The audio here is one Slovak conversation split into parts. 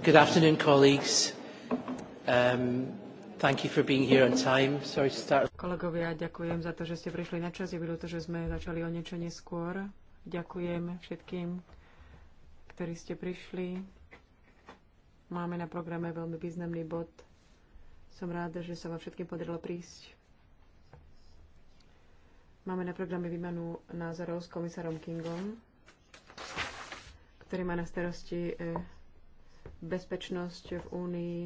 Good afternoon, colleagues. Um, thank you for being here on time. Sorry to start. Kolegovia, ďakujem za to, že ste prišli na čas. Je to, že sme začali o niečo neskôr. Ďakujem všetkým, ktorí ste prišli. Máme na programe veľmi významný bod. Som ráda, že sa vám všetkým podarilo prísť. Máme na programe výmenu názorov s komisárom Kingom, ktorý má na starosti eh, bezpečnosť v Únii.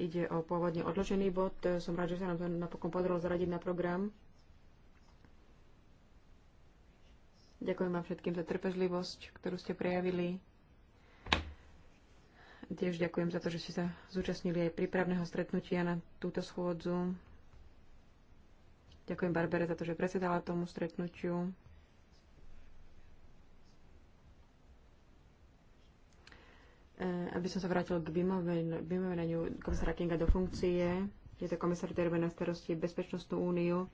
Ide o pôvodne odložený bod. Som rád, že sa nám to napokon podarilo zaradiť na program. Ďakujem vám všetkým za trpezlivosť, ktorú ste prejavili. Tiež ďakujem za to, že ste sa zúčastnili aj prípravného stretnutia na túto schôdzu. Ďakujem Barbere za to, že predsedala tomu stretnutiu. Eh, aby som sa vrátil k vymovenaniu komisára Kinga do funkcie. Je to komisár, ktorý má na starosti Bezpečnostnú úniu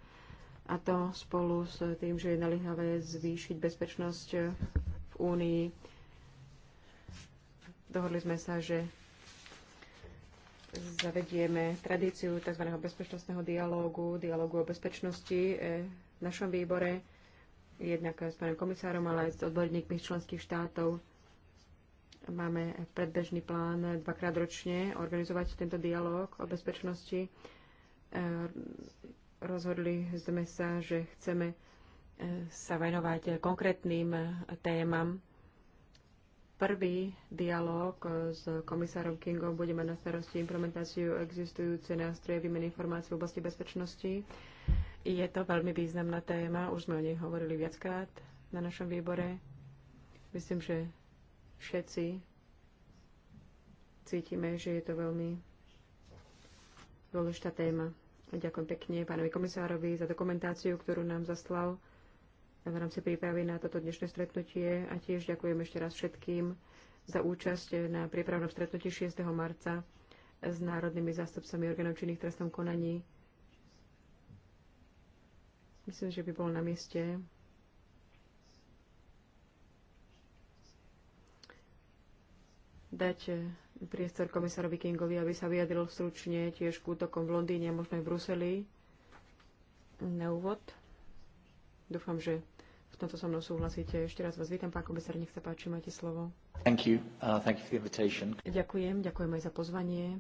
a to spolu s tým, že je naliehavé zvýšiť bezpečnosť v únii. Dohodli sme sa, že zavedieme tradíciu tzv. bezpečnostného dialógu, dialógu o bezpečnosti eh, v našom výbore, jednak s pánom komisárom, ale aj s odborníkmi členských štátov Máme predbežný plán dvakrát ročne organizovať tento dialog o bezpečnosti. E, rozhodli sme sa, že chceme e, sa venovať konkrétnym témam. Prvý dialog s komisárom Kingom budeme na starosti implementáciu existujúce nástroje výmeny informácií v oblasti bezpečnosti. Je to veľmi významná téma, už sme o nej hovorili viackrát na našom výbore. Myslím, že všetci cítime, že je to veľmi dôležitá téma. A ďakujem pekne pánovi komisárovi za dokumentáciu, ktorú nám zaslal v rámci prípravy na toto dnešné stretnutie a tiež ďakujem ešte raz všetkým za účasť na prípravnom stretnutí 6. marca s národnými zástupcami orgánov činných trestnom konaní. Myslím, že by bol na mieste dať eh, priestor komisárovi Kingovi, aby sa vyjadril stručne tiež k útokom v Londýne, možno aj v Bruseli. Na úvod. Dúfam, že v tomto so mnou súhlasíte. Ešte raz vás vítam, pán komisár, nech sa páči, máte slovo. Thank you. Uh, thank you for the invitation. Ďakujem, ďakujem aj za pozvanie.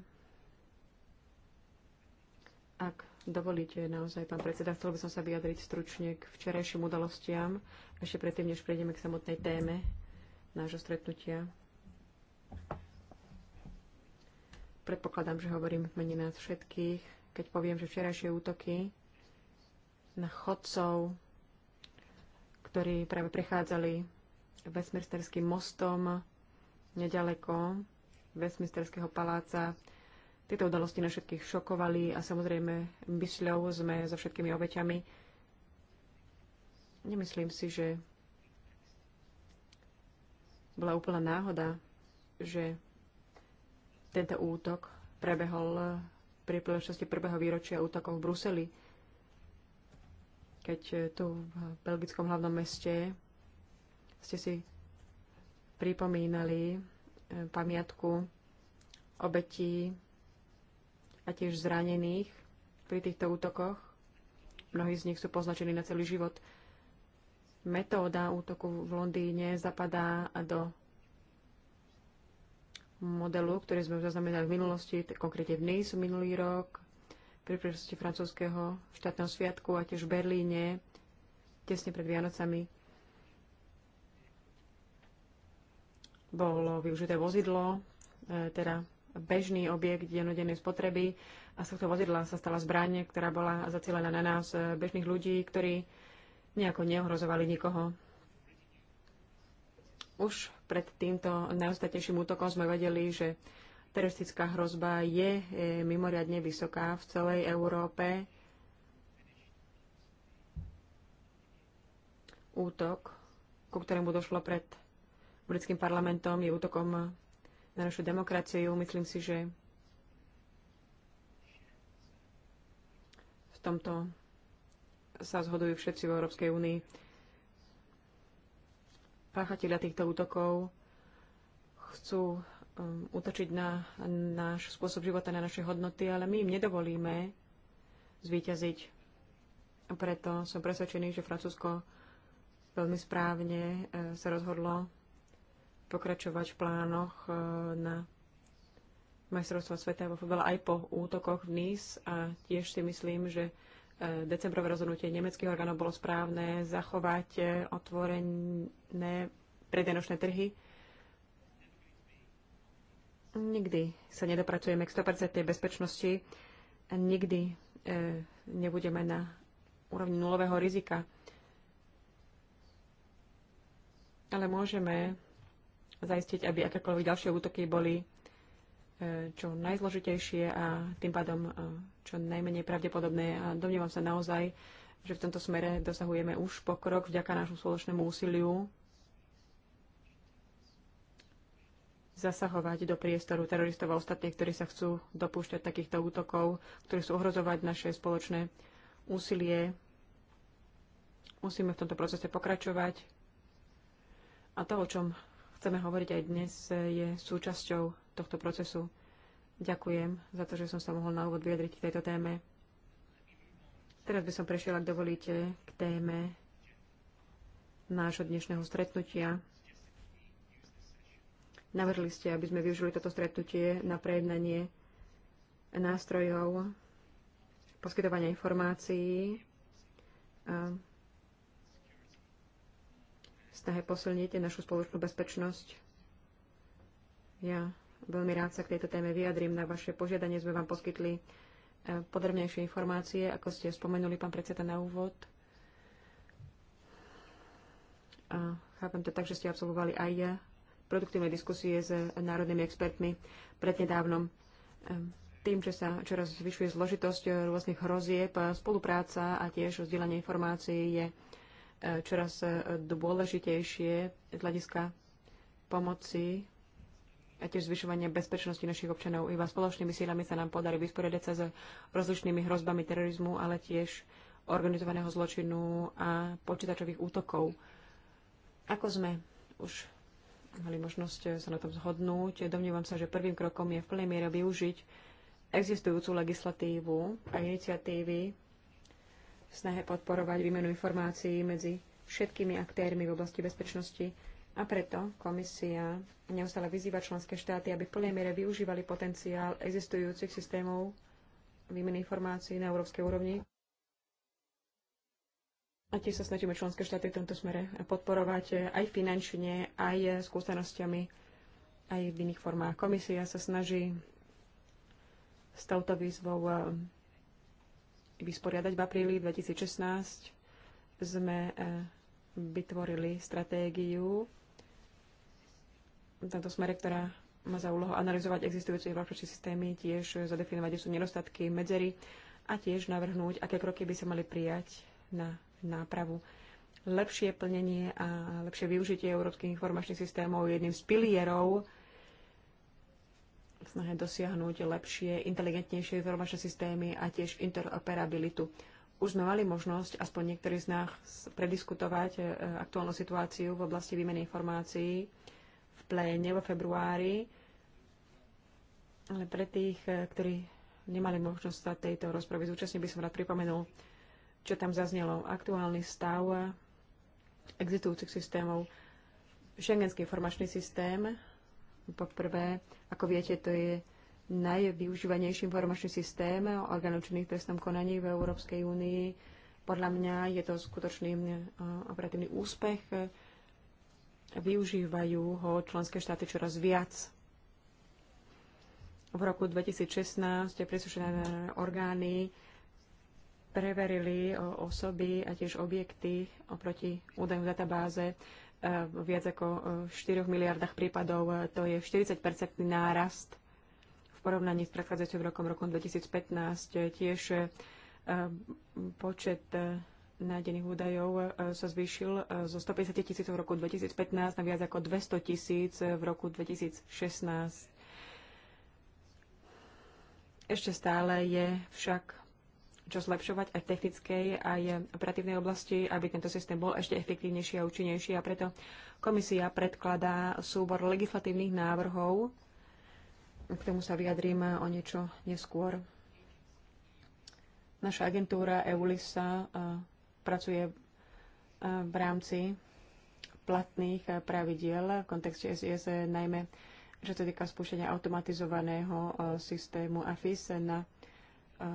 Ak dovolíte, naozaj, pán predseda, chcel by som sa vyjadriť stručne k včerajším udalostiam, ešte predtým, než prejdeme k samotnej téme nášho stretnutia. Predpokladám, že hovorím v mene nás všetkých, keď poviem, že včerajšie útoky na chodcov, ktorí práve prechádzali Westminsterským mostom nedaleko Westminsterského paláca. Tieto udalosti na všetkých šokovali a samozrejme mysľou sme so všetkými obeťami. Nemyslím si, že bola úplná náhoda, že tento útok prebehol pri príležitosti prvého výročia útokov v Bruseli, keď tu v belgickom hlavnom meste ste si pripomínali eh, pamiatku obetí a tiež zranených pri týchto útokoch. Mnohí z nich sú poznačení na celý život. Metóda útoku v Londýne zapadá do modelu, ktorý sme zaznamenali v minulosti, konkrétne v Nice minulý rok, pri príležitosti francúzského štátneho sviatku a tiež v Berlíne, tesne pred Vianocami. Bolo využité vozidlo, e, teda bežný objekt denodennej spotreby a z tohto vozidla sa stala zbraň, ktorá bola zacielená na nás, e, bežných ľudí, ktorí nejako neohrozovali nikoho. Už pred týmto najstatejším útokom sme vedeli, že teroristická hrozba je e, mimoriadne vysoká v celej Európe. Útok, ku ktorému došlo pred britským parlamentom, je útokom na našu demokraciu. Myslím si, že v tomto sa zhodujú všetci v Európskej únii páchatelia týchto útokov chcú um, útočiť na náš spôsob života, na naše hodnoty, ale my im nedovolíme zvíťaziť. Preto som presvedčený, že Francúzsko veľmi správne e, sa rozhodlo pokračovať v plánoch e, na majstrovstvo sveta vo futbale aj po útokoch v Nice a tiež si myslím, že decembrové rozhodnutie nemeckých orgánov bolo správne zachovať e, otvorené predenočné trhy. Nikdy sa nedopracujeme k 100% bezpečnosti, nikdy e, nebudeme na úrovni nulového rizika. Ale môžeme zaistiť, aby akékoľvek ďalšie útoky boli čo najzložitejšie a tým pádom e, čo najmenej pravdepodobné. A domnievam sa naozaj, že v tomto smere dosahujeme už pokrok vďaka nášmu spoločnému úsiliu zasahovať do priestoru teroristov a ostatných, ktorí sa chcú dopúšťať takýchto útokov, ktorí sú ohrozovať naše spoločné úsilie. Musíme v tomto procese pokračovať. A to, o čom chceme hovoriť aj dnes, je súčasťou tohto procesu. Ďakujem za to, že som sa mohol na úvod vyjadriť k tejto téme. Teraz by som prešiel, ak dovolíte, k téme nášho dnešného stretnutia. Navrhli ste, aby sme využili toto stretnutie na prejednanie nástrojov poskytovania informácií a snahe posilniť našu spoločnú bezpečnosť. Ja Veľmi rád sa k tejto téme vyjadrím. Na vaše požiadanie sme vám poskytli e, podrobnejšie informácie, ako ste spomenuli, pán predseda, na úvod. A chápem to tak, že ste absolvovali aj produktívne diskusie s národnými expertmi prednedávnom. E, tým, že sa čoraz zvyšuje zložitosť rôznych hrozieb, spolupráca a tiež vzdielanie informácií je e, čoraz dôležitejšie z hľadiska pomoci a tiež zvyšovanie bezpečnosti našich občanov. Iba spoločnými sílami sa nám podarí vysporiadať sa s rozličnými hrozbami terorizmu, ale tiež organizovaného zločinu a počítačových útokov. Ako sme už mali možnosť eh, sa na tom zhodnúť, domnívam sa, že prvým krokom je v plnej miere využiť existujúcu legislatívu a iniciatívy v snahe podporovať výmenu informácií medzi všetkými aktérmi v oblasti bezpečnosti a preto komisia neustále vyzýva členské štáty, aby v plnej miere využívali potenciál existujúcich systémov výmeny informácií na európskej úrovni. A tiež sa snažíme členské štáty v tomto smere podporovať aj finančne, aj skúsenosťami, aj v iných formách. Komisia sa snaží s touto výzvou eh, vysporiadať. V apríli 2016 sme eh, vytvorili stratégiu v tomto smere, ktorá má za úlohu analyzovať existujúce informačné systémy, tiež zadefinovať, kde sú nedostatky, medzery a tiež navrhnúť, aké kroky by sa mali prijať na nápravu. Lepšie plnenie a lepšie využitie európskych informačných systémov je jedným z pilierov v snahe dosiahnuť lepšie, inteligentnejšie informačné systémy a tiež interoperabilitu. Už sme mali možnosť, aspoň niektorí z nás, prediskutovať e, aktuálnu situáciu v oblasti výmeny informácií v pléne vo februári. Ale pre tých, eh, ktorí nemali možnosť sa tejto rozpravy zúčastniť, by som rád pripomenul, čo tam zaznelo. Aktuálny stav eh, existujúcich systémov. Schengenský informačný systém, poprvé, ako viete, to je najvyužívanejší informačný systém o činných trestnom konaní v Európskej únii. Podľa mňa je to skutočný eh, operatívny úspech Využívajú ho členské štáty čoraz viac. V roku 2016 príslušné orgány preverili osoby a tiež objekty oproti údajom databáze v e, viac ako 4 miliardách prípadov. To je 40-percentný nárast v porovnaní s predchádzajúcim rokom, rokom 2015. Tiež e, počet e, nájdených údajov e, sa zvýšil e, zo 150 tisíc v roku 2015 na viac ako 200 tisíc v roku 2016. Ešte stále je však čo zlepšovať aj v technickej, aj v operatívnej oblasti, aby tento systém bol ešte efektívnejší a účinnejší. A preto komisia predkladá súbor legislatívnych návrhov. K tomu sa vyjadrím o niečo neskôr. Naša agentúra EULISA pracuje eh, v rámci platných eh, pravidiel v kontexte SIS, eh, najmä že sa týka spúšťania automatizovaného systému AFIS na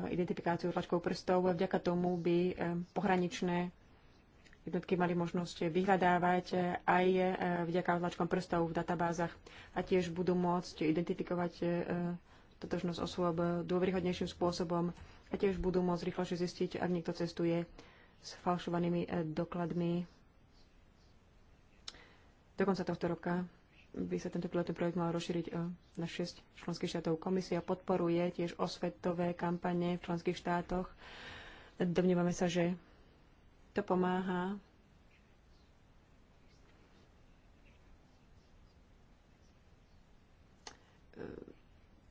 identifikáciu tlačkou prstov. Vďaka tomu by pohraničné jednotky mali možnosť vyhľadávať aj vďaka tlačkom prstov v databázach a tiež budú môcť identifikovať totožnosť osôb dôveryhodnejším spôsobom a tiež budú môcť rýchlejšie zistiť, ak niekto cestuje s falšovanými e, dokladmi. Do konca tohto roka by sa tento pilotný projekt mal rozšíriť e, na 6 členských štátov. Komisia podporuje tiež osvetové kampane v členských štátoch. Domnívame sa, že to pomáha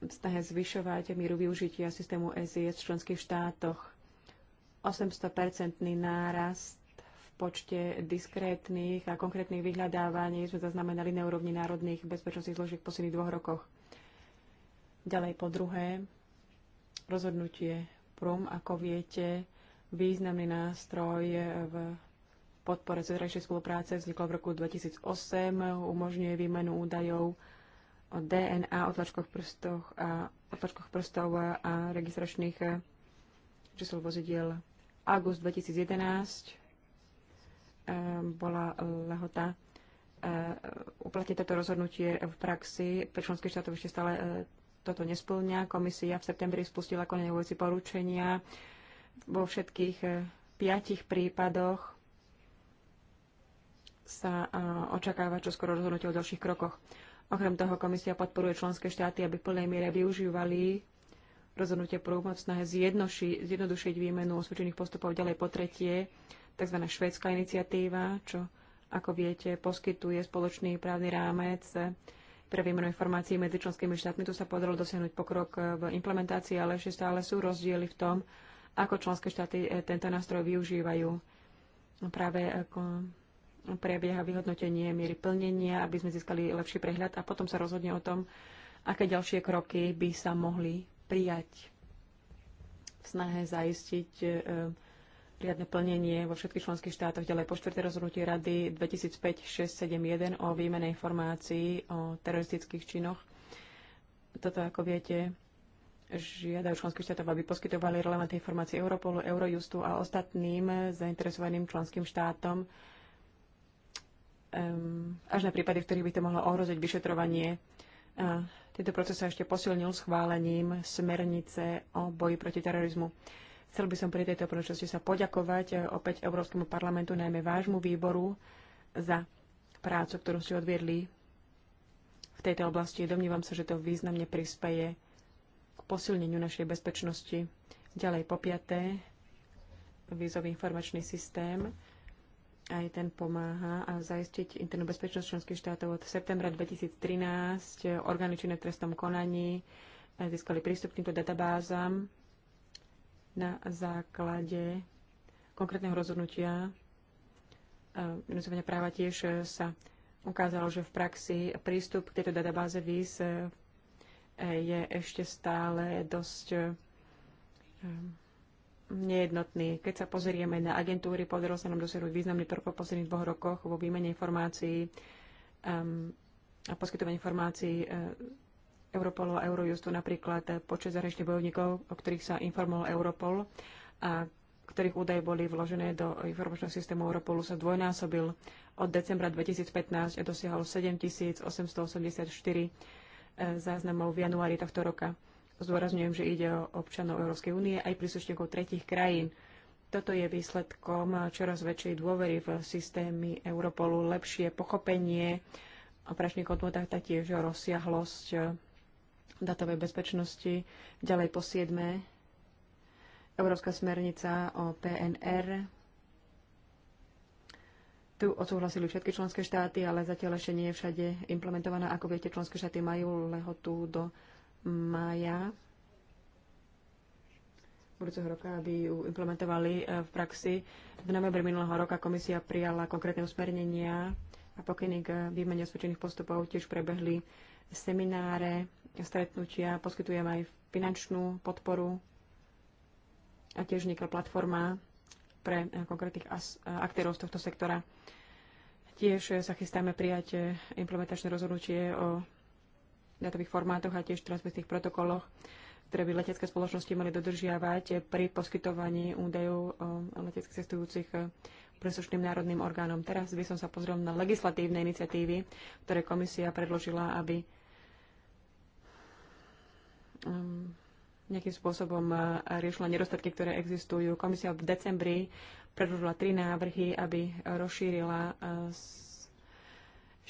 v snahe zvyšovať míru využitia systému SIS v členských štátoch 800-percentný nárast v počte diskrétnych a konkrétnych vyhľadávaní sme zaznamenali na úrovni národných bezpečnostných zložiek v posledných dvoch rokoch. Ďalej po druhé, rozhodnutie PRUM, ako viete, významný nástroj v podpore cezhraničnej spolupráce vznikol v roku 2008, umožňuje výmenu údajov o DNA, otlačkoch prstov a, otlačkoch prstov a registračných eh, čísel vozidiel. August 2011 e, bola e, lehota e, uplatniť toto rozhodnutie v praxi. Pre členských štátov ešte stále toto nesplňa. Komisia v septembri spustila konanie veci poručenia vo všetkých piatich prípadoch sa očakáva čo skoro rozhodnutie o ďalších krokoch. Okrem toho komisia podporuje členské štáty, aby v plnej miere využívali rozhodnutia prúma v snahe zjednodušiť výmenu osvedčených postupov ďalej po tretie, tzv. švédska iniciatíva, čo, ako viete, poskytuje spoločný právny rámec pre výmenu informácií medzi členskými štátmi. Tu sa podarilo dosiahnuť pokrok v implementácii, ale ešte stále sú rozdiely v tom, ako členské štáty e, tento nástroj využívajú. Práve ako e, prebieha vyhodnotenie miery plnenia, aby sme získali lepší prehľad a potom sa rozhodne o tom, aké ďalšie kroky by sa mohli prijať v snahe zaistiť e, riadne plnenie vo všetkých členských štátoch. Ďalej po štvrté rozhodnutie Rady 2005-671 o výmene informácií o teroristických činoch. Toto, ako viete, žiadajú členských štátov, aby poskytovali relevantné informácie Europolu, Eurojustu a ostatným zainteresovaným členským štátom až na prípady, v ktorých by to mohlo ohroziť vyšetrovanie tento proces sa ešte posilnil schválením smernice o boji proti terorizmu. Chcel by som pri tejto príležitosti sa poďakovať e, opäť Európskemu parlamentu, najmä vášmu výboru, za prácu, ktorú ste odviedli v tejto oblasti. Domnívam sa, že to významne prispeje k posilneniu našej bezpečnosti. Ďalej po piaté, vízový informačný systém. Aj ten pomáha zaistiť internú bezpečnosť členských štátov od septembra 2013. Eh, orgány činné v trestnom konaní eh, získali prístup k týmto databázam na základe konkrétneho rozhodnutia Minusovania eh, práva tiež sa ukázalo, že v praxi prístup k tejto databáze VIS je ešte stále dosť nejednotný. Keď sa pozrieme na agentúry, podarilo sa nám dosiahnuť významný pokrok v posledných dvoch rokoch vo výmene informácií um, a poskytovaní informácií uh, Europolu a Eurojustu, napríklad počet zahraničných bojovníkov, o ktorých sa informoval Europol a ktorých údaje boli vložené do informačného systému Europolu, sa dvojnásobil od decembra 2015 a dosiahol 7884 uh, záznamov v januári tohto roka. Zdôrazňujem, že ide o občanov Európskej únie aj príslušníkov tretich krajín. Toto je výsledkom čoraz väčšej dôvery v systémy Europolu, lepšie pochopenie prašný odvodách, taktiež rozsiahlosť datovej bezpečnosti. Ďalej po siedme, Európska smernica o PNR. Tu odsúhlasili všetky členské štáty, ale zatiaľ ešte nie je všade implementovaná. Ako viete, členské štáty majú lehotu do mája budúceho roka, aby ju implementovali eh, v praxi. V novembri minulého roka komisia prijala konkrétne usmernenia a pokyny k výmene osvedčených postupov tiež prebehli semináre, stretnutia, poskytujem aj finančnú podporu a tiež vznikla platforma pre eh, konkrétnych eh, aktérov z tohto sektora. Tiež sa chystáme prijať implementačné rozhodnutie o datových formátoch a tiež transmisných protokoloch, ktoré by letecké spoločnosti mali dodržiavať pri poskytovaní údajov um, leteckých cestujúcich um, príslušným národným orgánom. Teraz by som sa pozrel na legislatívne iniciatívy, ktoré komisia predložila, aby um, nejakým spôsobom uh, riešila nedostatky, ktoré existujú. Komisia v decembri predložila tri návrhy, aby rozšírila uh,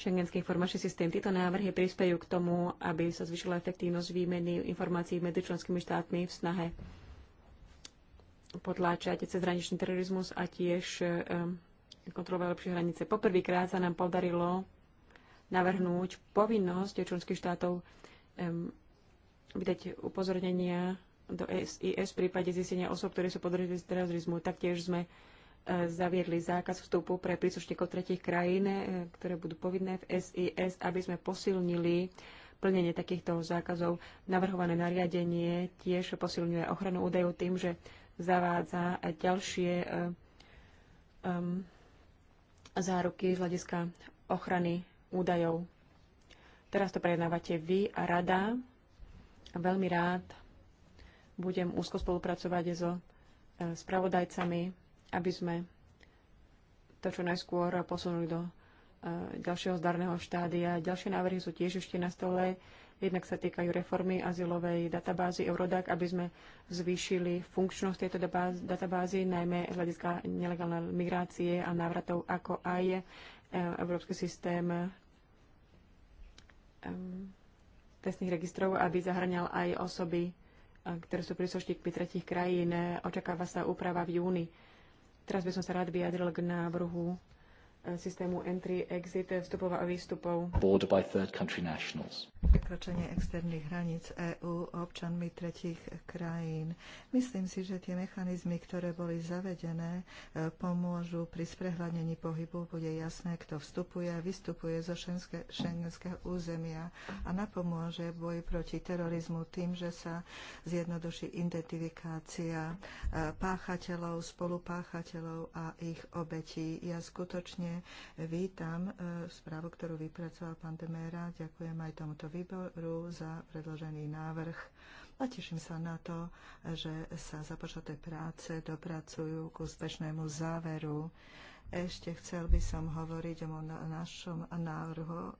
šengenský informačný systém. Tieto návrhy prispejú k tomu, aby sa zvyšila efektívnosť výmeny informácií medzi členskými štátmi v snahe potláčať cezhraničný terorizmus a tiež um, kontrolovať lepšie hranice. Poprvýkrát sa nám podarilo navrhnúť povinnosť členských štátov um, vydať upozornenia do SIS v prípade zistenia osob, ktoré sú podrežené z terorizmu. Taktiež sme E, zaviedli zákaz vstupu pre príslušníkov tretich krajín, e, ktoré budú povinné v SIS, aby sme posilnili plnenie takýchto zákazov. Navrhované nariadenie tiež posilňuje ochranu údajov tým, že zavádza ďalšie um, záruky z hľadiska ochrany údajov. Teraz to prejednávate vy a rada. Veľmi rád budem úzko spolupracovať so spravodajcami aby sme to čo najskôr posunuli do e, ďalšieho zdarného štádia. Ďalšie návrhy sú tiež ešte na stole. Jednak sa týkajú reformy azylovej databázy Eurodac, aby sme zvýšili funkčnosť tejto databázy, najmä z hľadiska nelegálnej migrácie a návratov, ako aj e, Európsky systém e, testných registrov, aby zahrňal aj osoby, ktoré sú príslušníkmi tretich krajín. Očakáva sa úprava v júni Teraz by som sa rád vyjadril k návrhu systému entry-exit vstupov a výstupov. Prekročenie externých hraníc EÚ občanmi tretich krajín. Myslím si, že tie mechanizmy, ktoré boli zavedené, e, pomôžu pri sprehľadnení pohybu. Bude jasné, kto vstupuje a vystupuje zo šengenského územia a napomôže boj proti terorizmu tým, že sa zjednoduší identifikácia e, páchateľov, spolupáchateľov a ich obetí. Ja skutočne pekne. Vítam e, správu, ktorú vypracoval pán Demera. Ďakujem aj tomuto výboru za predložený návrh a teším sa na to, že sa započaté práce dopracujú k úspešnému záveru. Ešte chcel by som hovoriť o našom návrhu e,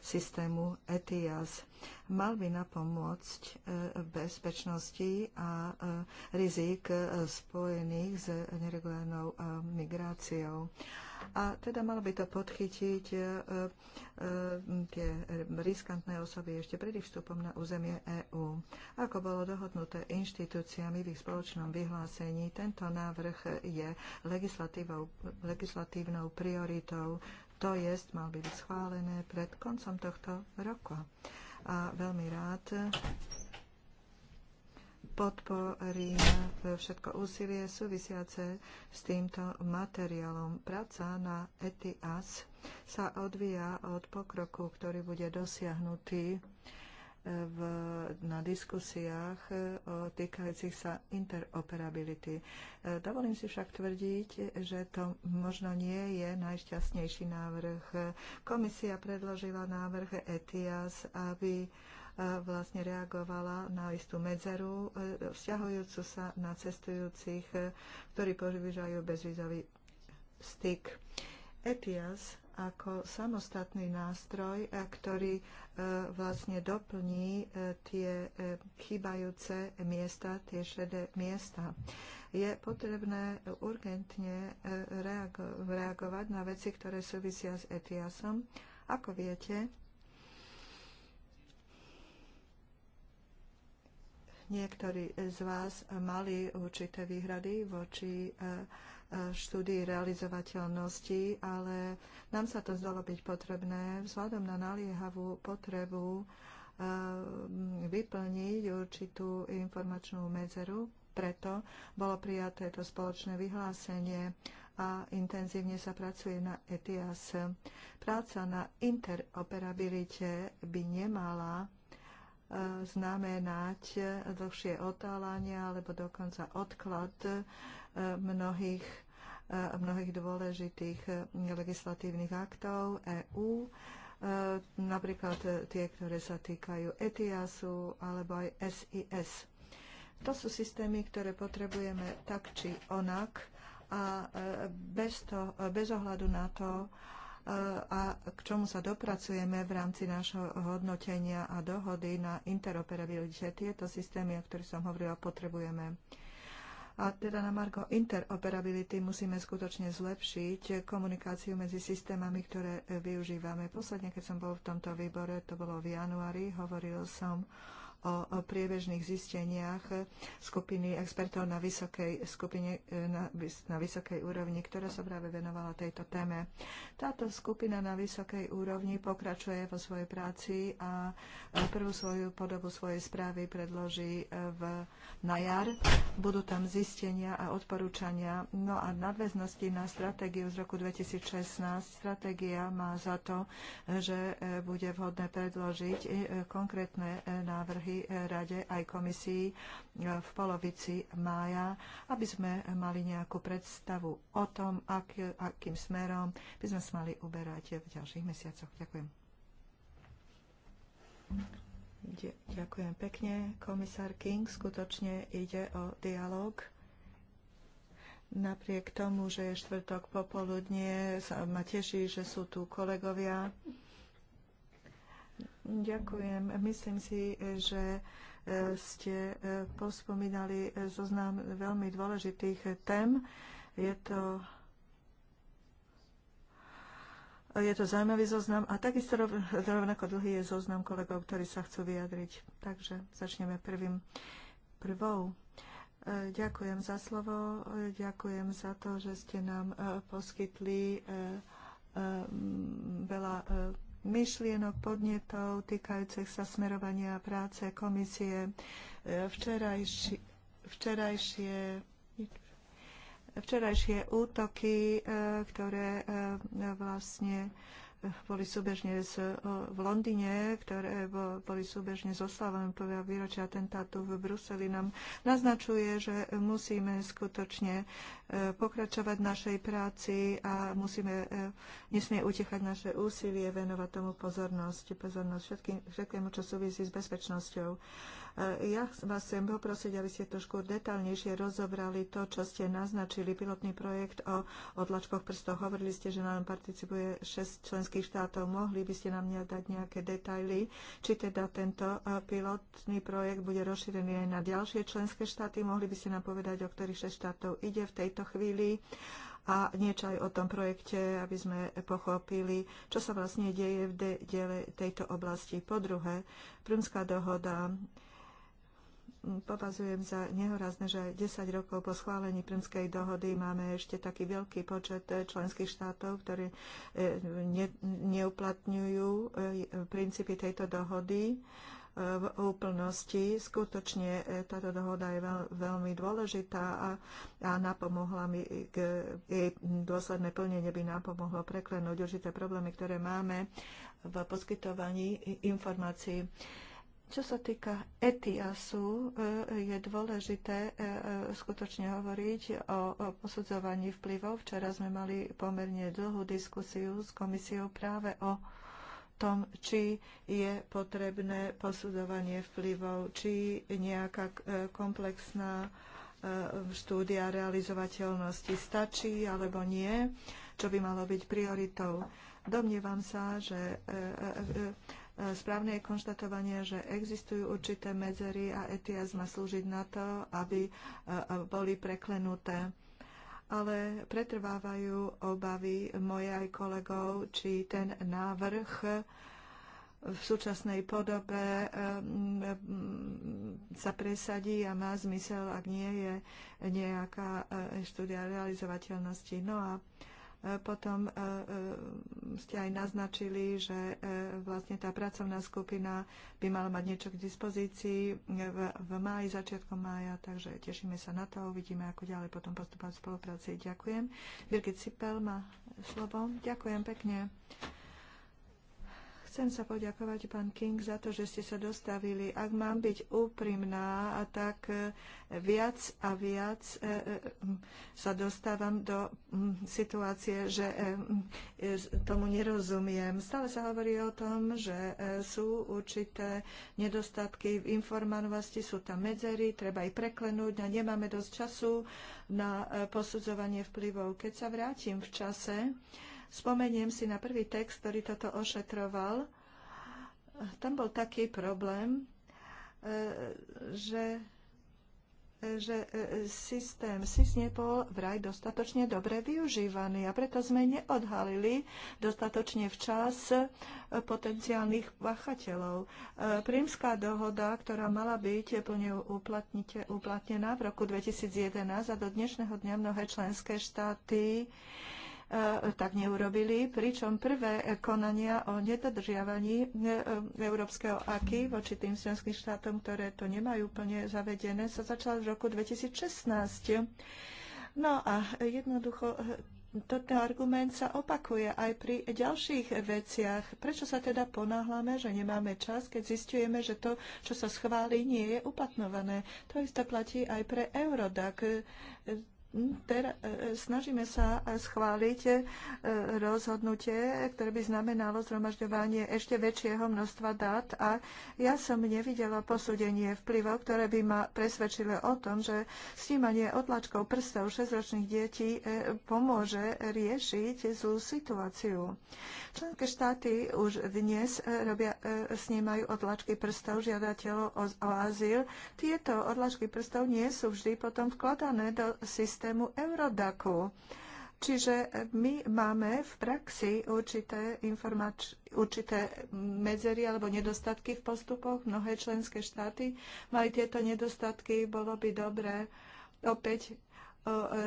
systému ETIAS. Mal by napomôcť e, bezpečnosti a rizik spojených s neregulárnou migráciou. A teda malo by to podchytiť e, e, tie riskantné osoby ešte pred vstupom na územie EÚ. Ako bolo dohodnuté inštitúciami v ich spoločnom vyhlásení, tento návrh je legislatívnou prioritou, to jest mal by byť schválené pred koncom tohto roku. A veľmi rád podporím všetko úsilie súvisiace s týmto materiálom. Práca na ETIAS sa odvíja od pokroku, ktorý bude dosiahnutý eh, v, na diskusiách eh, o týkajúcich sa interoperability. Eh, dovolím si však tvrdiť, že to možno nie je najšťastnejší návrh. Komisia predložila návrh ETIAS, aby vlastne reagovala na istú medzeru, e, vzťahujúcu sa na cestujúcich, e, ktorí požívajú bezvízový styk. ETIAS ako samostatný nástroj, e, ktorý vlastne doplní tie chýbajúce miesta, tie šedé miesta. Je potrebné urgentne reagovať na veci, ktoré súvisia s ETIASom. Ako viete, Niektorí z vás mali určité výhrady voči e, e, štúdii realizovateľnosti, ale nám sa to zdalo byť potrebné vzhľadom na naliehavú potrebu e, vyplniť určitú informačnú medzeru. Preto bolo prijaté to spoločné vyhlásenie a intenzívne sa pracuje na ETIAS. Práca na interoperabilite by nemala znamenať dlhšie otálanie alebo dokonca odklad e, mnohých, e, mnohých dôležitých e, legislatívnych aktov EÚ, napríklad tie, ktoré sa týkajú ETIASu alebo aj SIS. To sú systémy, ktoré potrebujeme tak či onak a bez, to, bez ohľadu na to, a k čomu sa dopracujeme v rámci nášho hodnotenia a dohody na interoperabilite. Tieto systémy, o ktorých som hovorila, potrebujeme. A teda na marko interoperability musíme skutočne zlepšiť komunikáciu medzi systémami, ktoré využívame. Posledne, keď som bol v tomto výbore, to bolo v januári, hovoril som o priebežných zisteniach skupiny expertov na vysokej, skupine, e, na, na vysokej úrovni, ktorá sa práve venovala tejto téme. Táto skupina na vysokej úrovni pokračuje vo svojej práci a e, prvú svoju podobu svojej správy predloží e, v, na jar. Budú tam zistenia a odporúčania. No a nadväznosti na stratégiu z roku 2016. Stratégia má za to, že bude vhodné predložiť konkrétne návrhy rade aj komisii e, v polovici mája, aby sme mali nejakú predstavu o tom, aký, akým smerom by sme sa mali uberať v ďalších mesiacoch. Ďakujem. Ďakujem pekne. Komisár King, skutočne ide o dialog. Napriek tomu, že je štvrtok popoludnie, ma teší, že sú tu kolegovia. Ďakujem. Myslím si, že e, ste e, pospomínali e, zoznam veľmi dôležitých tém. Je to, je to zaujímavý zoznam a takisto rovnako dlhý je zoznam kolegov, ktorí sa chcú vyjadriť. Takže začneme prvým, prvou. Ďakujem za slovo, ďakujem za to, že ste nám poskytli veľa myšlienok, podnetov týkajúcich sa smerovania práce komisie. Včerajši, včerajšie včerajšie útoky, eh, ktoré eh, vlastne boli súbežne s, eh, v Londýne, ktoré boli súbežne s oslavom prvého výročia atentátu v Bruseli, nám naznačuje, že musíme skutočne eh, pokračovať našej práci a musíme, eh, nesmie utechať naše úsilie, venovať tomu pozornosť, pozornosť všetkým, všetkému, čo súvisí s bezpečnosťou. E, ja vás chcem poprosiť, aby ste trošku detálnejšie rozobrali to, čo ste naznačili, pilotný projekt o odlačkoch prstov. Hovorili ste, že nám participuje 6 členských štátov. Mohli by ste nám dať nejaké detaily, či teda tento e, pilotný projekt bude rozšírený aj na ďalšie členské štáty. Mohli by ste nám povedať, o ktorých 6 štátov ide v tejto chvíli a niečo aj o tom projekte, aby sme pochopili, čo sa vlastne deje v de- dele tejto oblasti. Po druhé, Prúmská dohoda považujem za nehorazné, že 10 rokov po schválení Prímskej dohody máme ešte taký veľký počet eh, členských štátov, ktorí eh, ne, neuplatňujú eh, princípy tejto dohody v úplnosti. Skutočne táto dohoda je veľ, veľmi dôležitá a, a napomohla mi, k, jej dôsledné plnenie by napomohlo preklenúť určité problémy, ktoré máme v poskytovaní informácií. Čo sa týka ETIASu, e, je dôležité e, e, skutočne hovoriť o posudzovaní vplyvov. Včera sme mali pomerne dlhú diskusiu s komisiou práve o tom, či je potrebné posudzovanie vplyvov, či nejaká komplexná štúdia realizovateľnosti stačí alebo nie, čo by malo byť prioritou. Domnievam sa, že Správne je konštatovanie, že existujú určité medzery a ETIAS má slúžiť na to, aby e, boli preklenuté ale pretrvávajú obavy moje aj kolegov, či ten návrh v súčasnej podobe e, sa presadí a má zmysel, ak nie je nejaká e, štúdia realizovateľnosti. No a potom e, e, ste aj naznačili, že e, vlastne tá pracovná skupina by mala mať niečo k dispozícii v, v máji, začiatkom mája, takže tešíme sa na to, uvidíme, ako ďalej potom postupovať v spolupráci. Ďakujem. Birgit Sipel má slovo. Ďakujem pekne. Chcem sa poďakovať, pán King, za to, že ste sa dostavili. Ak mám byť úprimná, tak e, viac a viac e, e, sa dostávam do situácie, že tomu nerozumiem. Stále sa hovorí o tom, že sú určité nedostatky v informovanosti, sú tam medzery, treba ich preklenúť a nemáme dosť času na posudzovanie vplyvov. Keď sa vrátim v čase, Spomeniem si na prvý text, ktorý toto ošetroval. Tam bol taký problém, e, že e, že e, systém SIS nebol vraj dostatočne dobre využívaný a preto sme neodhalili dostatočne včas potenciálnych vachateľov. Prímská dohoda, ktorá mala byť plne uplatnená v roku 2011 a do dnešného dňa mnohé členské štáty E, tak neurobili, pričom prvé konania o nedodržiavaní e, európskeho aky voči tým členským štátom, ktoré to nemajú úplne zavedené, sa začalo v roku 2016. No a jednoducho e, toto argument sa opakuje aj pri ďalších veciach. Prečo sa teda ponáhlame, že nemáme čas, keď zistujeme, že to, čo sa schváli, nie je uplatnované? To isté platí aj pre Eurodac ter, teda, e, e, snažíme sa schváliť e, rozhodnutie, ktoré by znamenalo zhromažďovanie ešte väčšieho množstva dát a ja som nevidela posúdenie vplyvov, ktoré by ma presvedčilo o tom, že snímanie otlačkov prstov 6 detí pomôže riešiť zú situáciu. Členské štáty už dnes robia, snímajú otlačky prstov žiadateľov o, o azyl. Tieto otlačky prstov nie sú vždy potom vkladané do systému systému Eurodaku. Čiže my máme v praxi určité, informač- určité medzery alebo nedostatky v postupoch. Mnohé členské štáty mali tieto nedostatky. Bolo by dobré opäť e,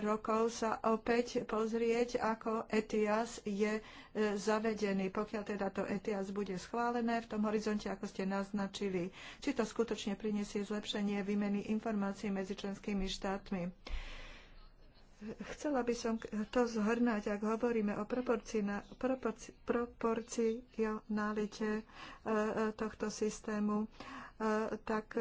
rokov sa opäť pozrieť, ako ETIAS je e, zavedený, pokiaľ teda to ETIAS bude schválené v tom horizonte, ako ste naznačili. Či to skutočne prinesie zlepšenie výmeny informácií medzi členskými štátmi. Chcela by som to zhrnať, ak hovoríme o proporcionalite e, e, tohto systému, e, tak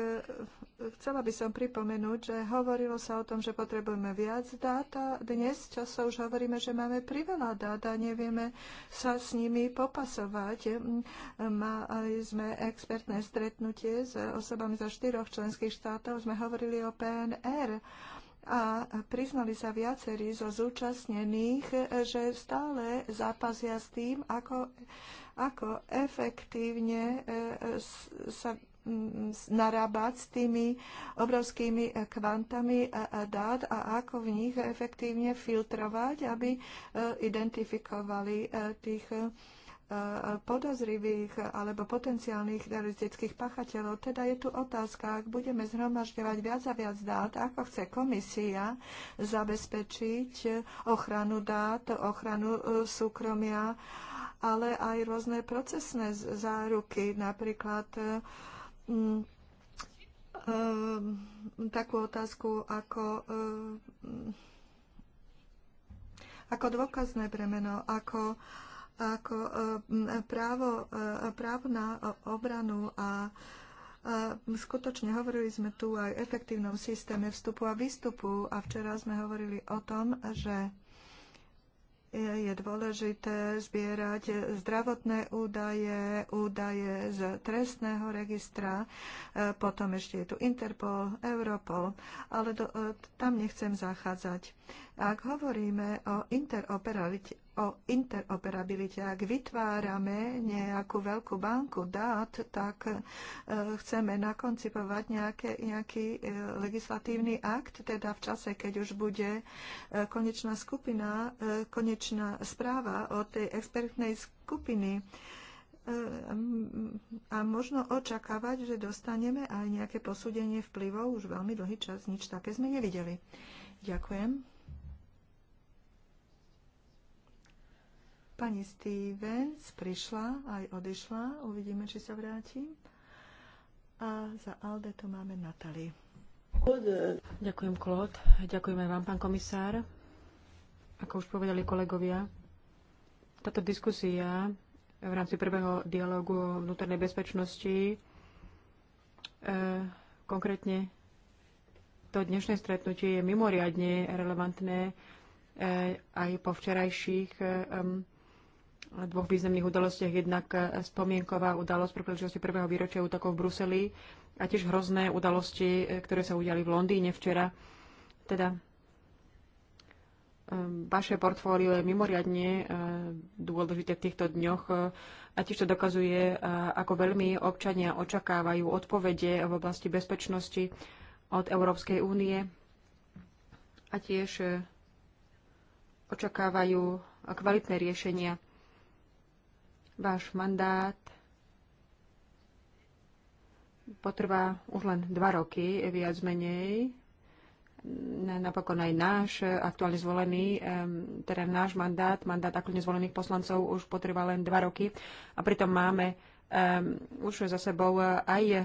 chcela by som pripomenúť, že hovorilo sa o tom, že potrebujeme viac dát a dnes často už hovoríme, že máme priveľa dát a nevieme sa s nimi popasovať. Mali sme expertné stretnutie s osobami zo štyroch členských štátov, sme hovorili o PNR a priznali sa viacerí zo zúčastnených, že stále zápasia s tým, ako, ako efektívne e, sa narábať s tými obrovskými kvantami e, e, dát a ako v nich efektívne filtrovať, aby identifikovali tých podozrivých alebo potenciálnych teroristických pachateľov. Teda je tu otázka, ak budeme zhromažďovať viac a viac dát, ako chce komisia zabezpečiť ochranu dát, ochranu e, súkromia, ale aj rôzne procesné záruky, napríklad e, m, e, takú otázku ako ako dôkazné bremeno, ako ako e, právo, e, právo na obranu a e, skutočne hovorili sme tu aj o efektívnom systéme vstupu a výstupu a včera sme hovorili o tom, že je dôležité zbierať zdravotné údaje, údaje z trestného registra, potom ešte je tu Interpol, Europol, ale do, tam nechcem zachádzať. Ak hovoríme o interoperabilite, o interoperabilite. Ak vytvárame nejakú veľkú banku dát, tak e, chceme nakoncipovať nejaké, nejaký e, legislatívny akt, teda v čase, keď už bude e, konečná skupina, konečná správa od tej expertnej skupiny a možno očakávať, že dostaneme aj nejaké posúdenie vplyvov. Už veľmi dlhý čas nič také sme nevideli. Ďakujem. Pani Stevens prišla aj odišla. Uvidíme, či sa vráti. A za Alde tu máme Natali. Ďakujem, Klod. Ďakujem aj vám, pán komisár. Ako už povedali kolegovia, táto diskusia v rámci prvého dialogu o vnútornej bezpečnosti, e, konkrétne to dnešné stretnutie je mimoriadne relevantné e, aj po včerajších e, dvoch významných udalostiach. Jednak eh, spomienková udalosť pre príležitosti prvého výročia útokov v Bruseli a tiež hrozné udalosti, eh, ktoré sa udiali v Londýne včera. Teda eh, vaše portfólio je mimoriadne dôležité v týchto dňoch a tiež to dokazuje, ako veľmi občania očakávajú odpovede v oblasti bezpečnosti od Európskej únie a tiež očakávajú kvalitné riešenia. Váš mandát potrvá už len dva roky, viac menej. Napokon aj náš e, aktuálne zvolený, teda náš mandát, mandát aktuálne zvolených poslancov už potrvá len dva roky a pritom máme už za sebou e, aj e,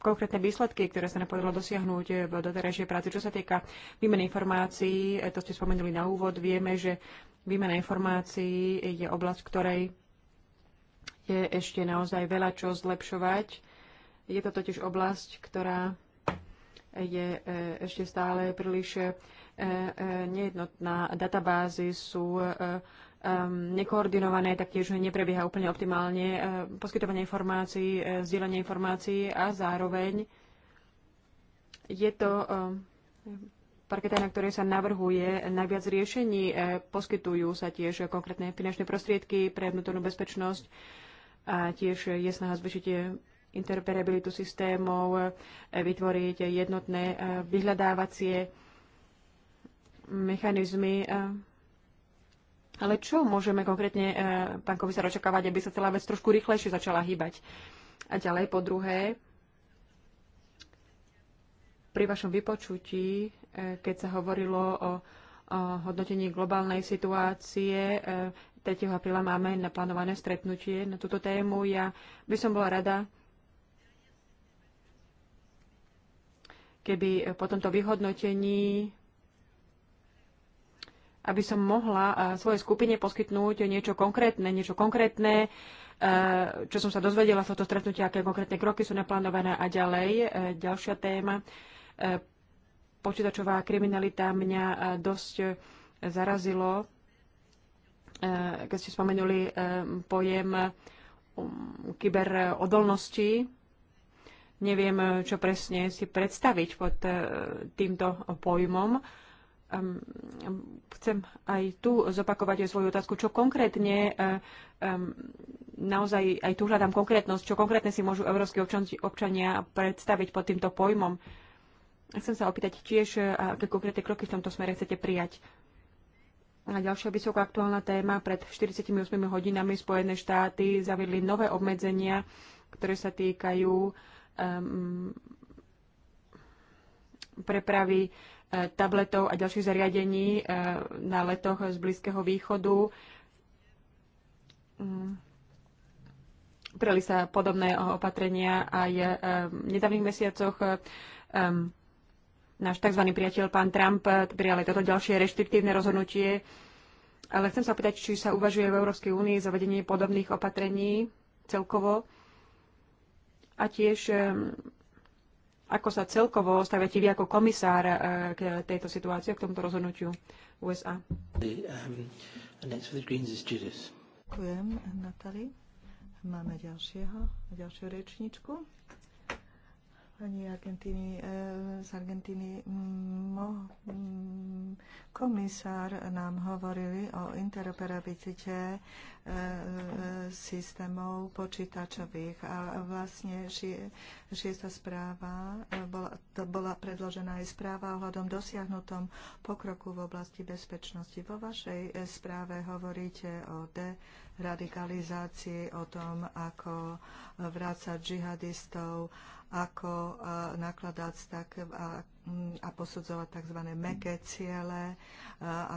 konkrétne výsledky, ktoré sa nepodarilo dosiahnuť v doterajšej práci. Čo sa týka výmeny informácií, to ste spomenuli na úvod, vieme, že výmena informácií je oblasť, ktorej je ešte naozaj veľa čo zlepšovať. Je to totiž oblasť, ktorá je e, ešte stále príliš e, e, nejednotná. Databázy sú nekoordinované, taktiež neprebieha úplne optimálne poskytovanie informácií, zdieľanie informácií a zároveň je to parketa, na ktorej sa navrhuje najviac riešení. Poskytujú sa tiež konkrétne finančné prostriedky pre vnútornú bezpečnosť a tiež je snaha zvyšiť interoperabilitu systémov, e, vytvoriť jednotné e, vyhľadávacie mechanizmy. E. Ale čo môžeme konkrétne, pán komisár, očakávať, aby sa celá vec trošku rýchlejšie začala hýbať? A ďalej po druhé, pri vašom vypočutí, keď sa hovorilo o hodnotení globálnej situácie. 3. apríla máme naplánované stretnutie na túto tému. Ja by som bola rada, keby po tomto vyhodnotení aby som mohla eh, svojej skupine poskytnúť niečo konkrétne, niečo konkrétne, eh, čo som sa dozvedela z tohto stretnutia, aké konkrétne kroky sú naplánované a ďalej. Eh, ďalšia téma, počítačová kriminalita mňa dosť zarazilo Eh, keď ste spomenuli eh, pojem um, kyberodolnosti, neviem, čo presne si predstaviť pod eh, týmto pojmom. Ehm, chcem aj tu zopakovať aj svoju otázku, čo konkrétne, ehm, naozaj aj tu hľadám konkrétnosť, čo konkrétne si môžu európsky občania predstaviť pod týmto pojmom. Chcem sa opýtať tiež, aké konkrétne kroky v tomto smere chcete prijať. A ďalšia vysoko aktuálna téma. Pred 48 hodinami Spojené štáty zaviedli nové obmedzenia, ktoré sa týkajú um, prepravy uh, tabletov a ďalších zariadení uh, na letoch z Blízkeho východu. Um, preli sa podobné opatrenia aj uh, v nedávnych mesiacoch. Um, náš tzv. priateľ pán Trump eh, prijal aj toto ďalšie reštriktívne rozhodnutie. Ale chcem sa opýtať, či sa uvažuje v Európskej únii zavedenie podobných opatrení celkovo a tiež eh, ako sa celkovo staviate vy ako komisár eh, k tejto situácii, k tomuto rozhodnutiu USA. Um, Ďakujem, Natali. Máme ďalšieho, ďalšiu rečničku. Pani Argentíny, e, z Argentíny mm, mm, komisár nám hovorili o interoperabilite e, e, systémov počítačových a vlastne šiesta správa bola, to bola predložená aj správa ohľadom dosiahnutom pokroku v oblasti bezpečnosti. Vo vašej správe hovoríte o D radikalizácii, o tom, ako vrácať džihadistov ako nakladať tak a, a posudzovať tzv. meké ciele. A,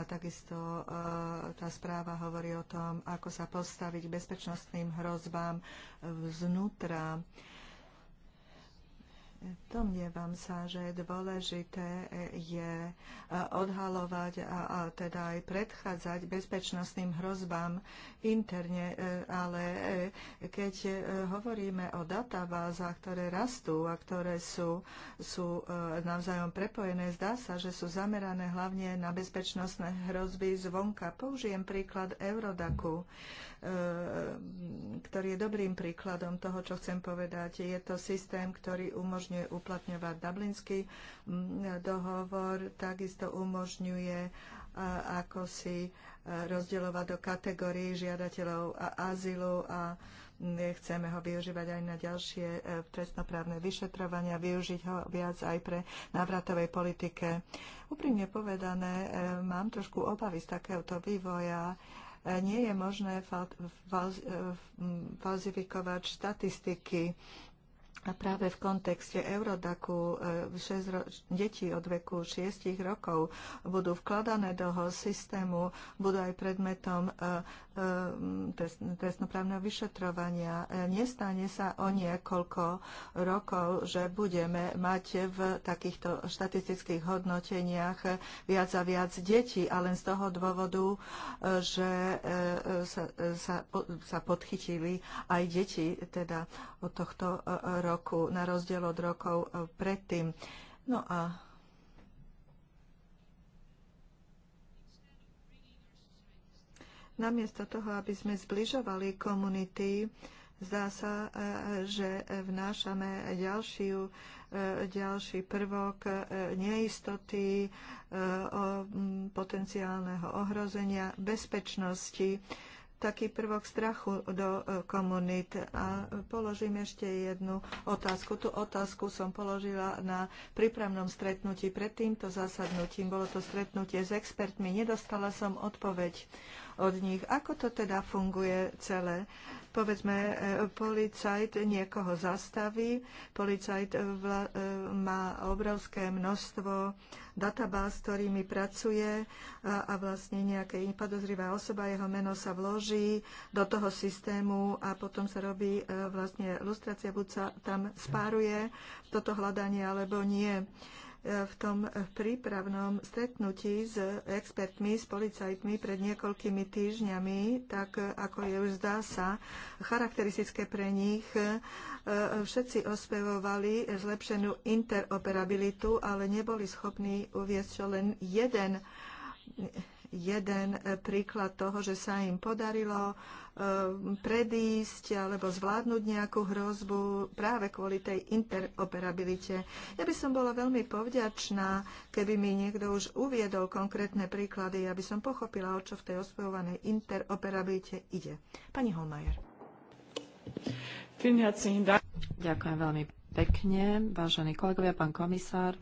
a takisto tá správa hovorí o tom, ako sa postaviť bezpečnostným hrozbám vznútra Domnievam sa, že dôležité je e, odhalovať a, a teda aj predchádzať bezpečnostným hrozbám interne, e, ale e, keď hovoríme o databázach, ktoré rastú a ktoré sú, sú navzájom prepojené, zdá sa, že sú zamerané hlavne na bezpečnostné hrozby zvonka. Použijem príklad Eurodaku E, ktorý je dobrým príkladom toho, čo chcem povedať. Je to systém, ktorý umožňuje uplatňovať Dublinský dohovor, takisto umožňuje e, ako si e, rozdielovať do kategórií žiadateľov a azylu a chceme ho využívať aj na ďalšie trestnoprávne vyšetrovania, využiť ho viac aj pre návratovej politike. Úprimne povedané, mám trošku obavy z takéhoto vývoja nie je možné eh, falzifikovať štatistiky. A práve v kontexte Eurodaku 6 eh, ro- deti od veku 6 rokov budú vkladané do systému, budú aj predmetom eh, trestnoprávneho vyšetrovania. E, nestane sa o niekoľko rokov, že budeme mať v takýchto štatistických hodnoteniach viac a viac detí a len z toho dôvodu, e, že e, sa, sa, sa podchytili aj deti teda od tohto roku, na rozdiel od rokov predtým. No a Namiesto toho, aby sme zbližovali komunity, zdá sa, e, že vnášame ďalšiu, e, ďalší prvok e, neistoty, potenciálneho ohrozenia, bezpečnosti taký prvok strachu do komunít. A položím ešte jednu otázku. Tú otázku som položila na prípravnom stretnutí pred týmto zasadnutím. Bolo to stretnutie s expertmi. Nedostala som odpoveď od nich. Ako to teda funguje celé? Povedzme, e, policajt niekoho zastaví, policajt e, vla, e, má obrovské množstvo databáz, s ktorými pracuje a, a vlastne nejaká podozrivá osoba, jeho meno sa vloží do toho systému a potom sa robí vlastne lustrácia, buď sa tam spáruje toto hľadanie alebo nie v tom prípravnom stretnutí s expertmi, s policajtmi pred niekoľkými týždňami, tak ako je už zdá sa, charakteristické pre nich, e, všetci ospevovali zlepšenú interoperabilitu, ale neboli schopní uviesť čo len jeden jeden e, príklad toho, že sa im podarilo e, predísť alebo zvládnuť nejakú hrozbu práve kvôli tej interoperabilite. Ja by som bola veľmi povďačná, keby mi niekto už uviedol konkrétne príklady, aby som pochopila, o čo v tej ospevovanej interoperabilite ide. Pani Holmajer. Ďakujem veľmi pekne, vážení kolegovia, pán komisár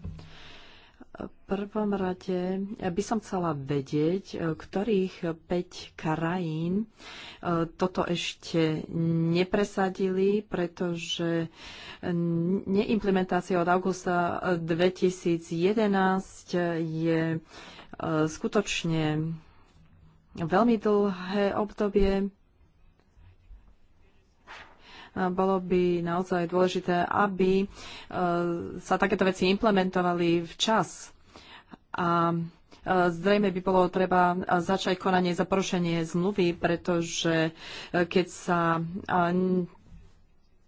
prvom rade by som chcela vedieť, e, ktorých 5 krajín e, toto ešte nepresadili, pretože neimplementácia od augusta 2011 je e, skutočne veľmi dlhé obdobie bolo by naozaj dôležité, aby e, sa takéto veci implementovali včas. A e, zrejme by bolo treba začať konanie za porušenie zmluvy, pretože e, keď sa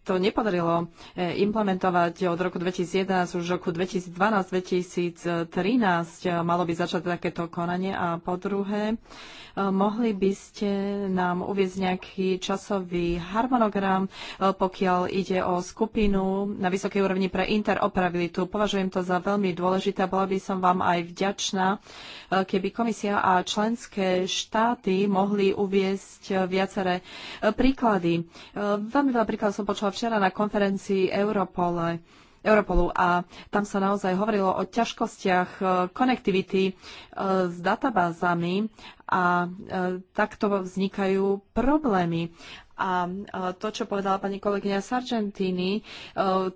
to nepodarilo eh, implementovať od roku 2011, už roku 2012-2013 eh, malo by začať takéto konanie. A po druhé, eh, mohli by ste nám uviezť nejaký časový harmonogram, pokiaľ ide o skupinu na vysokej úrovni pre interoperabilitu. Považujem to za veľmi dôležité. Bola by som vám aj vďačná, keby komisia a členské štáty mohli uviezť viaceré príklady. Veľmi veľa príkladov som počula včera na konferencii Europole, Europolu a tam sa naozaj hovorilo o ťažkostiach e, konektivity e, s databázami a e, takto vznikajú problémy. A to, čo povedala pani kolegyňa Sargentini,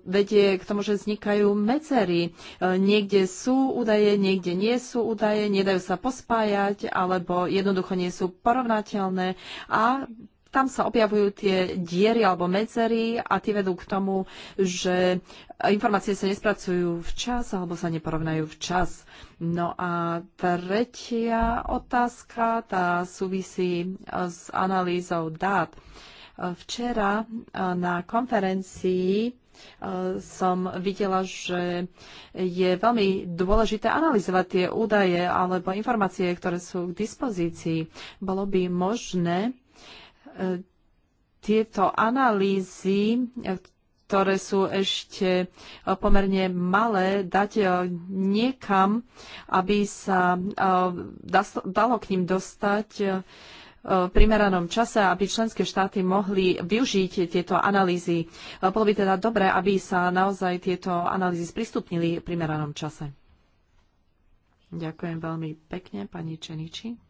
vedie k tomu, že vznikajú medzery. Niekde sú údaje, niekde nie sú údaje, nedajú sa pospájať, alebo jednoducho nie sú porovnateľné a tam sa objavujú tie diery alebo medzery a tie vedú k tomu, že informácie sa nespracujú včas alebo sa neporovnajú včas. No a tretia otázka, tá súvisí e, s analýzou dát. Včera e, na konferencii e, som videla, že je veľmi dôležité analyzovať tie údaje alebo informácie, ktoré sú k dispozícii. Bolo by možné tieto analýzy, ktoré sú ešte pomerne malé, dať e, niekam, aby sa e, dalo k ním dostať e, v primeranom čase, aby členské štáty mohli využiť tieto analýzy. Bolo by teda dobré, aby sa naozaj tieto analýzy sprístupnili v primeranom čase. Ďakujem veľmi pekne, pani Čeniči.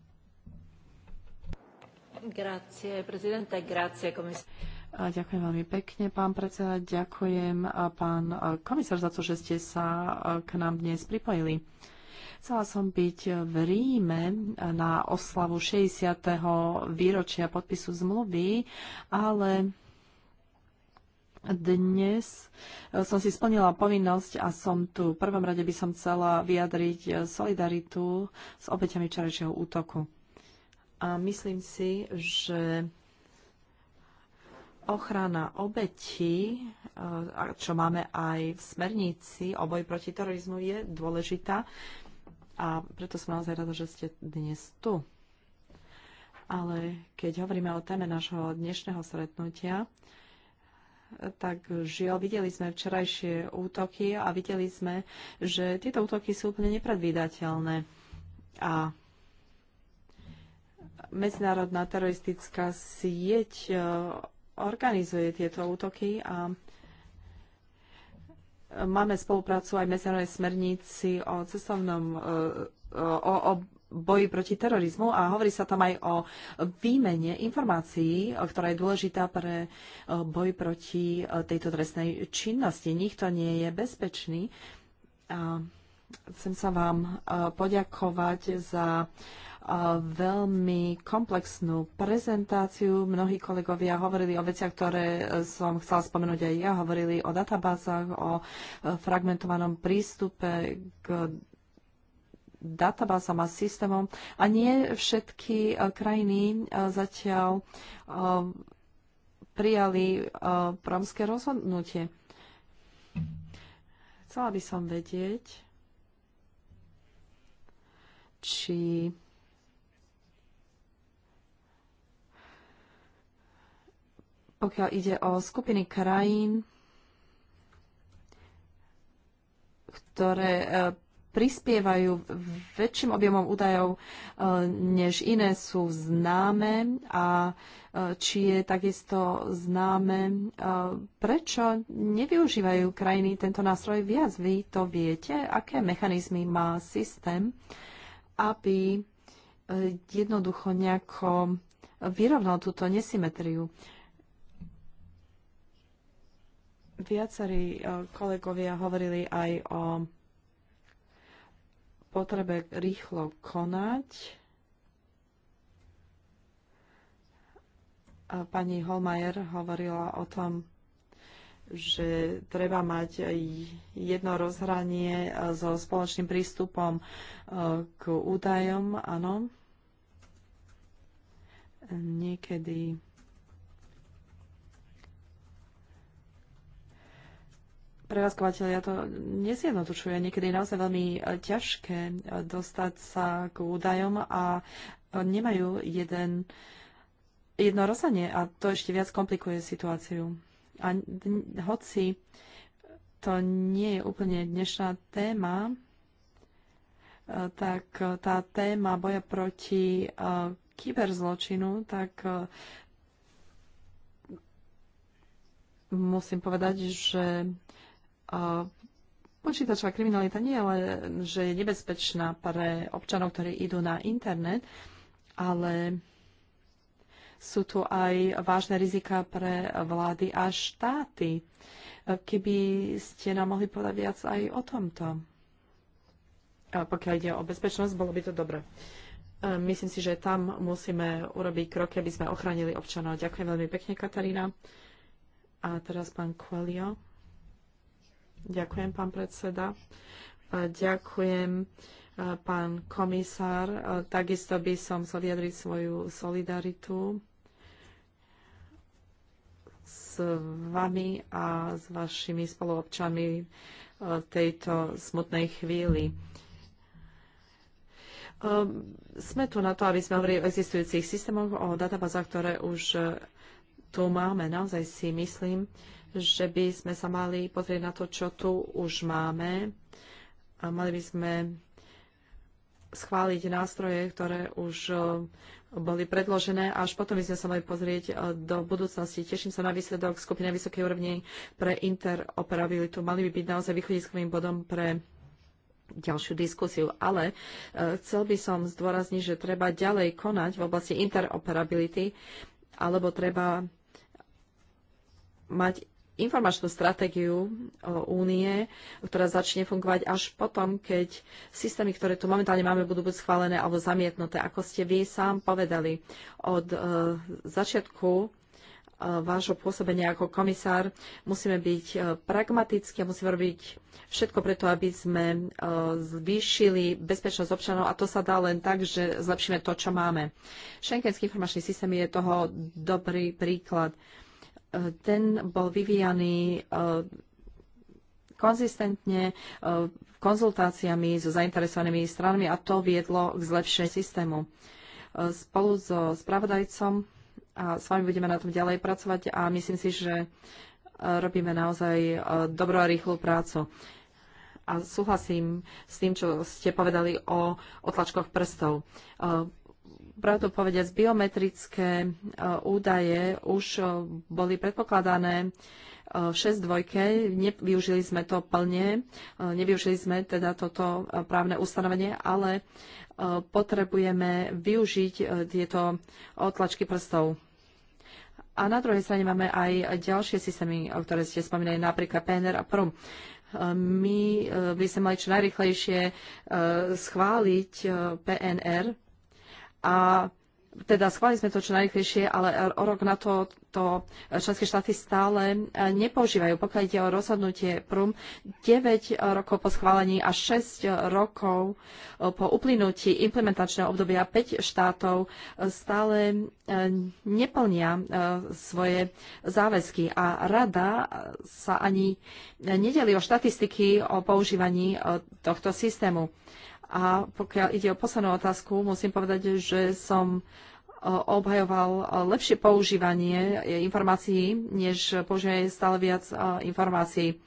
Grazie, prezidente, grazie, komisár. Ďakujem veľmi pekne, pán predseda. Ďakujem, pán komisár, za to, že ste sa k nám dnes pripojili. Chcela som byť v Ríme na oslavu 60. výročia podpisu zmluvy, ale dnes e, som si splnila povinnosť a som tu. V prvom rade by som chcela vyjadriť solidaritu s obeťami včerajšieho útoku. A myslím si, že ochrana obetí, čo máme aj v smernici o boji proti terorizmu, je dôležitá. A preto som naozaj rada, že ste dnes tu. Ale keď hovoríme o téme nášho dnešného stretnutia, tak žiaľ, videli sme včerajšie útoky a videli sme, že tieto útoky sú úplne nepredvídateľné. A medzinárodná teroristická sieť e, organizuje tieto útoky a máme spoluprácu aj medzinárodnej smernici o cestovnom e, e, o, o boji proti terorizmu a hovorí sa tam aj o výmene informácií, ktorá je dôležitá pre boj proti tejto trestnej činnosti. Nikto nie je bezpečný. A chcem sa vám poďakovať za veľmi komplexnú prezentáciu. Mnohí kolegovia hovorili o veciach, ktoré e, som chcela spomenúť aj ja. Hovorili o databázach, o e, fragmentovanom prístupe k databázam a systémom. A nie všetky e, krajiny zatiaľ prijali promské rozhodnutie. Chcela by som vedieť, či pokiaľ ide o skupiny krajín, ktoré e, prispievajú väčším objemom údajov e, než iné sú známe a e, či je takisto známe, prečo nevyužívajú krajiny tento nástroj viac. Vy to viete, aké mechanizmy má systém, aby jednoducho nejako vyrovnal túto nesymetriu. Viacerí e, kolegovia hovorili aj o potrebe rýchlo konať. Pani Holmajer hovorila o tom, že treba mať jedno rozhranie e, so spoločným prístupom e, k údajom, áno. Niekedy prevádzkovateľia to nesjednotučuje. Niekedy je naozaj veľmi e, ťažké e, dostať sa k údajom a e, nemajú jeden, jedno rozhodne a to ešte viac komplikuje situáciu. A hoci to nie je úplne dnešná téma, tak tá téma boja proti kyberzločinu, tak musím povedať, že počítačová kriminalita nie je len, že je nebezpečná pre občanov, ktorí idú na internet, ale sú tu aj vážne rizika pre vlády a štáty. Keby ste nám mohli povedať viac aj o tomto. A pokiaľ ide o bezpečnosť, bolo by to dobré. Myslím si, že tam musíme urobiť kroky, aby sme ochránili občanov. Ďakujem veľmi pekne, Katarína. A teraz pán Kvalio. Ďakujem, pán predseda. Ďakujem, pán komisár. Takisto by som chcel vyjadriť svoju solidaritu s vami a s vašimi spoluobčami v tejto smutnej chvíli. Sme tu na to, aby sme hovorili o existujúcich systémoch, o databázach, ktoré už tu máme. Naozaj si myslím, že by sme sa mali pozrieť na to, čo tu už máme. A mali by sme schváliť nástroje, ktoré už e, boli predložené, až potom by sme sa mali pozrieť e, do budúcnosti. Teším sa na výsledok skupiny vysokej úrovni pre interoperabilitu. Mali by byť naozaj východiskovým bodom pre ďalšiu diskusiu, ale e, chcel by som zdôrazniť, že treba ďalej konať v oblasti interoperability, alebo treba mať informačnú stratégiu e, únie, ktorá začne fungovať až potom, keď systémy, ktoré tu momentálne máme, budú buď schválené alebo zamietnuté. Ako ste vy sám povedali, od e, začiatku e, vášho pôsobenia ako komisár musíme byť pragmatickí a musíme robiť všetko preto, aby sme zvýšili bezpečnosť občanov a to sa dá len tak, že zlepšíme to, čo máme. Schengenský informačný systém je toho dobrý príklad ten bol vyvíjaný e, konzistentne e, konzultáciami so zainteresovanými stranami a to viedlo k zlepšeniu systému. E, spolu so spravodajcom a s vami budeme na tom ďalej pracovať a myslím si, že robíme naozaj dobrú a rýchlu prácu. A súhlasím s tým, čo ste povedali o otlačkoch prstov pravdu povediac, biometrické e, údaje už e, boli predpokladané v e, dvojke, Nevyužili sme to plne, nevyužili sme teda toto právne ustanovenie, ale potrebujeme využiť tieto otlačky prstov. A na druhej strane máme aj ďalšie systémy, o ktoré ste spomínali, napríklad PNR a PRUM my by sme mali čo najrychlejšie schváliť PNR a teda schválili sme to čo najrychlejšie, ale o rok na to, to členské štáty stále e, nepoužívajú. Pokiaľ ide o rozhodnutie PRUM, 9 rokov po schválení a 6 rokov e, po uplynutí implementačného obdobia 5 štátov e, stále neplnia svoje záväzky a rada sa ani nedeli o štatistiky o používaní tohto systému. A pokiaľ ide o poslednú otázku, musím povedať, že som e, obhajoval e, lepšie používanie e, informácií, než používanie stále viac informácií.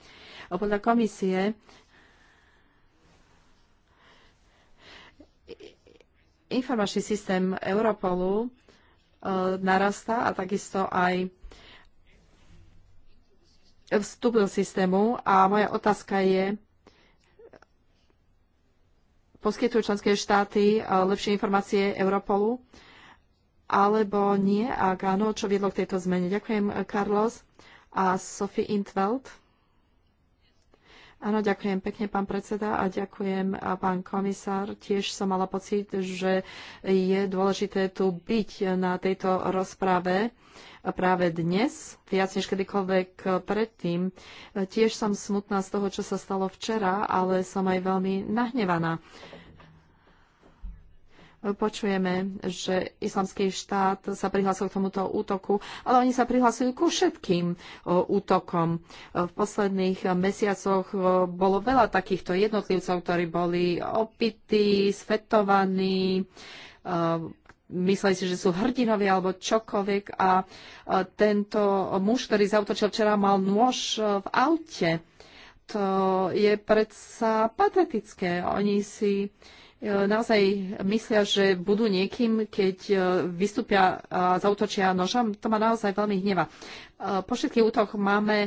Podľa komisie informačný systém Europolu narastá a takisto aj vstup do systému. A moja otázka je, poskytujú členské štáty e, lepšie informácie Europolu, alebo nie, ak áno, čo viedlo k tejto zmene. Ďakujem, Carlos a Sophie Intveld. Áno, ďakujem pekne, pán predseda, a ďakujem, a pán komisár. Tiež som mala pocit, že je dôležité tu byť na tejto rozprave práve dnes, viac než kedykoľvek predtým. Tiež som smutná z toho, čo sa stalo včera, ale som aj veľmi nahnevaná počujeme, že islamský štát sa prihlásil k tomuto útoku, ale oni sa prihlasujú ku všetkým e, útokom. V posledných mesiacoch e, bolo veľa takýchto jednotlivcov, ktorí boli opití, svetovaní, e, mysleli si, že sú hrdinovia alebo čokoľvek a tento muž, ktorý zautočil včera, mal nôž v aute. To je predsa patetické. Oni si uh, E, naozaj myslia, že budú niekým, keď e, vystúpia a zautočia nožom, to ma naozaj veľmi hneva. E, po všetkých útoch máme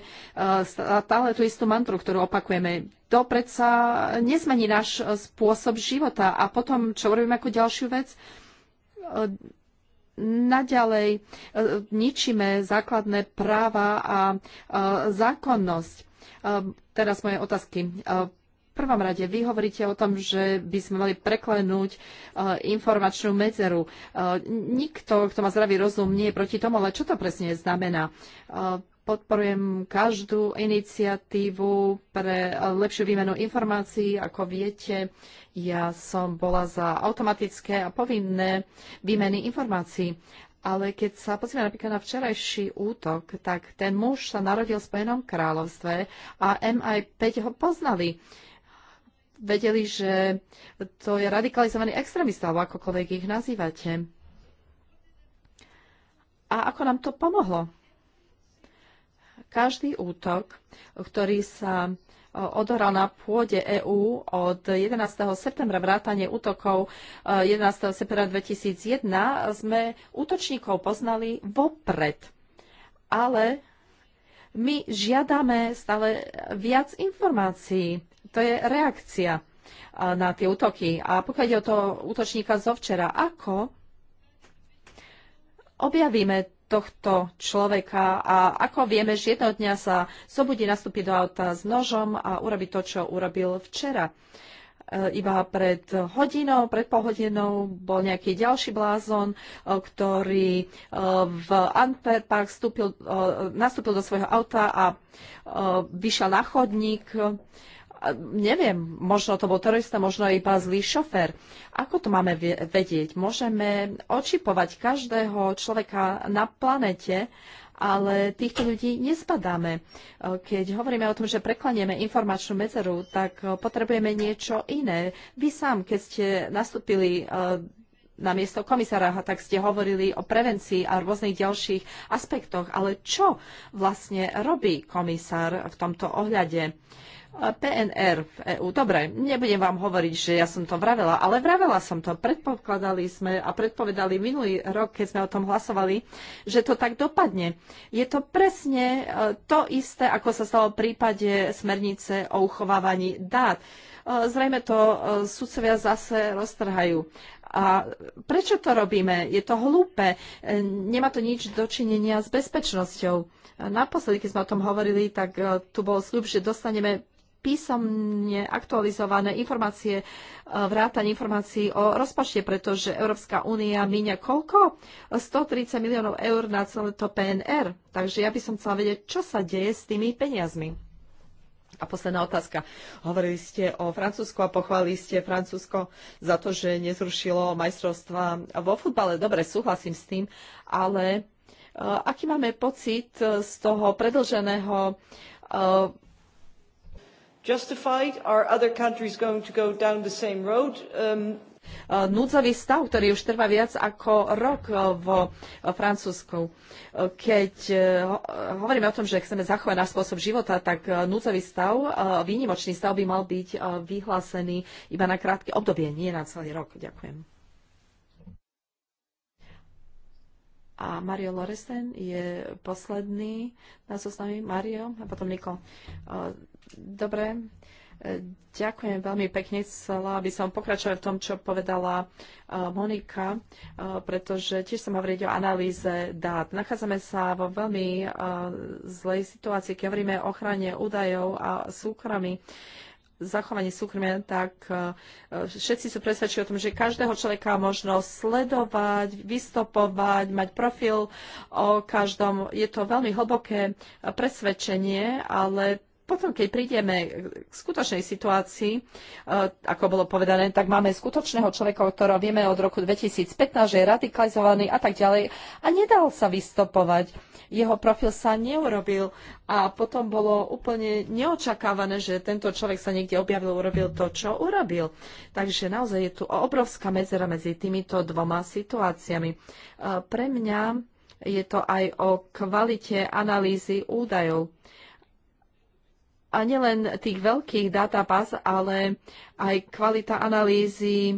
stále tú istú mantru, ktorú opakujeme. To predsa nezmení náš spôsob života. A potom, čo urobíme ako ďalšiu vec? Naďalej ničíme základné práva a zákonnosť. Teraz moje otázky prvom rade vy hovoríte o tom, že by sme mali preklenúť uh, informačnú medzeru. Uh, nikto, kto má zdravý rozum, nie je proti tomu, ale čo to presne znamená? Uh, podporujem každú iniciatívu pre lepšiu výmenu informácií. Ako viete, ja som bola za automatické a povinné výmeny informácií. Ale keď sa pozrieme napríklad na včerajší útok, tak ten muž sa narodil v Spojenom kráľovstve a MI5 ho poznali. Uh, vedeli, že to je radikalizovaný extrémista, alebo akokoľvek ich nazývate. A ako nám to pomohlo? Každý útok, ktorý sa odohral na pôde EÚ od 11. septembra vrátanie útokov 11. septembra 2001, sme útočníkov poznali vopred. Ale my žiadame stále viac informácií to je reakcia na tie útoky. A pokiaľ ide o toho útočníka zo včera, ako objavíme tohto človeka a ako vieme, že jedného dňa sa zobudí, nastúpiť do auta s nožom a urobi to, čo urobil včera. E, iba pred hodinou, pred pohodinou bol nejaký ďalší blázon, e, ktorý e, v Antwerpách vstúpil, nastúpil do svojho auta a vyšiel na chodník neviem, možno to bol terorista, možno iba zlý šofer. Ako to máme vedieť? Môžeme očipovať každého človeka na planete, ale týchto ľudí nespadáme. E, keď hovoríme o tom, že preklanieme informačnú medzeru, tak e, potrebujeme niečo iné. Vy sám, keď ste nastúpili e, na miesto komisára, tak ste hovorili o prevencii a rôznych ďalších aspektoch, ale čo vlastne robí komisár v tomto ohľade? PNR v EÚ. Dobre, nebudem vám hovoriť, že ja som to vravela, ale vravela som to. Predpokladali sme a predpovedali minulý rok, keď sme o tom hlasovali, že to tak dopadne. Je to presne e, to isté, ako sa stalo v prípade smernice o uchovávaní dát. E, zrejme to e, sudcovia zase roztrhajú. A prečo to robíme? Je to hlúpe. Nemá to nič dočinenia s bezpečnosťou. Naposledy, keď sme o tom hovorili, tak tu bol sľub, že dostaneme písomne aktualizované informácie, e, vrátanie informácií o rozpočte, pretože Európska únia míňa koľko? 130 miliónov eur na celé to PNR. Takže ja by som chcela vedieť, čo sa deje s tými peniazmi. A posledná otázka. Hovorili ste o Francúzsku a pochválili ste Francúzsko za to, že nezrušilo majstrovstva vo futbale. Dobre, súhlasím s tým, ale e, aký máme pocit z toho predlženého e, justified? Are other countries going to go down the same road? Um, uh, Núdzový stav, ktorý už trvá viac ako rok uh, vo uh, Francúzsku. Keď hovoríme o tom, že chceme zachovať náš spôsob života, tak núdzový stav, výnimočný stav by mal byť vyhlásený iba na krátke obdobie, nie na celý rok. Ďakujem. A Mario Loresten je posledný na zozname. Mario a potom Niko. Dobre, e, ďakujem veľmi pekne. Chcela by som pokračovať v tom, čo povedala e, Monika, e, pretože tiež sa má vrieť o analýze dát. Nachádzame sa vo veľmi zlej situácii, keď hovoríme o ochrane údajov a súkromí zachovanie súkromia, tak všetci sú presvedčení o tom, že každého človeka možno sledovať, vystopovať, mať profil o každom. Je to veľmi hlboké presvedčenie, ale potom, keď prídeme k skutočnej situácii, e, ako bolo povedané, tak máme skutočného človeka, ktorého vieme od roku 2015, že je radikalizovaný a tak ďalej a nedal sa vystopovať. Jeho profil sa neurobil a potom bolo úplne neočakávané, že tento človek sa niekde objavil, urobil to, čo urobil. Takže naozaj je tu obrovská medzera medzi týmito dvoma situáciami. E, pre mňa je to aj o kvalite analýzy údajov a nielen tých veľkých databáz, ale aj kvalita analýzy e,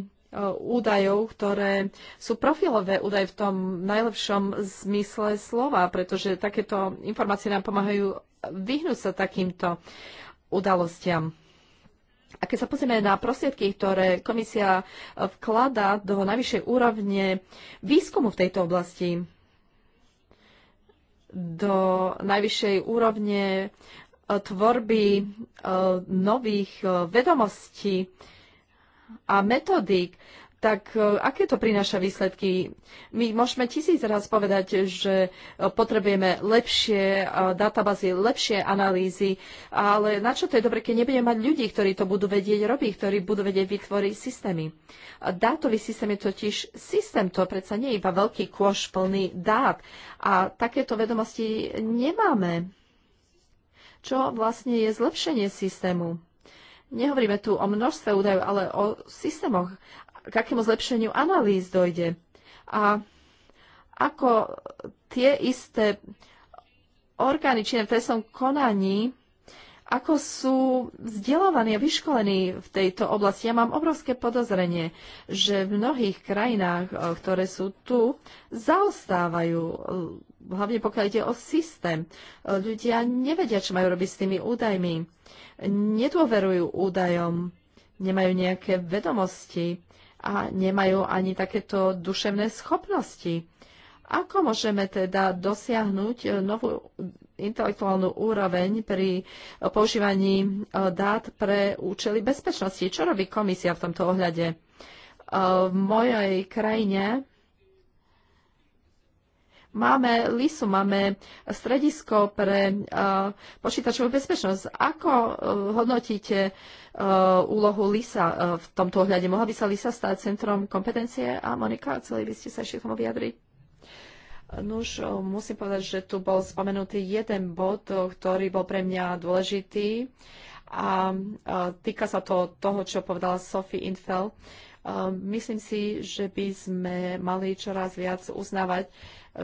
údajov, ktoré sú profilové údaje v tom najlepšom zmysle slova, pretože takéto informácie nám pomáhajú vyhnúť sa takýmto udalostiam. A keď sa pozrieme na prostriedky, ktoré komisia e, vklada do najvyššej úrovne výskumu v tejto oblasti, do najvyššej úrovne tvorby e, nových e, vedomostí a metodík, tak e, aké to prináša výsledky? My môžeme tisíc raz povedať, že potrebujeme lepšie databázy, lepšie analýzy, ale na čo to je dobre, keď nebudeme mať ľudí, ktorí to budú vedieť robiť, ktorí budú vedieť vytvoriť systémy. Dátový systém je totiž systém, to predsa nie je iba veľký kôš plný dát. A takéto vedomosti nemáme čo vlastne je zlepšenie systému. Nehovoríme tu o množstve údajov, ale o systémoch, k akému zlepšeniu analýz dojde. A ako tie isté orgány či v trestnom konaní ako sú vzdelávaní a vyškolení v tejto oblasti. Ja mám obrovské podozrenie, že v mnohých krajinách, e, ktoré sú tu, zaostávajú, e, hlavne pokiaľ ide o systém. E, ľudia nevedia, čo majú robiť s tými údajmi. Nedôverujú údajom, nemajú nejaké vedomosti a nemajú ani takéto duševné schopnosti. Ako môžeme teda dosiahnuť novú intelektuálnu úroveň pri používaní e, dát pre účely bezpečnosti. Čo robí komisia v tomto ohľade? E, v mojej krajine máme LISu, máme stredisko pre e, počítačovú bezpečnosť. Ako hodnotíte úlohu LISA v tomto ohľade? Mohla by sa LISA stať centrom kompetencie? A Monika, chceli by ste sa ešte k tomu vyjadriť? Nuž, musím povedať, že tu bol spomenutý jeden bod, ktorý bol pre mňa dôležitý a týka sa to toho, čo povedala Sophie Infel. E, myslím si, že by sme mali čoraz viac uznávať,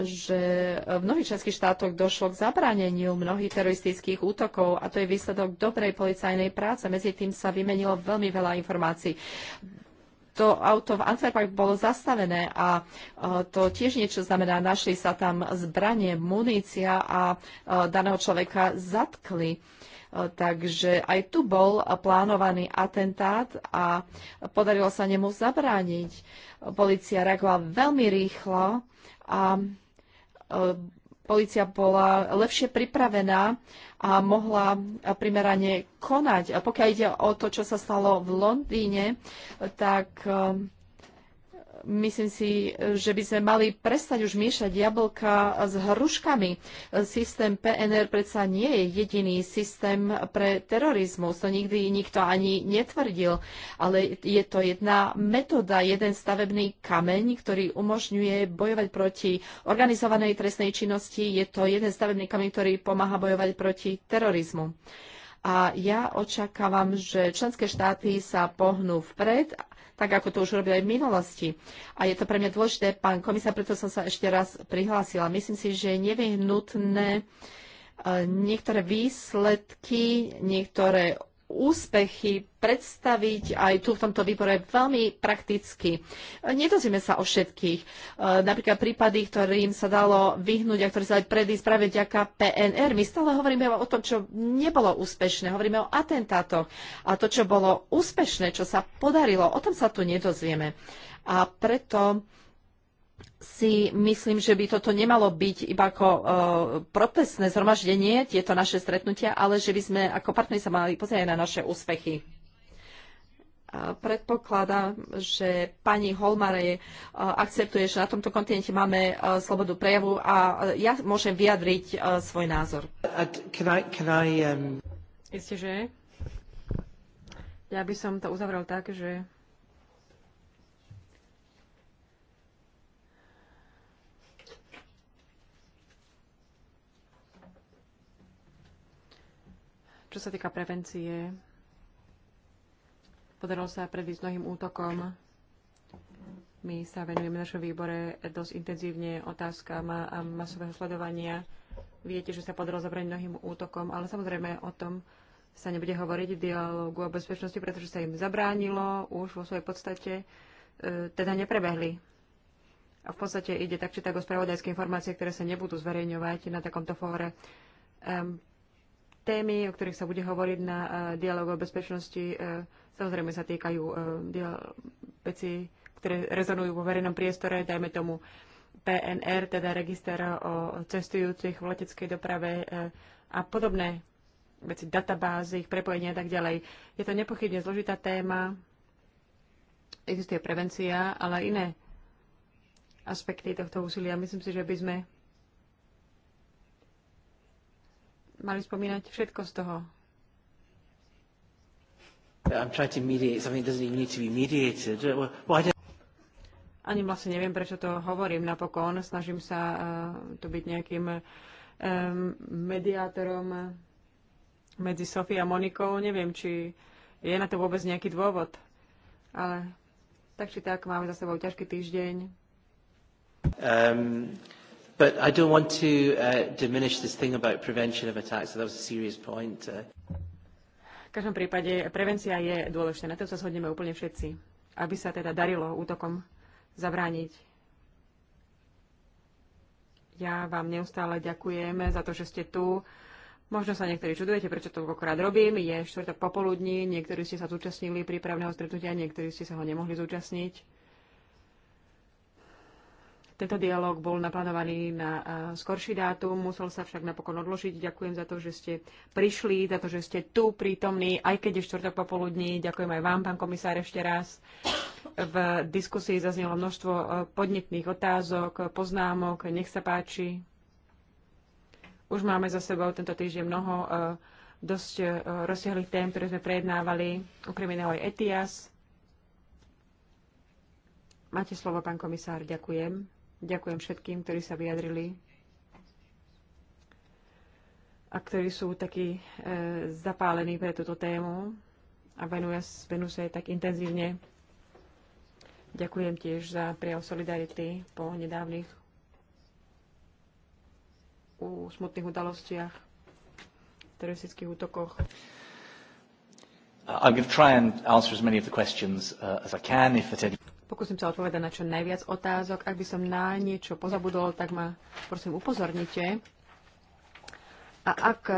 že v mnohých českých štátoch došlo k zabraneniu mnohých teroristických útokov a to je výsledok dobrej policajnej práce. Medzi tým sa vymenilo veľmi veľa informácií to auto v Antwerpách bolo zastavené a e, to tiež niečo znamená. Našli sa tam zbranie, munícia a e, daného človeka zatkli. E, takže aj tu bol plánovaný atentát a podarilo sa nemu zabrániť. Polícia reagovala veľmi rýchlo a policia bola lepšie pripravená a mohla primerane konať. A pokiaľ ide o to, čo sa stalo v Londýne, tak ehm, myslím si, že by sme mali prestať už miešať jablka s hruškami. Systém PNR predsa nie je jediný systém pre terorizmus. To nikdy nikto ani netvrdil, ale je to jedna metóda, jeden stavebný kameň, ktorý umožňuje bojovať proti organizovanej trestnej činnosti. Je to jeden stavebný kameň, ktorý pomáha bojovať proti terorizmu. A ja očakávam, že členské štáty sa pohnú vpred tak ako to už robil aj v minulosti. A je to pre mňa dôležité, pán komisár, preto som sa ešte raz prihlásila. Myslím si, že je nevyhnutné e, niektoré výsledky, niektoré úspechy predstaviť aj tu v tomto výbore veľmi prakticky. Nedozvieme sa o všetkých. E, napríklad prípady, ktorým sa dalo vyhnúť a ktoré sa aj predísť práve vďaka PNR. My stále hovoríme o tom, čo nebolo úspešné. Hovoríme o atentátoch. A to, čo bolo úspešné, čo sa podarilo, o tom sa tu nedozvieme. A preto si myslím, že by toto nemalo byť iba ako uh, e, profesné zhromaždenie, tieto naše stretnutia, ale že by sme ako partneri sa mali pozrieť na naše úspechy. A e, predpokladám, že pani Holmare uh, akceptuje, že na tomto kontinente máme uh, slobodu prejavu a ja môžem vyjadriť svoj názor. Uh, um... že? Ja by som to uzavrel tak, že Čo sa týka prevencie, podarilo sa predísť mnohým útokom. My sa venujeme v našom výbore dosť intenzívne otázkam a masového sledovania. Viete, že sa podarilo zabrať mnohým útokom, ale samozrejme o tom sa nebude hovoriť v dialogu o bezpečnosti, pretože sa im zabránilo už vo svojej podstate, e, teda neprebehli. A v podstate ide tak či tak o spravodajské informácie, ktoré sa nebudú zverejňovať na takomto fóre. Témy, o ktorých sa bude hovoriť na e, dialogu o bezpečnosti, e, samozrejme sa týkajú e, veci, ktoré rezonujú vo verejnom priestore, dajme tomu PNR, teda register o cestujúcich v leteckej doprave a podobné veci, databázy, ich prepojenie a tak ďalej. Je to nepochybne zložitá téma, existuje prevencia, ale iné aspekty tohto úsilia. Myslím si, že by sme mali spomínať všetko z toho. Ani vlastne neviem, prečo to hovorím napokon. Snažím sa uh, tu byť nejakým um, mediátorom medzi Sofie a Monikou. Neviem, či je na to vôbec nejaký dôvod. Ale tak či tak, máme za sebou ťažký týždeň. Um, But I don't want to uh, diminish this thing about prevention of attacks. So that was a serious point. Uh. V každom prípade prevencia je dôležitá. Na to sa shodneme úplne všetci. Aby sa teda darilo útokom zabrániť. Ja vám neustále ďakujem za to, že ste tu. Možno sa niektorí čudujete, prečo to toľkokrát robím. Je štvrtok popoludní, niektorí ste sa zúčastnili prípravného stretnutia, niektorí ste sa ho nemohli zúčastniť tento dialog bol naplánovaný na skorší dátum, musel sa však napokon odložiť. Ďakujem za to, že ste prišli, za to, že ste tu prítomní, aj keď je štvrtok popoludní. Ďakujem aj vám, pán komisár, ešte raz. V diskusii zaznelo množstvo e, podnetných otázok, poznámok. Nech sa páči. Už máme za sebou tento týždeň mnoho e, dosť e, rozsiahlých tém, ktoré sme prejednávali, okrem iného aj ETIAS. Máte slovo, pán komisár, ďakujem. Ďakujem všetkým, ktorí sa vyjadrili a ktorí sú takí e, zapálení pre túto tému a venujú, venu sa jej tak intenzívne. Ďakujem tiež za prijav solidarity po nedávnych u smutných udalostiach, teroristických útokoch. I'm going to try and answer as many of the questions uh, as I can, if at any... Pokúsim sa odpovedať na čo najviac otázok. Ak by som na niečo pozabudol, tak ma prosím upozornite. A ak e,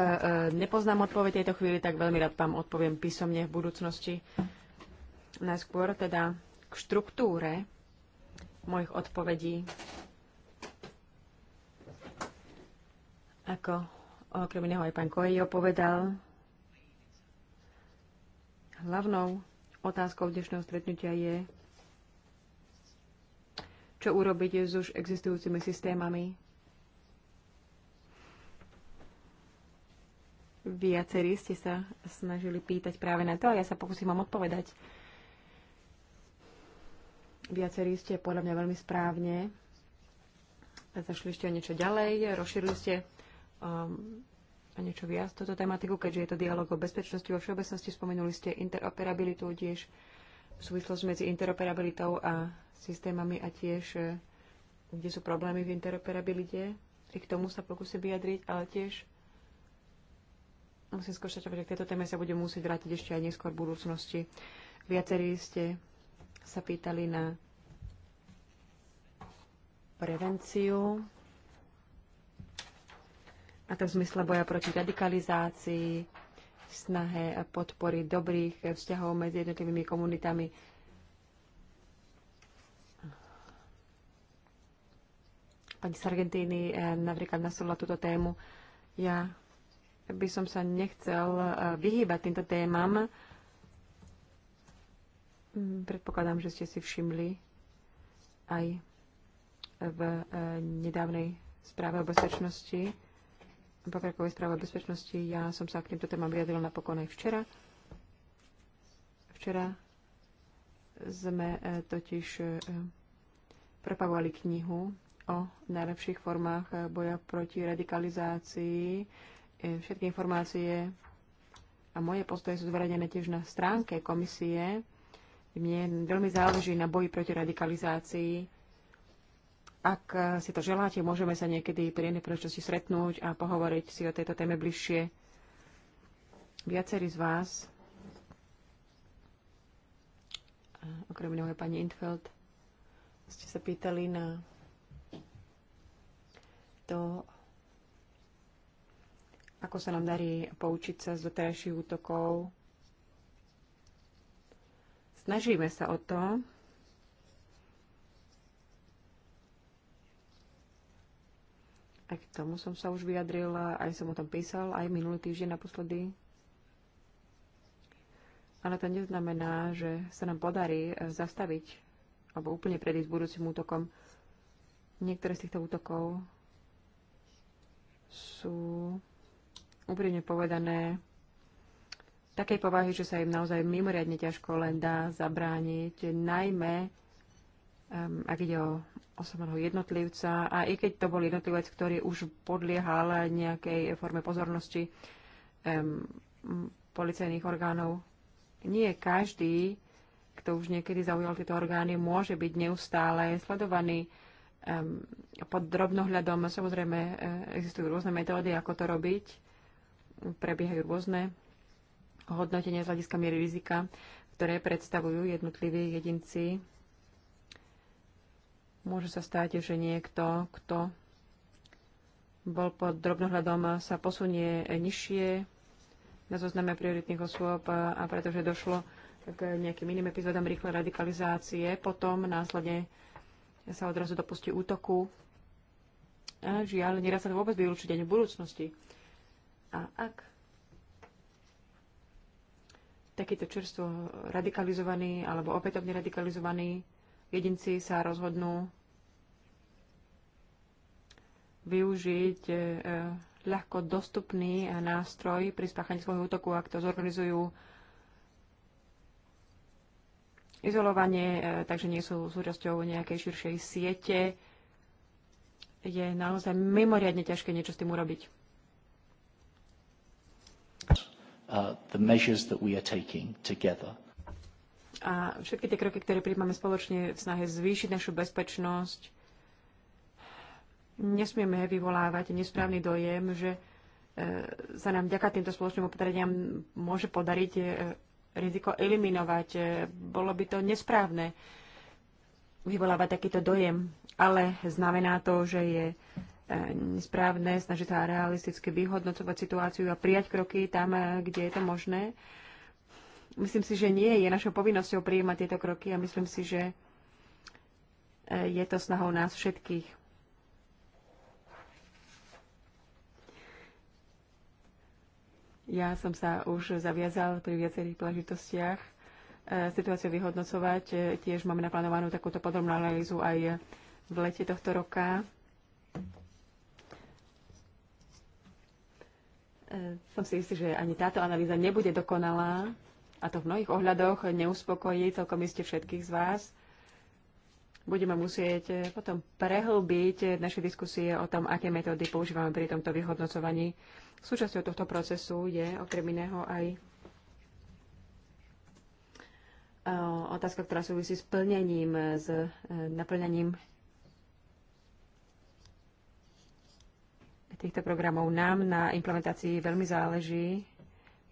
nepoznám odpoveď tejto chvíli, tak veľmi rád vám odpoviem písomne v budúcnosti. Najskôr teda k štruktúre mojich odpovedí. Ako okrem iného aj pán Kojo povedal, hlavnou otázkou dnešného stretnutia je, čo urobiť s už existujúcimi systémami. Viacerí ste sa snažili pýtať práve na to a ja sa pokúsim vám odpovedať. Viacerí ste podľa mňa veľmi správne zašli ešte o niečo ďalej, rozšírili ste um, a niečo viac túto tematiku, keďže je to dialog o bezpečnosti vo všeobecnosti. Spomenuli ste interoperabilitu tiež v súvislosti medzi interoperabilitou a systémami a tiež, e, kde sú problémy v interoperabilite. I k tomu sa pokúsi vyjadriť, ale tiež musím skúšať, že k tejto téme sa budem musieť vrátiť ešte aj neskôr v budúcnosti. Viacerí ste sa pýtali na prevenciu a to v zmysle boja proti radikalizácii, snahe podpory dobrých vzťahov medzi jednotlivými komunitami. Pani Sargentini eh, napríklad nasolila túto tému. Ja by som sa nechcel eh, vyhýbať týmto témam. Mm, predpokladám, že ste si všimli aj v eh, nedávnej správe o bezpečnosti Pakrakovej správe o bezpečnosti. Ja som sa k týmto témam vyjadril napokon aj včera. Včera sme e, totiž e, prepavovali knihu o najlepších formách e, boja proti radikalizácii. Všetky informácie a moje postoje sú zverejnené tiež na stránke komisie. Mne veľmi záleží na boji proti radikalizácii ak eh, si to želáte, môžeme sa niekedy pri jednej príležitosti stretnúť a pohovoriť si o tejto téme bližšie. Viacerí z vás, eh, okrem iného pani Intfeld, ste sa pýtali na to, ako sa nám darí poučiť sa z doterajších útokov. Snažíme sa o to, Aj k tomu som sa už vyjadrila, aj som o tom písal, aj minulý týždeň naposledy. Ale to neznamená, že sa nám podarí e, zastaviť alebo úplne predísť budúcim útokom. Niektoré z týchto útokov sú úprimne povedané takej povahy, že sa im naozaj mimoriadne ťažko len dá zabrániť, najmä ak ide o osobného jednotlivca, a i keď to bol jednotlivec, ktorý už podliehal nejakej forme pozornosti um, policajných orgánov, nie každý, kto už niekedy zaujal tieto orgány, môže byť neustále sledovaný um, pod drobnohľadom. Samozrejme, e, existujú rôzne metódy, ako to robiť. Prebiehajú rôzne hodnotenia z hľadiska miery rizika, ktoré predstavujú jednotliví jedinci Môže sa stáť, že niekto, kto bol pod drobnohľadom, sa posunie nižšie na zozname prioritných osôb a pretože došlo k nejakým iným epizódam rýchle radikalizácie, potom následne sa odrazu dopustí útoku. A žiaľ, nieraz sa to vôbec vylúčiť ani v budúcnosti. A ak takýto čerstvo radikalizovaní alebo opätovne radikalizovaní jedinci sa rozhodnú využiť e, e, ľahko dostupný e, nástroj pri spáchaní svojho útoku, ak to zorganizujú izolovanie, takže nie sú súčasťou nejakej širšej siete. Je naozaj mimoriadne ťažké niečo s tým urobiť. Uh, the measures that we are taking together. A všetky tie kroky, ktoré príjmame spoločne v snahe zvýšiť našu bezpečnosť, Nesmieme vyvolávať nesprávny dojem, že e, sa nám vďaka týmto spoločným opatreniam môže podariť e, riziko eliminovať. E, bolo by to nesprávne vyvolávať takýto dojem, ale znamená to, že je nesprávne snažiť sa realisticky vyhodnocovať situáciu a prijať kroky tam, kde je to možné. Myslím si, že nie je našou povinnosťou prijímať tieto kroky a myslím si, že je to snahou nás všetkých. Ja som sa už zaviazal pri viacerých príležitostiach e, situáciu vyhodnocovať. E, tiež máme naplánovanú takúto podrobnú analýzu aj v lete tohto roka. E, som si istý, že ani táto analýza nebude dokonalá a to v mnohých ohľadoch neuspokojí celkom iste všetkých z vás budeme musieť eh, potom prehlbiť eh, naše diskusie o tom, aké metódy používame pri tomto vyhodnocovaní. Súčasťou tohto procesu je okrem iného aj eh, otázka, ktorá súvisí s plnením, s naplňaním týchto programov. Nám na implementácii veľmi záleží.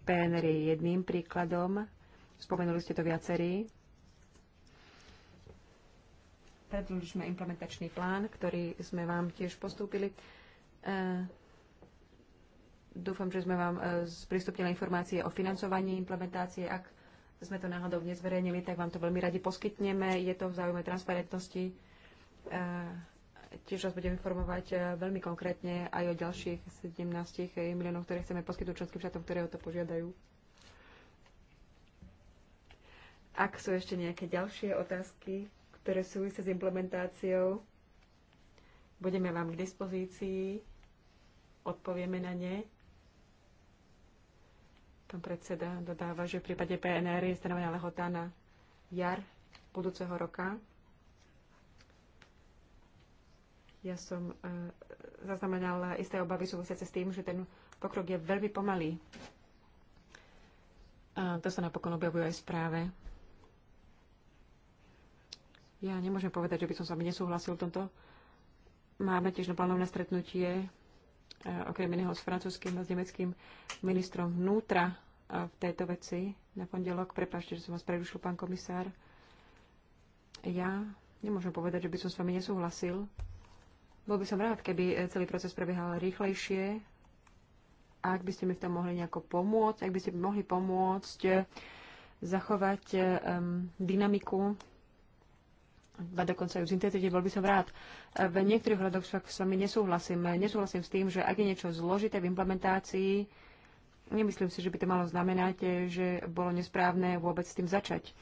PNR je jedným príkladom. Spomenuli ste to viacerí. Predložili sme implementačný plán, ktorý sme vám tiež postúpili. E, dúfam, že sme vám e, sprístupnili informácie o financovaní implementácie. Ak sme to náhodou nezverejnili, tak vám to veľmi radi poskytneme. Je to v záujme transparentnosti. E, tiež vás budem informovať veľmi konkrétne aj o ďalších 17 miliónov, ktoré chceme poskytnúť členským štátom, ktoré o to požiadajú. Ak sú ešte nejaké ďalšie otázky, ktoré súvisia s implementáciou. Budeme vám k dispozícii, odpovieme na ne. Pán predseda dodáva, že v prípade PNR je stanovená lehota na jar budúceho roka. Ja som e, zaznamenala isté obavy súvisiace s tým, že ten pokrok je veľmi pomalý. A to sa napokon objavuje aj v správe. Ja nemôžem povedať, že by som sa nesúhlasil v tomto. Máme tiež naplánované stretnutie e, okrem iného s francúzským a s nemeckým ministrom vnútra e, v tejto veci na pondelok. Prepašte, že som vás prerušil, pán komisár. Ja nemôžem povedať, že by som s vami nesúhlasil. Bol by som rád, keby e, celý proces prebiehal rýchlejšie. A ak by ste mi v tom mohli nejako pomôcť, ak by ste mi mohli pomôcť zachovať um, dynamiku a dokonca ju syntetiziť, bol by som rád. E, v niektorých hľadoch však s vami nesúhlasím. E, nesúhlasím s tým, že ak je niečo zložité v implementácii, nemyslím si, že by to malo znamenať, e, že bolo nesprávne vôbec s tým začať.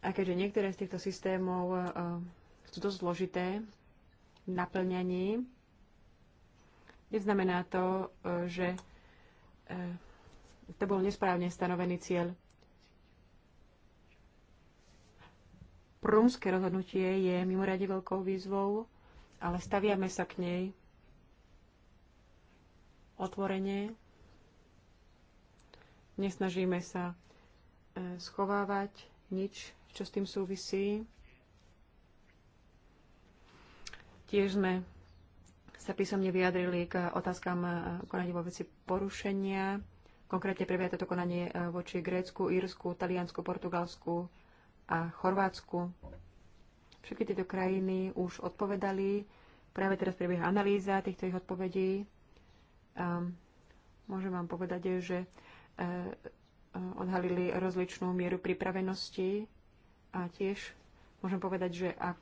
A keďže niektoré z týchto systémov sú dosť zložité v naplňaní, neznamená to, že to bol nesprávne stanovený cieľ. prúmske rozhodnutie je mimoriadne veľkou výzvou, ale staviame sa k nej otvorene. Nesnažíme sa e, schovávať nič, čo s tým súvisí. Tiež sme sa písomne vyjadrili k otázkam e, konania vo veci porušenia. Konkrétne prebieha toto konanie e, voči Grécku, Írsku, Taliansku, Portugalsku, a Chorvátsku. Všetky tieto krajiny už odpovedali. Práve teraz prebieha analýza týchto ich odpovedí. A ehm, môžem vám povedať, že e, e, odhalili rozličnú mieru pripravenosti a tiež môžem povedať, že ak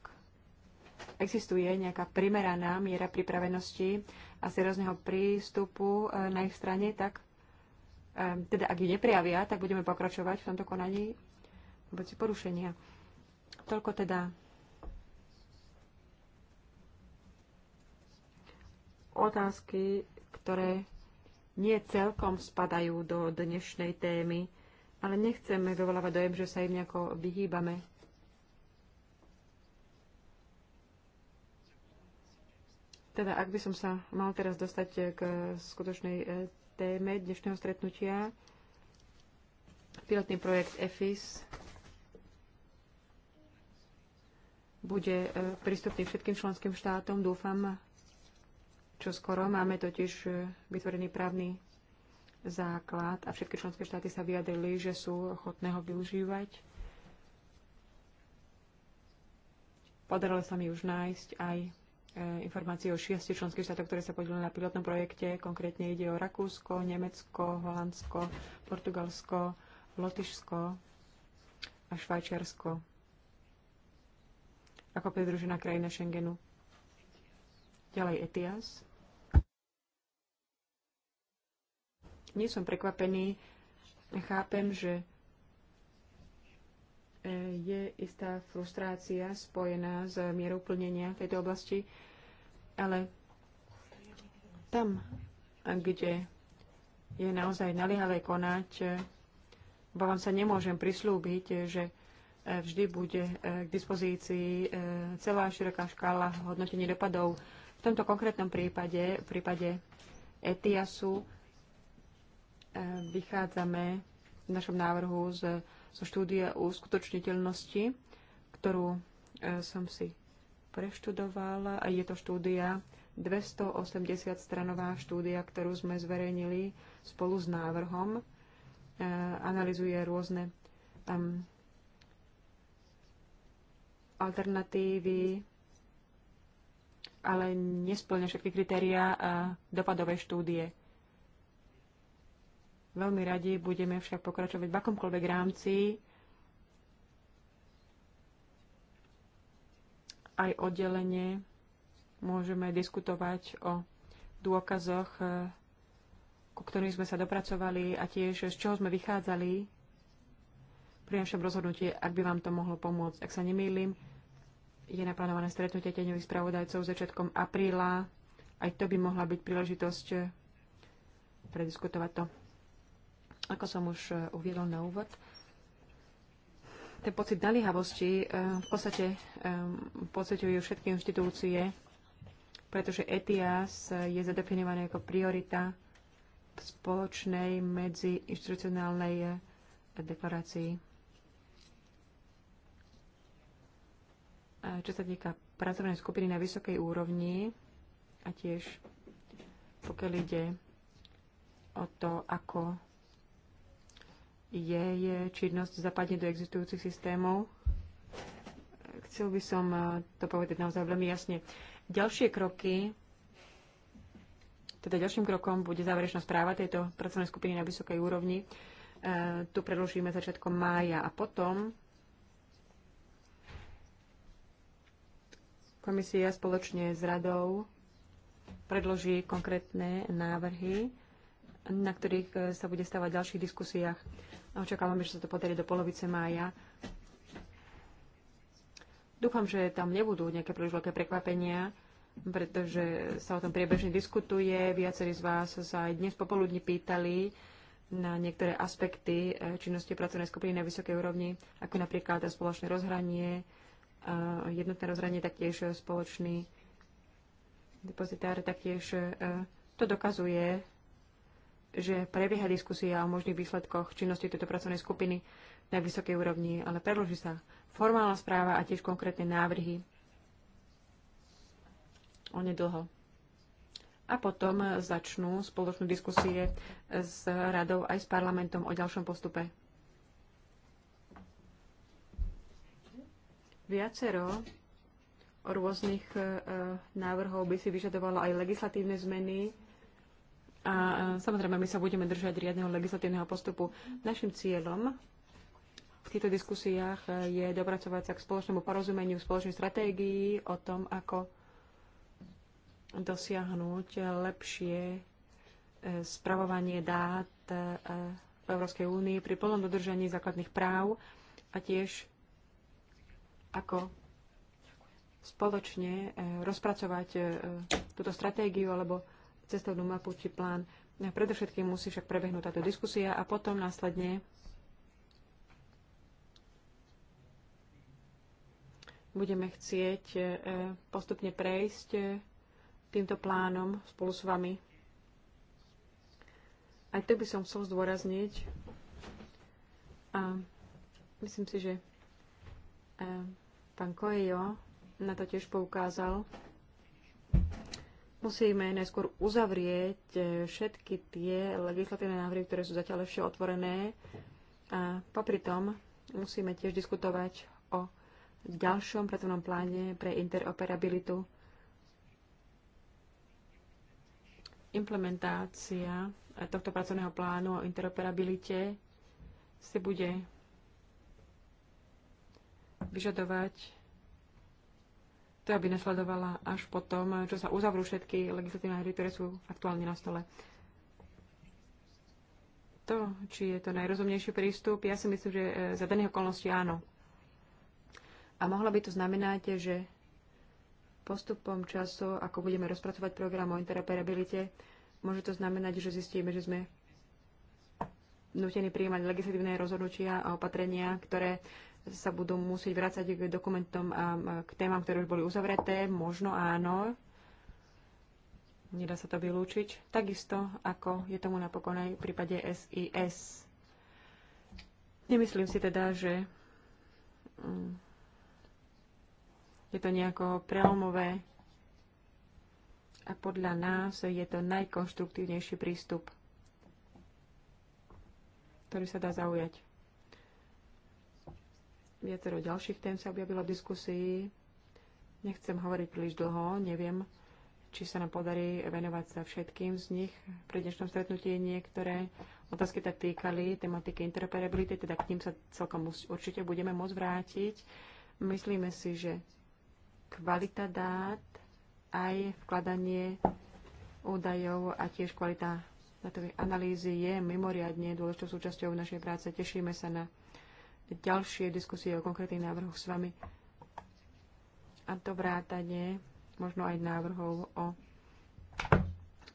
existuje nejaká primeraná miera pripravenosti a seriózneho prístupu e, na ich strane, tak teda ak ju neprejavia, tak budeme pokračovať v tomto konaní v porušenia. Toľko teda otázky, ktoré nie celkom spadajú do dnešnej témy, ale nechceme vyvolávať dojem, že sa im nejako vyhýbame. Teda, ak by som sa mal teraz dostať k skutočnej e, téme dnešného stretnutia, pilotný projekt EFIS bude e, prístupný všetkým členským štátom, dúfam, čo skoro. Máme totiž e, vytvorený právny základ a všetky členské štáty sa vyjadrili, že sú ochotné ho využívať. Podarilo sa mi už nájsť aj e, informácie o šiestich členských štátoch, ktoré sa podielili na pilotnom projekte. Konkrétne ide o Rakúsko, Nemecko, Holandsko, Portugalsko, Lotyšsko a Švajčiarsko ako pridružená krajina Schengenu. Ďalej ETIAS. Nie som prekvapený. Chápem, že e, je istá frustrácia spojená s mierou plnenia v tejto oblasti, ale tam, kde je naozaj naliehavé konať, e, vám sa, nemôžem prislúbiť, že vždy bude e, k dispozícii e, celá široká škála hodnotení dopadov. V tomto konkrétnom prípade, v prípade ETIASu, e, vychádzame v našom návrhu z, zo štúdie uskutočniteľnosti, ktorú som si preštudovala a je to štúdia 280 stranová štúdia, ktorú sme zverejnili spolu s návrhom. Analizuje rôzne um, alternatívy, ale nesplňa všetky kritériá a dopadovej štúdie. Veľmi radi budeme však pokračovať v akomkoľvek rámci aj oddelenie môžeme diskutovať o dôkazoch, e, ku ktorým sme sa dopracovali a tiež z čoho sme vychádzali pri našom rozhodnutí, ak by vám to mohlo pomôcť. Ak sa nemýlim, je naplánované stretnutie tieňových spravodajcov začiatkom apríla. Aj to by mohla byť príležitosť prediskutovať to. Ako som už eh, uviedol na úvod, ten pocit naliehavosti eh, v podstate eh, pocitujú všetky inštitúcie, pretože ETIAS je zadefinované ako priorita spoločnej medzi inštitucionálnej deklarácii čo sa týka pracovnej skupiny na vysokej úrovni a tiež pokiaľ ide o to, ako je, je činnosť zapadne do existujúcich systémov. Chcel by som eh, to povedať naozaj veľmi jasne. Ďalšie kroky, teda ďalším krokom bude záverečná správa tejto pracovnej skupiny na vysokej úrovni. Eh, tu predložíme začiatkom mája a potom Komisia spoločne s radou predloží konkrétne návrhy, na ktorých e, sa bude stávať v ďalších diskusiách. Očakávame, že sa to podarí do polovice mája. Dúfam, že tam nebudú nejaké príliš veľké prekvapenia, pretože sa o tom priebežne diskutuje. Viacerí z vás sa aj dnes popoludní pýtali na niektoré aspekty e, činnosti pracovnej skupiny na vysokej úrovni, ako napríklad spoločné rozhranie, jednotné rozhranie, taktiež spoločný depozitár, taktiež e, to dokazuje, že prebieha diskusia o možných výsledkoch činnosti tejto pracovnej skupiny na vysokej úrovni, ale predloží sa formálna správa a tiež konkrétne návrhy nedlho. A potom začnú spoločnú diskusie s radou aj s parlamentom o ďalšom postupe. Viacero rôznych e, návrhov by si vyžadovalo aj legislatívne zmeny. A e, samozrejme, my sa budeme držať riadneho legislatívneho postupu. Našim cieľom v týchto diskusiách e, je dopracovať sa k spoločnému porozumeniu, spoločnej stratégii o tom, ako dosiahnuť lepšie spravovanie dát v Európskej únii pri plnom dodržaní základných práv a tiež ako spoločne e, rozpracovať e, túto stratégiu alebo cestovnú mapu či plán. E, predovšetkým musí však prebehnúť táto diskusia a potom následne budeme chcieť postupne prejsť týmto plánom spolu s vami. Aj to by som chcel zdôrazniť. A myslím si, že Pán Kojo na to tiež poukázal. Musíme najskôr uzavrieť e, všetky tie legislatívne návrhy, ktoré sú zatiaľ ešte otvorené. A popri tom musíme tiež diskutovať o ďalšom pracovnom pláne pre interoperabilitu. Implementácia tohto pracovného plánu o interoperabilite si bude vyžadovať to, aby nasledovala až po tom, čo sa uzavrú všetky legislatívne hry, ktoré sú aktuálne na stole. To, či je to najrozumnejší prístup, ja si myslím, že e, za daných okolností áno. A mohlo by to znamenať, že postupom času, ako budeme rozpracovať program o interoperabilite, môže to znamenať, že zistíme, že sme nutení prijímať legislatívne rozhodnutia a opatrenia, ktoré sa budú musieť vrácať k dokumentom a k témam, ktoré už boli uzavreté. Možno áno. Nedá sa to vylúčiť. Takisto, ako je tomu napokon aj v prípade SIS. Nemyslím si teda, že mm, je to nejako prelomové a podľa nás je to najkonštruktívnejší prístup, ktorý sa dá zaujať. Viacero ďalších tém sa objavilo v diskusii. Nechcem hovoriť príliš dlho, neviem, či sa nám podarí venovať sa všetkým z nich. Pri dnešnom stretnutí niektoré otázky tak týkali tematiky interoperability, teda k tým sa celkom určite budeme môcť vrátiť. Myslíme si, že kvalita dát, aj vkladanie údajov a tiež kvalita datových analýzy je mimoriadne dôležitou súčasťou našej práce. Tešíme sa na ďalšie diskusie o konkrétnych návrhoch s vami. A to vrátanie možno aj návrhov o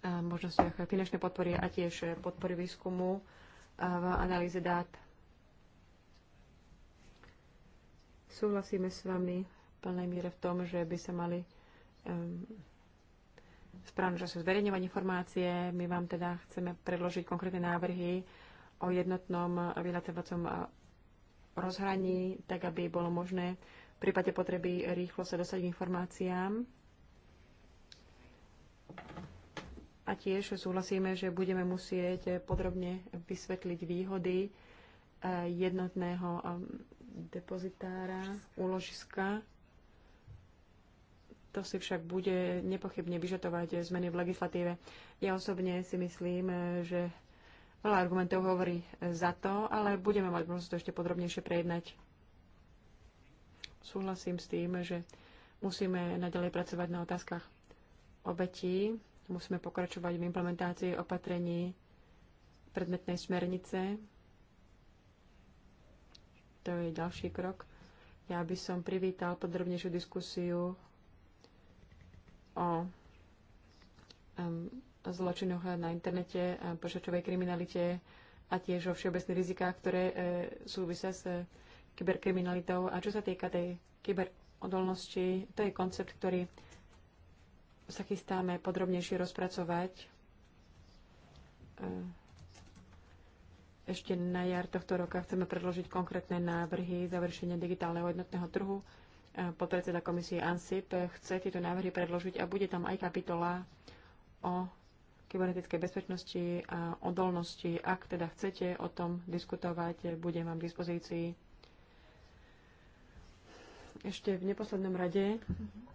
možnostiach finančnej podpory a tiež podpory výskumu v analýze dát. Súhlasíme s vami v plnej miere v tom, že by sa mali um, správne času zverejňovať informácie. My vám teda chceme predložiť konkrétne návrhy o jednotnom vyhľadávacom rozhraní, tak aby bolo možné v prípade potreby rýchlo sa dostať k informáciám. A tiež súhlasíme, že budeme musieť podrobne vysvetliť výhody eh, jednotného eh, depozitára, úložiska. To si však bude nepochybne vyžadovať zmeny v legislatíve. Ja osobne si myslím, eh, že Veľa argumentov hovorí e, za to, ale budeme mať možnosť to ešte podrobnejšie prejednať. Súhlasím s tým, že musíme naďalej pracovať na otázkach obetí, musíme pokračovať v implementácii opatrení predmetnej smernice. To je ďalší krok. Ja by som privítal podrobnejšiu diskusiu o um, zločinoch na internete, počačovej kriminalite a tiež o všeobecných rizikách, ktoré e, súvisia s e, kyberkriminalitou. A čo sa týka tej kyberodolnosti, to je koncept, ktorý sa chystáme podrobnejšie rozpracovať e, ešte na jar tohto roka chceme predložiť konkrétne návrhy završenia digitálneho jednotného trhu. Podpredseda komisie ANSIP chce tieto návrhy predložiť a bude tam aj kapitola o kybernetickej bezpečnosti a odolnosti. Ak teda chcete o tom diskutovať, budem vám k dispozícii. Ešte v neposlednom rade.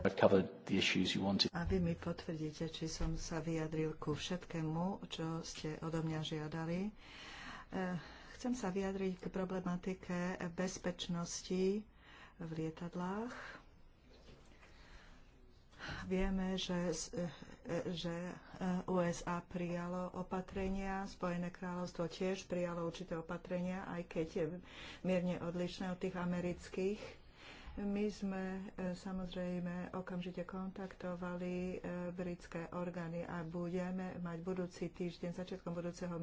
A vy mi potvrdíte, či som sa vyjadril ku všetkému, čo ste odo mňa žiadali. E, chcem sa vyjadriť k problematike bezpečnosti v lietadlách Vieme, že, e, že e, USA prijalo opatrenia, Spojené kráľovstvo tiež prijalo určité opatrenia, aj keď je mierne odlišné od tých amerických. My sme e, samozrejme okamžite kontaktovali britské orgány a budeme mať budúci týždeň, začiatkom budúceho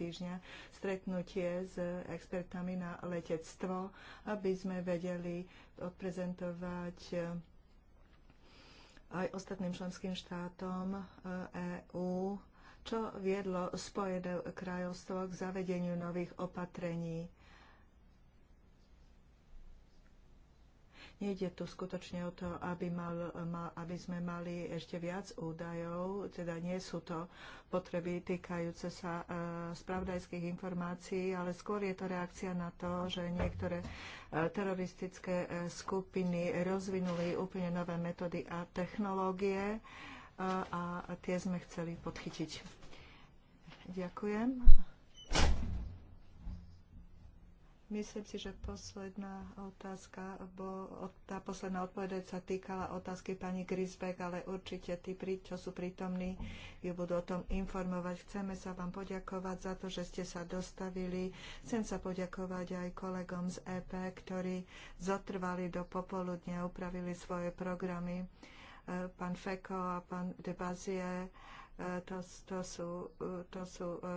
týždňa, stretnutie s expertami na letectvo, aby sme vedeli odprezentovať aj ostatným členským štátom EÚ, e čo viedlo Spojené kráľovstvo k zavedeniu nových opatrení Nejde tu skutočne o to, aby, mal, mal, aby sme mali ešte viac údajov, teda nie sú to potreby týkajúce sa e, spravodajských informácií, ale skôr je to reakcia na to, že niektoré e, teroristické e, skupiny rozvinuli úplne nové metódy a technológie a tie sme chceli podchytiť. Ďakujem. Myslím si, že posledná otázka, bo tá posledná odpoveď sa týkala otázky pani Grisbeck, ale určite tí, čo sú prítomní, ju budú o tom informovať. Chceme sa vám poďakovať za to, že ste sa dostavili. Chcem sa poďakovať aj kolegom z EP, ktorí zotrvali do popoludne, upravili svoje programy. E, pán Feko a pán Debazie to, to sú, to sú e,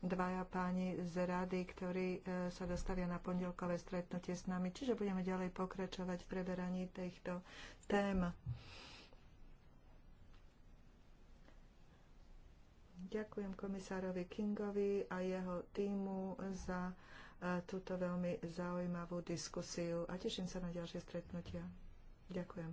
dvaja páni z rady, ktorí e, sa dostavia na pondelkové stretnutie s nami. Čiže budeme ďalej pokračovať v preberaní týchto tém. Ďakujem komisárovi Kingovi a jeho týmu za e, túto veľmi zaujímavú diskusiu a teším sa na ďalšie stretnutia. Ďakujem.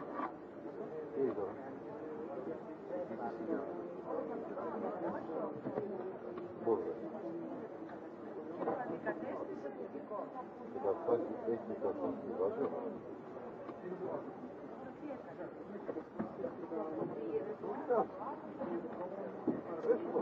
Μπορεί. Κατέστησε πολιτικό. Καταστάσει έχει καθίσει βάζω. Ευχαριστώ.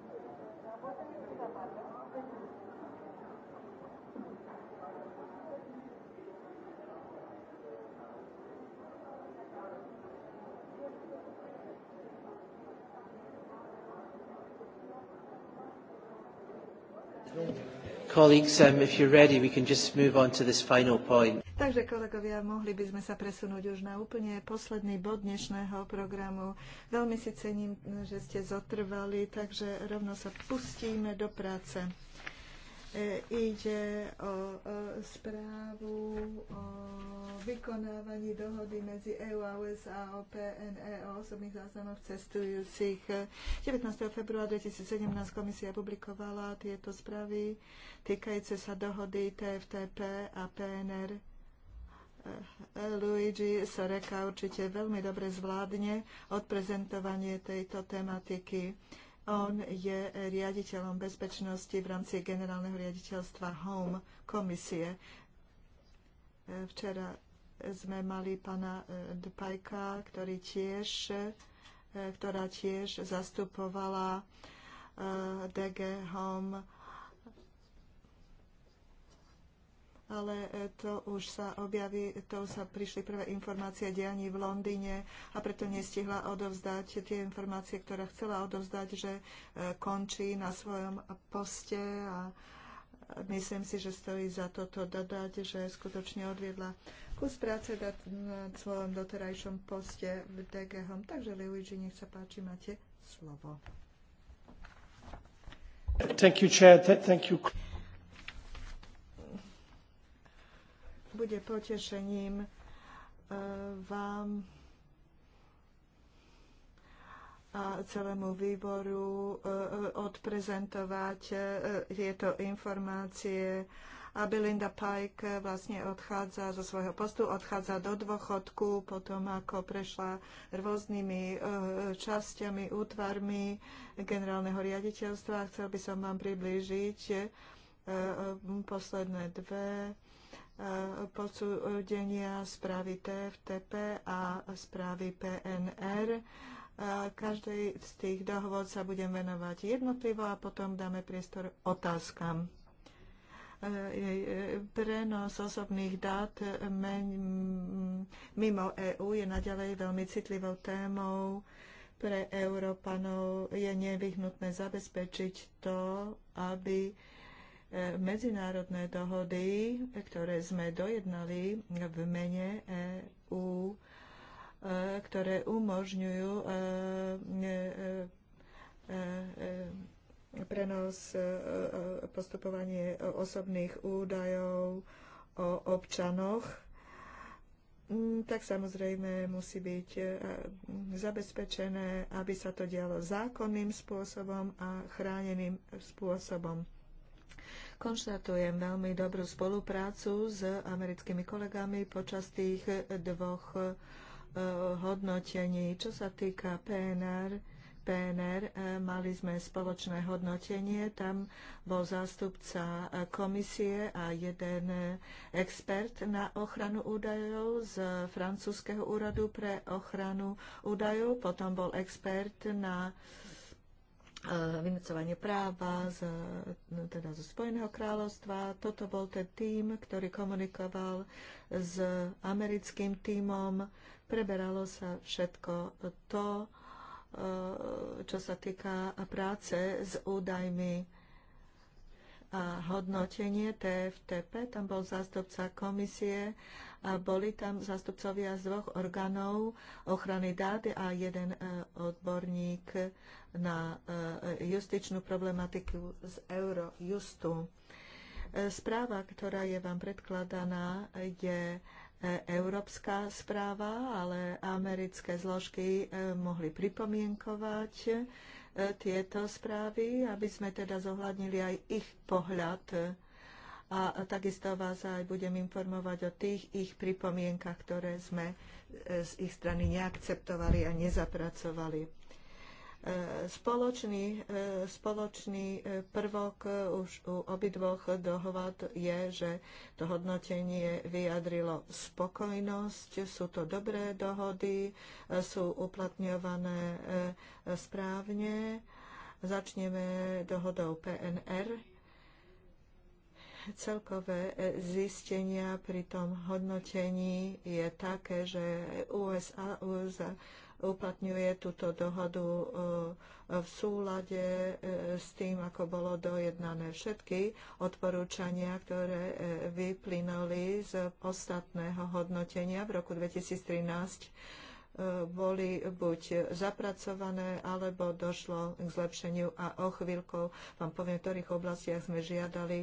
Colleagues, um, if you're ready, we can just move on to this final point. Takže, kolegovia, mohli by sme sa presunúť už na úplne posledný bod dnešného programu. Veľmi si cením, že ste zotrvali, takže rovno sa pustíme do práce. E, ide o, o správu o vykonávaní dohody medzi EU a USA o PNE o osobných záznamoch cestujúcich. 19. februára 2017 komisia publikovala tieto správy týkajúce sa dohody TFTP a PNR Luigi Soreka určite veľmi dobre zvládne odprezentovanie tejto tematiky. On je riaditeľom bezpečnosti v rámci generálneho riaditeľstva Home komisie. Včera sme mali pana e, Dpajka, ktorý tiež, e, ktorá tiež zastupovala e, DG Home ale e, to už sa objaví, to sa prišli prvé informácie dianí v Londýne a preto nestihla odovzdať tie informácie, ktoré chcela odovzdať, že e, končí na svojom poste a e, myslím si, že stojí za toto dodať, že skutočne odviedla kus práce na svojom doterajšom poste v DGHom. Takže Luigi, nech sa páči, máte slovo. Thank you, Chair. Thank you. bude potešením e, vám a celému výboru e, e, odprezentovať tieto informácie. A Belinda Pike vlastne odchádza zo svojho postu, odchádza do dôchodku, potom ako prešla rôznymi časťami, útvarmi generálneho riaditeľstva. Chcel by som vám priblížiť posledné dve posúdenia správy TFTP a správy PNR. Každej z tých dohovod sa budem venovať jednotlivo a potom dáme priestor otázkam. E, e, prenos osobných dát mimo EÚ je naďalej veľmi citlivou témou pre Európanov. Je nevyhnutné zabezpečiť to, aby medzinárodné dohody, ktoré sme dojednali v mene EU, e, ktoré umožňujú e, e, prenos postupovanie osobných údajov o občanoch mm, tak samozrejme musí byť zabezpečené, aby sa to dialo zákonným spôsobom a chráneným spôsobom. Konštatujem veľmi dobrú spoluprácu s americkými kolegami počas tých dvoch eh, hodnotení. Čo sa týka PNR, PNR eh, mali sme spoločné hodnotenie, tam bol zástupca eh, komisie a jeden expert na ochranu údajov z francúzského úradu pre ochranu údajov, potom bol expert na uh, E, vynúcovanie práva z, no, teda zo Spojeného kráľovstva. Toto bol ten tým, ktorý komunikoval s americkým týmom. Preberalo sa všetko to, e, čo sa týka práce s údajmi a hodnotenie TFTP. Tam bol zástupca komisie boli tam zástupcovia z dvoch orgánov ochrany dát a jeden e, odborník na e, justičnú problematiku z Eurojustu. E, správa, ktorá je vám predkladaná, je európska správa, ale americké zložky mohli pripomienkovať tieto správy, aby sme teda zohľadnili aj ich pohľad a takisto vás aj budem informovať o tých ich pripomienkach, ktoré sme e, z ich strany neakceptovali a nezapracovali e, spoločný, e, spoločný prvok už u obidvoch dohod je, že to hodnotenie vyjadrilo spokojnosť, sú to dobré dohody, sú uplatňované správne. Začneme dohodou PNR Celkové e, zistenia pri tom hodnotení je také, že USA, USA uplatňuje túto dohodu e, v súlade e, s tým, ako bolo dojednané všetky odporúčania, ktoré vyplynuli z ostatného hodnotenia v roku 2013 boli buď zapracované, alebo došlo k zlepšeniu a o chvíľku vám poviem, v ktorých oblastiach sme žiadali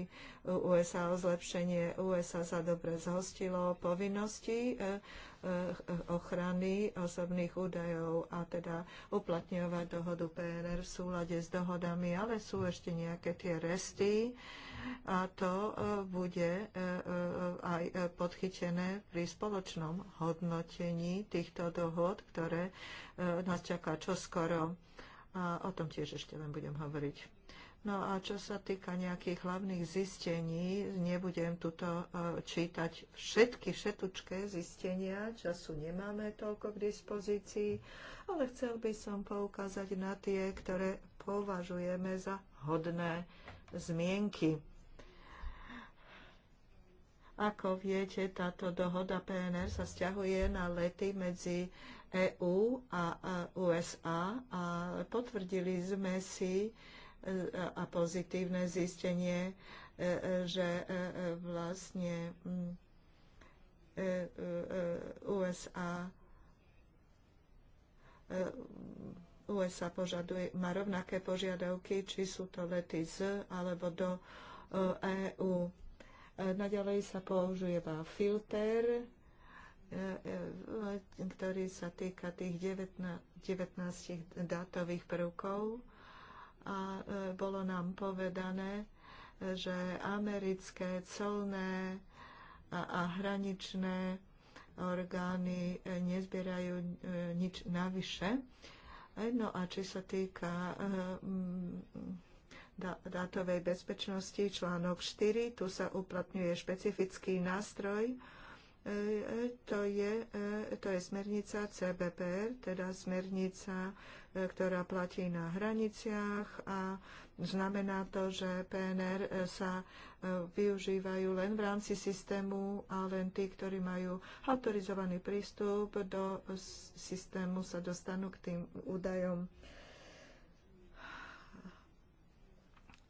USA o zlepšenie. USA sa dobre zhostilo povinnosti e, Eh, ochrany osobných údajov a teda uplatňovať dohodu PNR v súlade s dohodami, ale sú ešte nejaké tie resty a to eh, bude eh, aj podchytené pri spoločnom hodnotení týchto dohod, ktoré nás čaká čoskoro. A o tom tiež ešte len budem hovoriť. No a čo sa týka nejakých hlavných zistení, nebudem tuto e, čítať všetky šetučké zistenia, času nemáme toľko k dispozícii, ale chcel by som poukázať na tie, ktoré považujeme za hodné zmienky. Ako viete, táto dohoda PNR sa stiahuje na lety medzi EÚ a USA a potvrdili sme si, a pozitívne zistenie, e, e, že e, vlastne mm, USA USA požaduje, má rovnaké požiadavky, či sú to lety z alebo do EÚ. Naďalej sa používa filter, ktorý sa týka tých 19, 19 dátových prvkov a e, bolo nám povedané, že americké colné a hraničné orgány e, nezbierajú e, nič navyše. No a či sa týka dátovej bezpečnosti, článok 4, tu sa uplatňuje špecifický nástroj, to je, to je smernica CBPR, teda smernica E, ktorá platí na hraniciach a znamená to, že PNR e, sa e, využívajú len v rámci systému a len tí, ktorí majú autorizovaný prístup do systému, sa dostanú k tým údajom.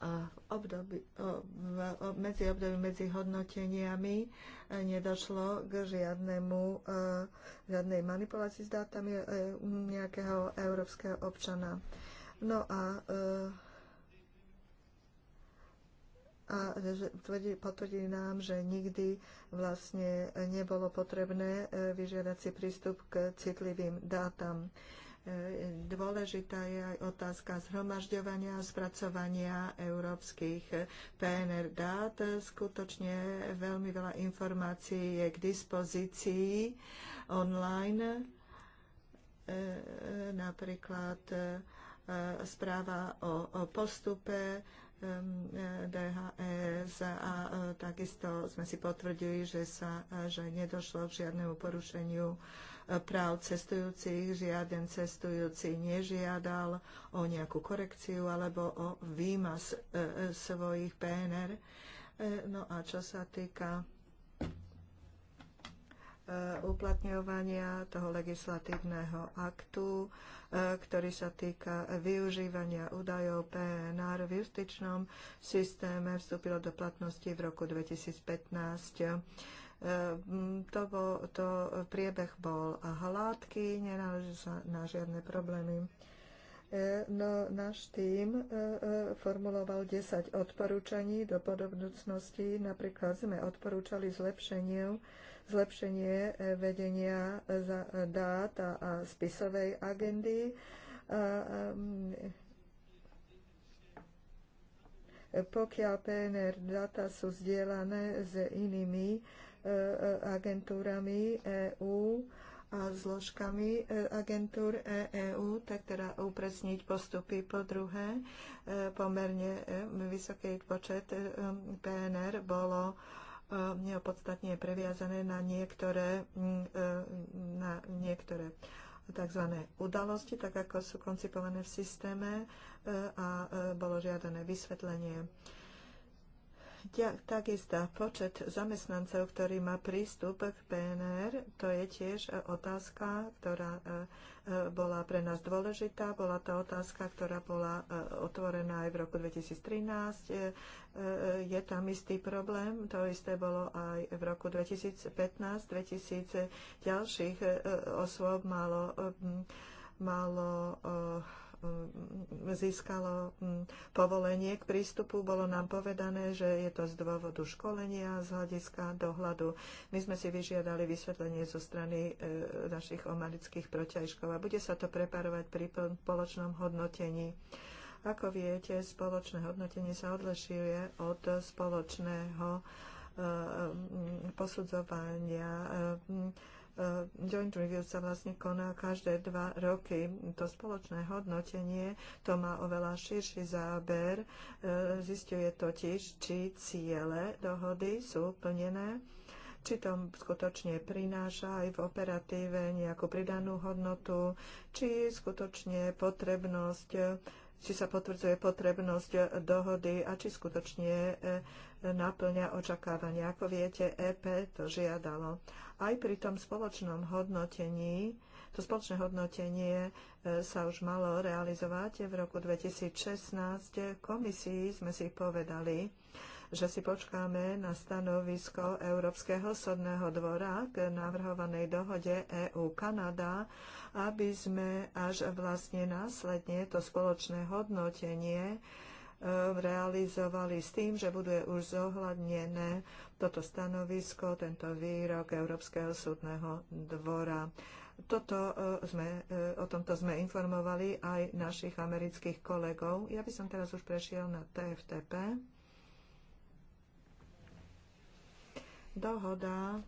a v období, v medzi období medzi hodnoteniami e, nedošlo k žiadnemu, e, žiadnej manipulácii s dátami e, nejakého európskeho občana. No a, a potvrdili nám, že nikdy vlastne nebolo potrebné vyžiadať si prístup k citlivým dátam. Dôležitá je aj otázka zhromažďovania a spracovania európskych PNR dát. Skutočne veľmi veľa informácií je k dispozícii online. E, napríklad e, správa o, o postupe e, DHS a takisto sme si potvrdili, že, sa, že nedošlo k žiadnemu porušeniu práv cestujúcich. Žiaden cestujúci nežiadal o nejakú korekciu alebo o výmaz e, e, svojich PNR. E, no a čo sa týka uplatňovania toho legislatívneho aktu, ktorý sa týka využívania údajov PNR v justičnom systéme, vstúpilo do platnosti v roku 2015 to, bol, to priebeh bol hladký, nenažil sa na žiadne problémy. E, no, náš tým e, e, formuloval 10 odporúčaní do podobnúcnosti. Napríklad sme odporúčali zlepšenie, zlepšenie vedenia za dát a spisovej agendy. Pokiaľ PNR data sú zdieľané s inými E, e, agentúrami EÚ a zložkami e, agentúr EÚ, tak teda upresniť postupy. Po druhé, pomerne vysoký počet PNR bolo neopodstatne previazané na niektoré, na niektoré tzv. udalosti, tak ako sú koncipované v systéme a bolo žiadané vysvetlenie Takisto počet zamestnancov, ktorý má prístup k PNR, to je tiež e, otázka, ktorá e, e, bola pre nás dôležitá. Bola to otázka, ktorá bola otvorená aj v roku 2013. Je tam istý problém, to isté bolo aj v roku 2015. 2000 ďalších osôb malo, malo Mm, získalo mm, povolenie k prístupu, bolo nám povedané, že je to z dôvodu školenia, z hľadiska dohľadu. My sme si vyžiadali vysvetlenie zo strany e, našich omalických protiažkov a bude sa to preparovať pri spoločnom hodnotení. Ako viete, spoločné hodnotenie sa odlišuje od spoločného e, posudzovania e, Eh, joint Review sa vlastne koná každé dva roky. To spoločné hodnotenie to má oveľa širší záber. Eh, zistuje totiž, či ciele dohody sú plnené či to skutočne prináša aj v operatíve nejakú pridanú hodnotu, či skutočne potrebnosť či sa potvrdzuje potrebnosť dohody a či skutočne eh, naplňa očakávania. Ako viete, EP to žiadalo. Aj pri tom spoločnom hodnotení, to spoločné hodnotenie e, sa už malo realizovať v roku 2016. Komisii sme si povedali, že si počkáme na stanovisko Európskeho sodného dvora k navrhovanej dohode EU-Kanada, aby sme až vlastne následne to spoločné hodnotenie Eh, realizovali s tým, že bude už zohľadnené toto stanovisko, tento výrok Európskeho súdneho dvora. Toto eh, sme, eh, o tomto sme informovali aj našich amerických kolegov. Ja by som teraz už prešiel na TFTP. Dohoda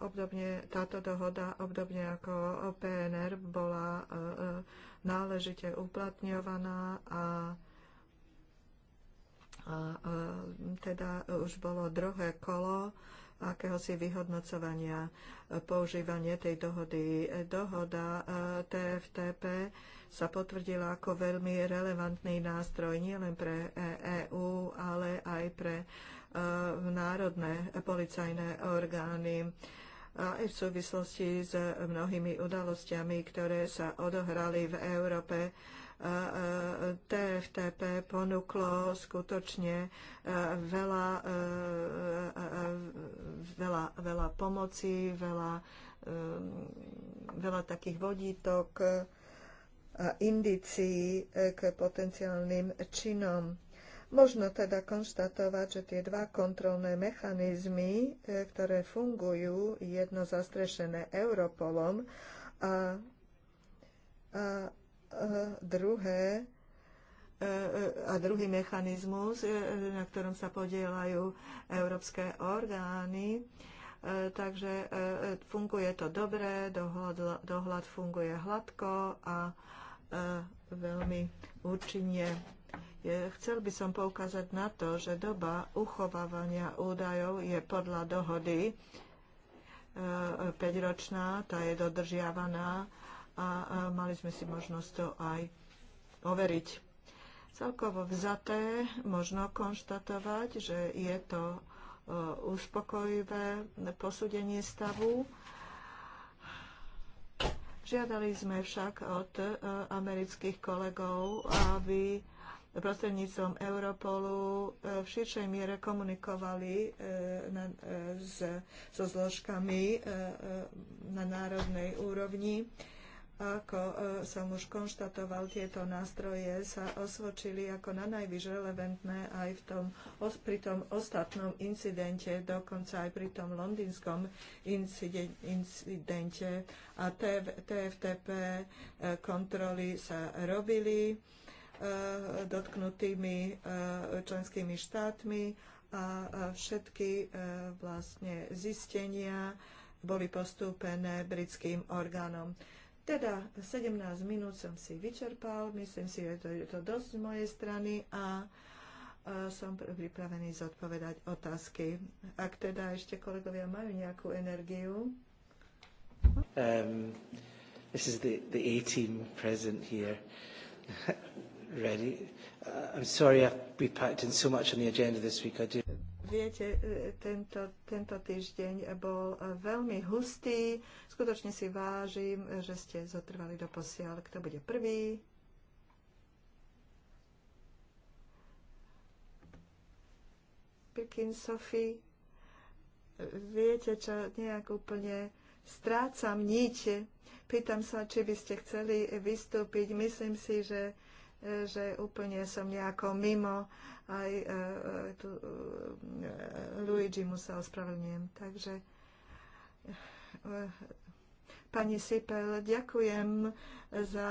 obdobne, táto dohoda, obdobne ako PNR, bola uh, náležite uplatňovaná a a, a teda už bolo druhé kolo akéhosi vyhodnocovania používanie tej dohody. Dohoda e, TFTP sa potvrdila ako veľmi relevantný nástroj nielen pre EÚ, e ale aj pre e, národné policajné orgány a aj v súvislosti s mnohými udalostiami, ktoré sa odohrali v Európe. TFTP ponúklo skutočne veľa, veľa, veľa pomoci, veľa, um, veľa takých vodítok a indicií k potenciálnym činom Možno teda konštatovať, že tie dva kontrolné mechanizmy, e, ktoré fungujú, jedno zastrešené Europolom a, a, a druhé e, e, a druhý mechanizmus, na ktorom sa podielajú európske orgány. Takže funguje to dobre, dohľad, dohľad funguje hladko a veľmi účinne. E, chcel by som poukázať na to, že doba uchovávania údajov je podľa dohody 5-ročná, e, tá je dodržiavaná a mali sme si možnosť to aj overiť. Celkovo vzaté možno konštatovať, že je to e, uspokojivé posúdenie stavu. Žiadali sme však od amerických kolegov, aby prostredníctvom Europolu e, v širšej miere komunikovali e, na, e, s, so zložkami na národnej úrovni. Ako som už konštatoval, tieto nástroje sa osvočili ako na najvyš relevantné aj v tom, pri tom ostatnom incidente, dokonca aj pri tom londýnskom incidente. A TFTP kontroly sa robili Eh, dotknutými eh, členskými štátmi a všetky eh, vlastne zistenia boli postúpené britským orgánom. Teda 17 minút som si vyčerpal, myslím si, že to je to dosť z mojej strany a som pripravený zodpovedať otázky. Ak teda ešte kolegovia majú nejakú energiu. Um, this is the, the A-team present here. ready. Uh, I'm sorry we packed in so much on the agenda this week. I do. Viete, e, tento, tento týždeň bol e, veľmi hustý. Skutočne si vážim, e, že ste zotrvali do posiaľ. Kto bude prvý? Pekin Sophie. Viete čo, nejak úplne strácam niť. Pýtam sa, či by ste chceli vystúpiť. Myslím si, že že úplne som nejako mimo. Aj e, e, tu e, Luigi mu sa ospravedlňujem. Takže Pani Sipel, ďakujem za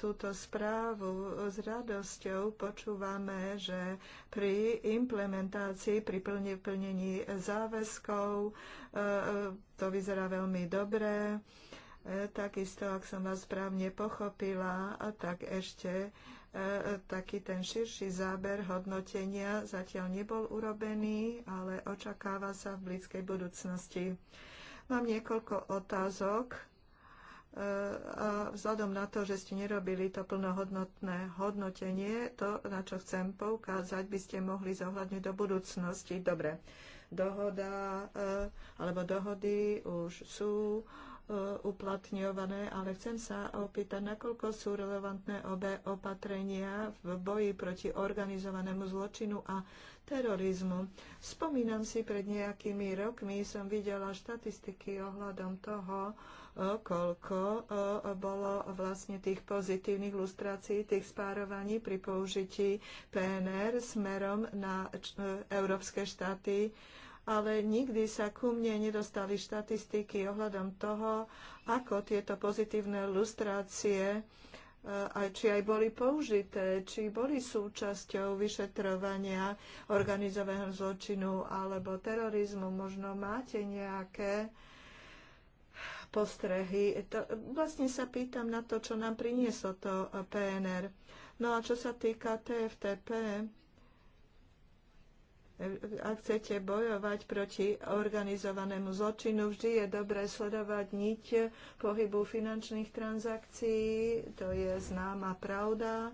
túto správu. S radosťou počúvame, že pri implementácii, pri plnení záväzkov to vyzerá veľmi dobre Takisto, ak som vás správne pochopila, tak ešte e, taký ten širší záber hodnotenia zatiaľ nebol urobený, ale očakáva sa v blízkej budúcnosti. Mám niekoľko otázok e, a vzhľadom na to, že ste nerobili to plnohodnotné hodnotenie, to, na čo chcem poukázať, by ste mohli zohľadniť do budúcnosti. Dobre, dohoda e, alebo dohody už sú Eh, uplatňované, ale chcem sa opýtať, nakoľko sú relevantné obe opatrenia v boji proti organizovanému zločinu a terorizmu. Spomínam si, pred nejakými rokmi som videla štatistiky ohľadom toho, eh, koľko eh, bolo vlastne tých pozitívnych lustrácií, tých spárovaní pri použití PNR smerom na európske štáty ale nikdy sa ku mne nedostali štatistiky ohľadom toho, ako tieto pozitívne lustrácie e, aj, či aj boli použité, či boli súčasťou vyšetrovania organizovaného zločinu alebo terorizmu. Možno máte nejaké postrehy. To, vlastne sa pýtam na to, čo nám prinieslo to e, PNR. No a čo sa týka TFTP, ak chcete bojovať proti organizovanému zločinu, vždy je dobré sledovať niť pohybu finančných transakcií, to je známa pravda.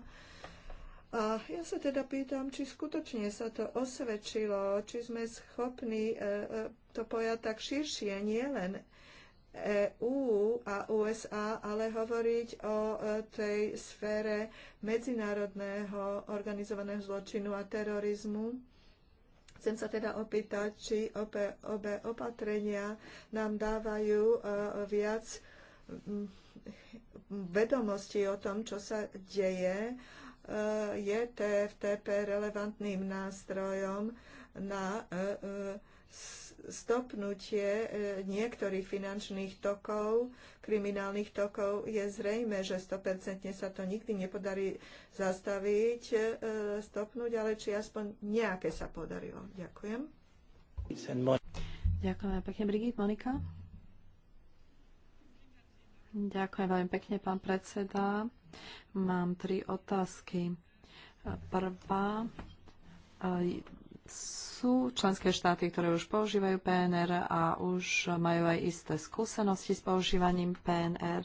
A ja sa teda pýtam, či skutočne sa to osvedčilo, či sme schopní e, e, to pojať tak širšie, nie len EÚ a USA, ale hovoriť o e, tej sfére medzinárodného organizovaného zločinu a terorizmu Chcem sa teda opýtať, či obe, obe opatrenia nám dávajú e, viac vedomostí o tom, čo sa deje. E, je TFTP relevantným nástrojom na e, stopnutie e, niektorých finančných tokov, kriminálnych tokov, je zrejme, že 100% sa to nikdy nepodarí zastaviť, e, stopnúť, ale či aspoň nejaké sa podarilo. Ďakujem. Ďakujem pekne, Brigitte Monika? Ďakujem veľmi pekne, pán predseda. Mám tri otázky. Prvá, e, sú členské štáty, ktoré už používajú PNR a už majú aj isté skúsenosti s používaním PNR.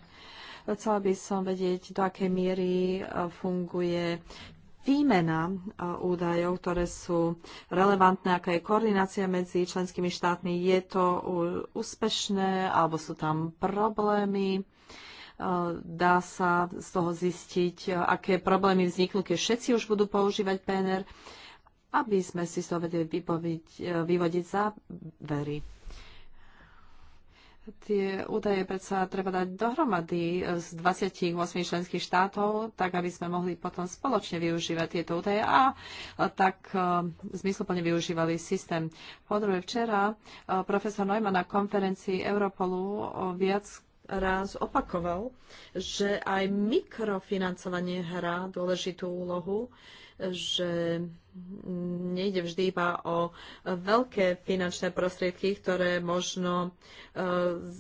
Chcela by som vedieť, do akej miery e, funguje výmena e, údajov, ktoré sú relevantné, aká je koordinácia medzi členskými štátmi. Je to úspešné alebo sú tam problémy? E, dá sa z toho zistiť, aké problémy vzniknú, keď všetci už budú používať PNR aby sme si z toho vedeli vypoviť, e, vyvodiť závery. Tie údaje predsa treba dať dohromady z 28 členských štátov, tak aby sme mohli potom spoločne využívať tieto údaje a tak e, zmysluplne využívali systém. Po druhé, včera e, profesor Neumann na konferencii Europolu viac raz opakoval, že aj mikrofinancovanie hrá dôležitú úlohu že nejde vždy iba o veľké finančné prostriedky, ktoré možno e,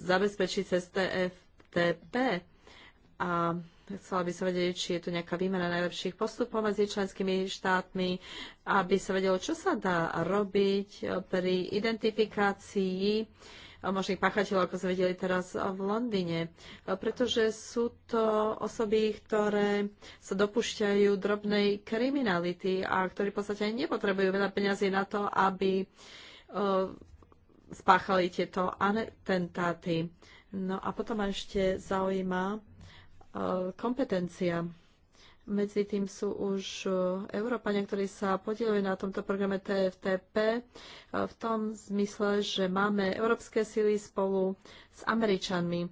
zabezpečiť cez TFTP. A Chcela by sa vedieť, či je tu nejaká výmena najlepších postupov medzi členskými štátmi, aby sa vedelo, čo sa dá robiť pri identifikácii možných páchateľov, ako sme videli teraz v Londýne. Pretože sú to osoby, ktoré sa dopušťajú drobnej kriminality a ktorí v podstate ani nepotrebujú veľa peniazy na to, aby e, spáchali tieto atentáty. No a potom ma ešte zaujíma e, kompetencia medzi tým sú už e, Európania, ktorí sa podielujú na tomto programe TFTP e, v tom zmysle, že máme európske síly spolu s Američanmi.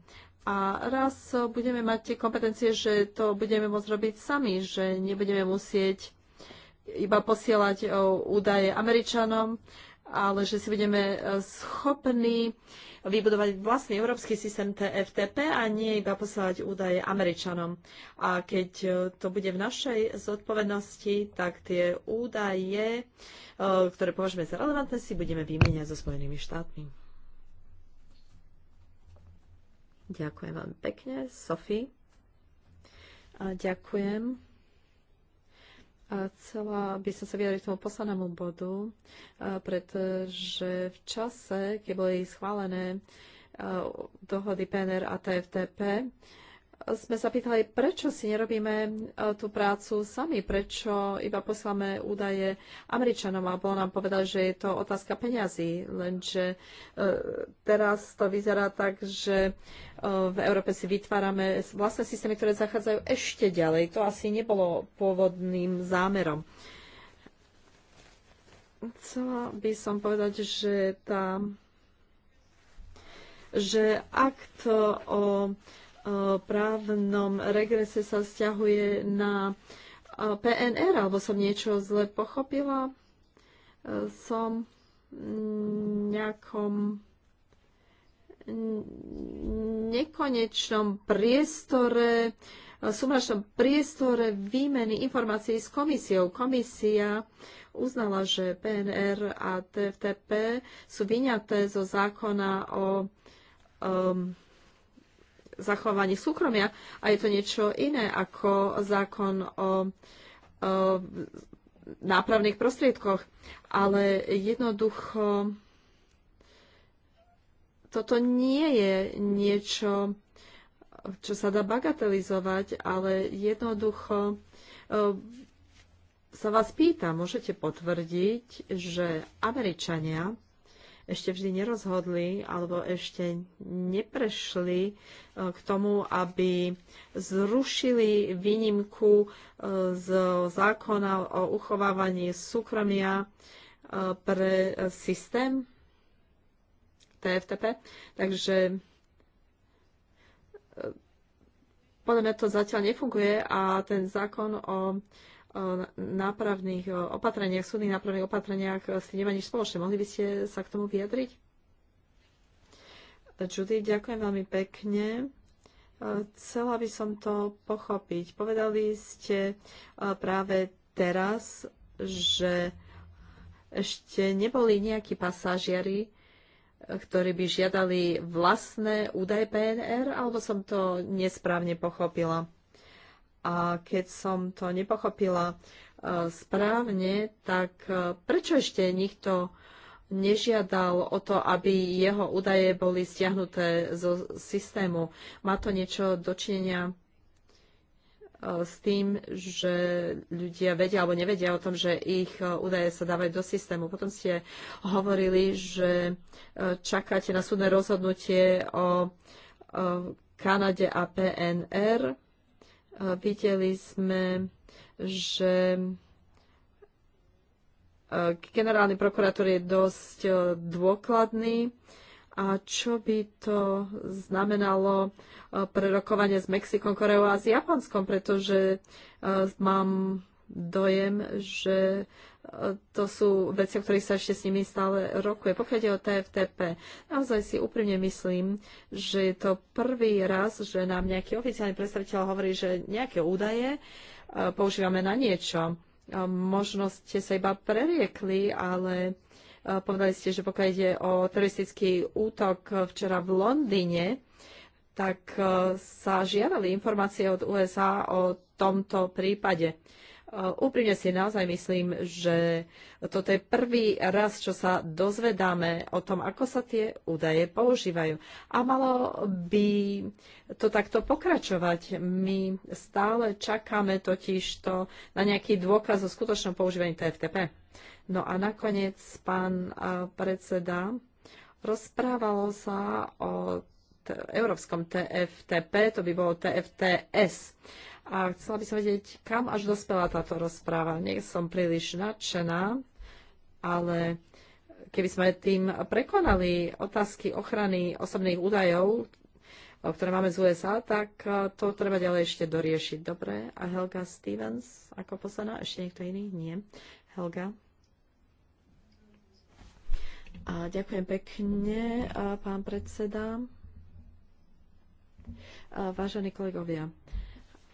A raz e, budeme mať tie kompetencie, že to budeme môcť robiť sami, že nebudeme musieť iba posielať údaje Američanom, ale že si budeme e, schopní vybudovať vlastný európsky systém TFTP a nie iba posielať údaje Američanom. A keď e, to bude v našej zodpovednosti, tak tie údaje, e, ktoré považujeme za relevantné, si budeme vymieňať so Spojenými štátmi. Ďakujem vám pekne, Sophie. ďakujem. Chcela by som sa vyjadriť k tomu poslednému bodu, pretože v čase, keď boli schválené dohody PNR a TFTP, sme sa pýtali, prečo si nerobíme e, tú prácu sami, prečo iba posláme údaje Američanom a nám povedali, že je to otázka peňazí, lenže e, teraz to vyzerá tak, že e, v Európe si vytvárame vlastné systémy, ktoré zachádzajú ešte ďalej. To asi nebolo pôvodným zámerom. Chcela by som povedať, že tá že akt o právnom regrese sa vzťahuje na PNR, alebo som niečo zle pochopila. E, som nejakom nekonečnom priestore, e, sumračnom priestore výmeny informácií s komisiou. Komisia uznala, že PNR a TFTP sú vyňaté zo zákona o um, zachovanie súkromia a je to niečo iné ako zákon o, o nápravných prostriedkoch. Ale jednoducho toto nie je niečo, čo sa dá bagatelizovať, ale jednoducho e, sa vás pýta, môžete potvrdiť, že Američania ešte vždy nerozhodli alebo ešte neprešli e, k tomu, aby zrušili výnimku e, z zákona o uchovávaní súkromia e, pre systém TFTP. Takže podľa mňa to zatiaľ nefunguje a ten zákon o nápravných opatreniach, súdnych nápravných opatreniach s tým nemá nič spoločné. Mohli by ste sa k tomu vyjadriť? Judy, ďakujem veľmi pekne. E, chcela by som to pochopiť. Povedali ste e, práve teraz, že ešte neboli nejakí pasažiari, e, ktorí by žiadali vlastné údaje PNR, alebo som to nesprávne pochopila? A keď som to nepochopila e, správne, tak e, prečo ešte nikto nežiadal o to, aby jeho údaje boli stiahnuté zo systému? Má to niečo dočinenia e, s tým, že ľudia vedia alebo nevedia o tom, že ich údaje sa dávajú do systému. Potom ste hovorili, že čakáte na súdne rozhodnutie o Kanade a PNR Videli sme, že e, generálny prokurátor je dosť e, dôkladný. A čo by to znamenalo e, prerokovanie s Mexikom, Koreou a s Japonskom, pretože mám dojem, že to sú veci, o ktorých sa ešte s nimi stále rokuje. Pokiaľ ide o TFTP, naozaj si úprimne myslím, že je to prvý raz, že nám nejaký oficiálny predstaviteľ hovorí, že nejaké údaje e, používame na niečo. E, možno ste sa iba preriekli, ale e, povedali ste, že pokiaľ ide o teroristický útok včera v Londýne, tak sa žiadali informácie od USA o tomto prípade. Úprimne si naozaj myslím, že toto je prvý raz, čo sa dozvedáme o tom, ako sa tie údaje používajú. A malo by to takto pokračovať. My stále čakáme totiž to na nejaký dôkaz o skutočnom používaní TFTP. No a nakoniec pán predseda rozprávalo sa o európskom TFTP, to by bolo TFTS a chcela by som vedieť, kam až dospela táto rozpráva. Nie som príliš nadšená, ale keby sme tým prekonali otázky ochrany osobných údajov, ktoré máme z USA, tak e, to treba ďalej ešte doriešiť. Dobre, a Helga Stevens ako posledná? Ešte niekto iný? Nie. Helga. A ďakujem pekne, e, pán predseda. E, vážení kolegovia,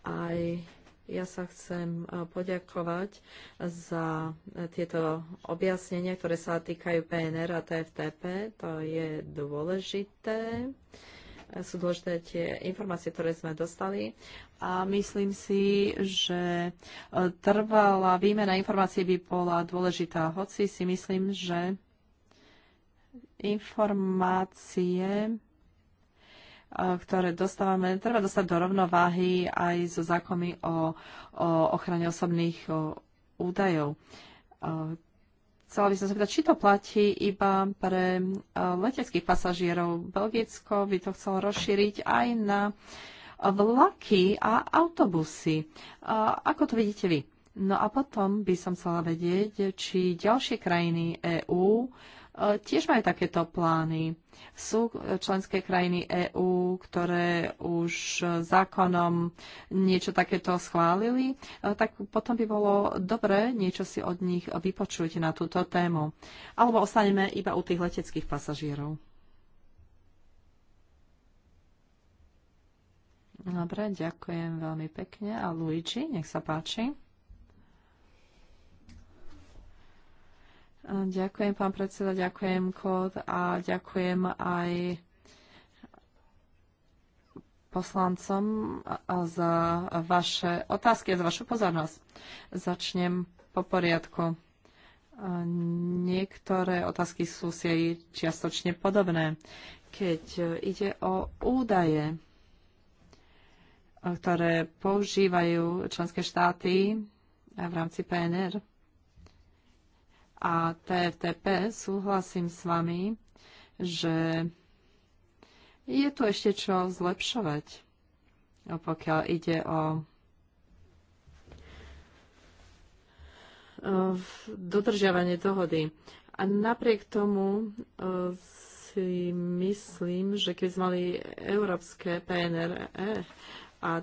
aj ja sa chcem e, poďakovať za e, tieto objasnenia, ktoré sa týkajú PNR a TFTP. To je dôležité. E, sú dôležité tie informácie, ktoré sme dostali. A myslím si, že trvalá výmena informácií by bola dôležitá. Hoci si myslím, že informácie ktoré dostávame, treba dostať do rovnováhy aj so zákony o, o ochrane osobných údajov. Chcela by som sa pýtať, či to platí iba pre leteckých pasažierov. Belgicko by to chcelo rozšíriť aj na vlaky a autobusy. Ako to vidíte vy? No a potom by som chcela vedieť, či ďalšie krajiny EÚ E, tiež majú takéto plány. Sú členské krajiny EÚ, ktoré už zákonom niečo takéto schválili, e, tak potom by bolo dobré niečo si od nich vypočuť na túto tému. Alebo ostaneme iba u tých leteckých pasažierov. Dobre, ďakujem veľmi pekne. A Luigi, nech sa páči. Ďakujem, pán predseda, ďakujem, Kod, a ďakujem aj poslancom za vaše otázky a za vašu pozornosť. Začnem po poriadku. Niektoré otázky sú si aj čiastočne podobné. Keď ide o údaje, ktoré používajú členské štáty v rámci PNR, a TFTP, súhlasím s vami, že je tu ešte čo zlepšovať, pokiaľ ide o e, dodržiavanie dohody. A napriek tomu e, si myslím, že keď sme mali európske PNR e a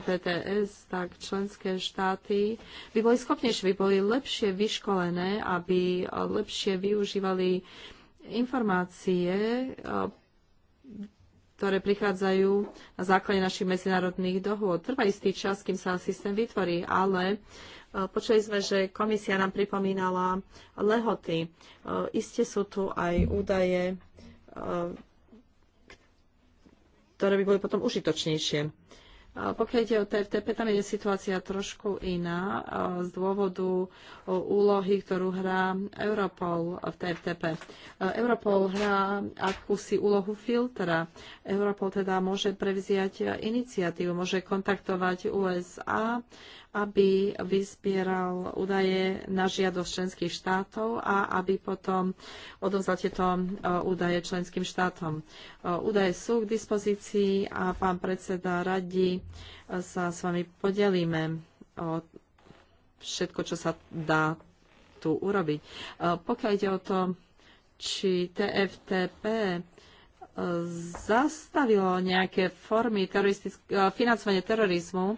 TPTS, tak členské štáty by boli schopnejšie, by boli lepšie vyškolené, aby eh, lepšie využívali informácie, eh, ktoré prichádzajú na základe našich medzinárodných dohôd. Trvá istý čas, kým sa systém vytvorí, ale eh, počuli sme, že komisia nám pripomínala lehoty. Isté sú tu aj údaje ktoré by boli potom užitočnejšie. Pokiaľ ide o TFTP, tam je situácia trošku iná z dôvodu úlohy, ktorú hrá Europol v TFTP. Europol hrá akúsi úlohu filtra. Europol teda môže prevziať iniciatívu, môže kontaktovať USA, aby vyzbieral údaje na žiadosť členských štátov a aby potom odovzal tieto e, údaje členským štátom. E, údaje sú k dispozícii a pán predseda radi e, sa s vami podelíme o všetko, čo sa dá tu urobiť. Pokiaľ ide o to, či TFTP zastavilo nejaké formy eh, financovania terorizmu,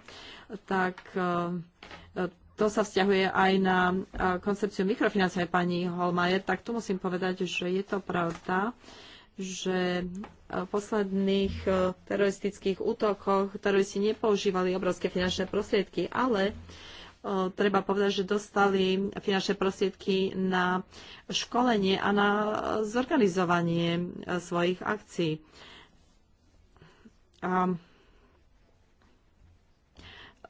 tak eh, to sa vzťahuje aj na eh, koncepciu mikrofinancovania pani Holmajer, tak tu musím povedať, že je to pravda, že v posledných teroristických útokoch teroristi nepoužívali obrovské finančné prostriedky, ale uh, treba povedať, že dostali finančné prostriedky na školenie a na zorganizovanie e, svojich akcií. A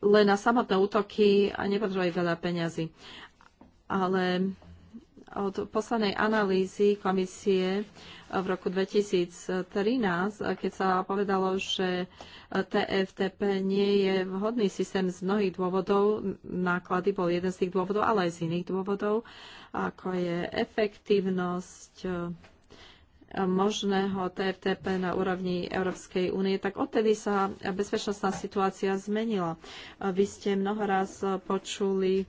len na samotné útoky a nepotrebovali veľa peňazí. Ale od poslednej analýzy komisie v roku 2013, keď sa povedalo, že TFTP nie je vhodný systém z mnohých dôvodov. Náklady bol jeden z tých dôvodov, ale aj z iných dôvodov, ako je efektívnosť e, možného TFTP na úrovni Európskej únie, tak odtedy sa bezpečnostná situácia zmenila. Vy ste mnoho raz počuli,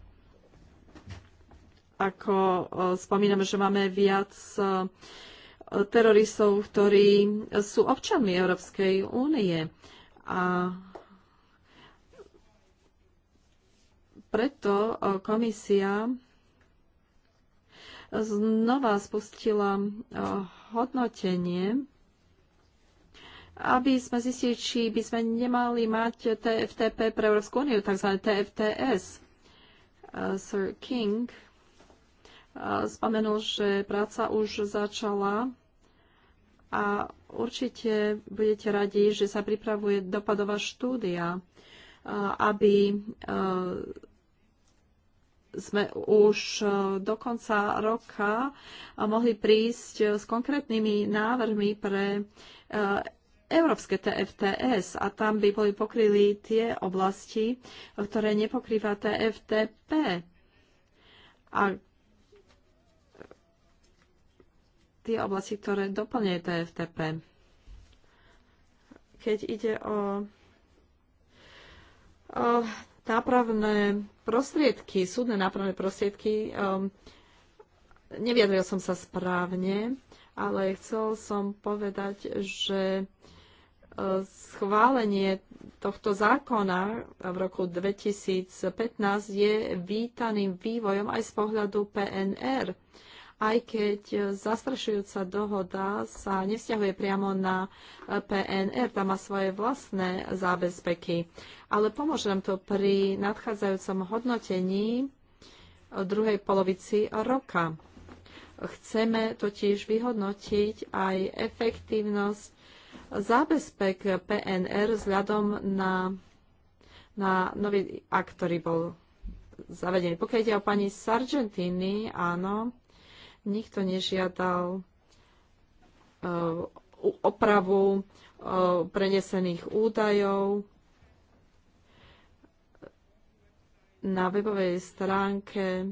ako e, spomíname, že máme viac e, teroristov, ktorí sú občanmi Európskej únie. A preto eh, komisia znova spustila eh, hodnotenie, aby sme zistili, či by sme nemali mať TFTP pre Európsku úniu, tzv. TFTS. Eh, Sir King spomenul, že práca už začala a určite budete radi, že sa pripravuje dopadová štúdia, aby sme už do konca roka mohli prísť s konkrétnymi návrhmi pre európske TFTS a tam by boli pokryli tie oblasti, ktoré nepokrýva TFTP. Ak tie oblasti, ktoré doplňuje TFTP. Keď ide o, o nápravné prostriedky, súdne nápravné prostriedky, um, neviadril som sa správne, ale chcel som povedať, že e, schválenie tohto zákona v roku 2015 je vítaným vývojom aj z pohľadu PNR aj keď zastrašujúca dohoda sa nevzťahuje priamo na PNR, tam má svoje vlastné zábezpeky. Ale pomôžem to pri nadchádzajúcom hodnotení druhej polovici roka. Chceme totiž vyhodnotiť aj efektívnosť zábezpek PNR vzhľadom na, na nový akt, ktorý bol zavedený. Pokiaľ ide o pani Sargentini, áno, Nikto nežiadal eh, opravu eh, prenesených údajov. Na webovej stránke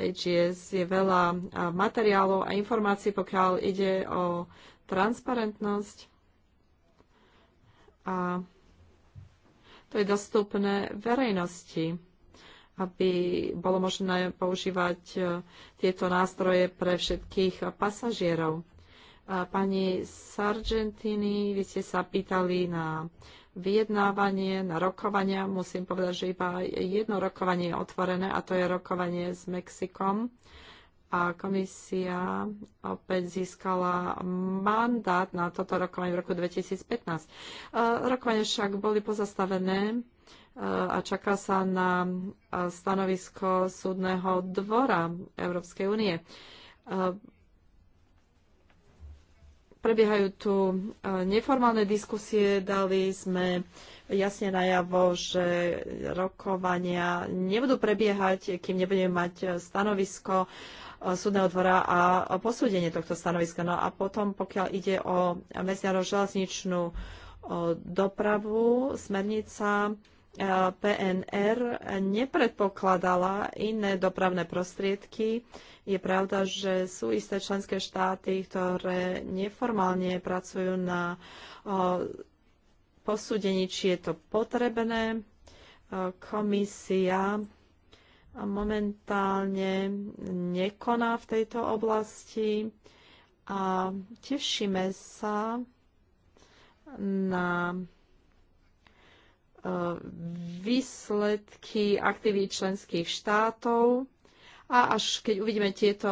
AGS je veľa eh, materiálov a informácií, pokiaľ ide o transparentnosť. A to je dostupné verejnosti aby bolo možné používať e, tieto nástroje pre všetkých pasažierov. Pani Sargentini, vy ste sa pýtali na vyjednávanie, na rokovania. Musím povedať, že iba jedno rokovanie je otvorené a to je rokovanie s Mexikom. A komisia opäť získala mandát na toto rokovanie v roku 2015. E, rokovania však boli pozastavené a čaká sa na stanovisko súdneho dvora Európskej únie. Prebiehajú tu neformálne diskusie, dali sme jasne najavo, že rokovania nebudú prebiehať, kým nebudeme mať stanovisko súdneho dvora a posúdenie tohto stanoviska. No a potom, pokiaľ ide o medzinárodnú železničnú dopravu, smernica PNR nepredpokladala iné dopravné prostriedky. Je pravda, že sú isté členské štáty, ktoré neformálne pracujú na posúdení, či je to potrebné. Komisia momentálne nekoná v tejto oblasti a tešíme sa na výsledky aktivít členských štátov a až keď uvidíme tieto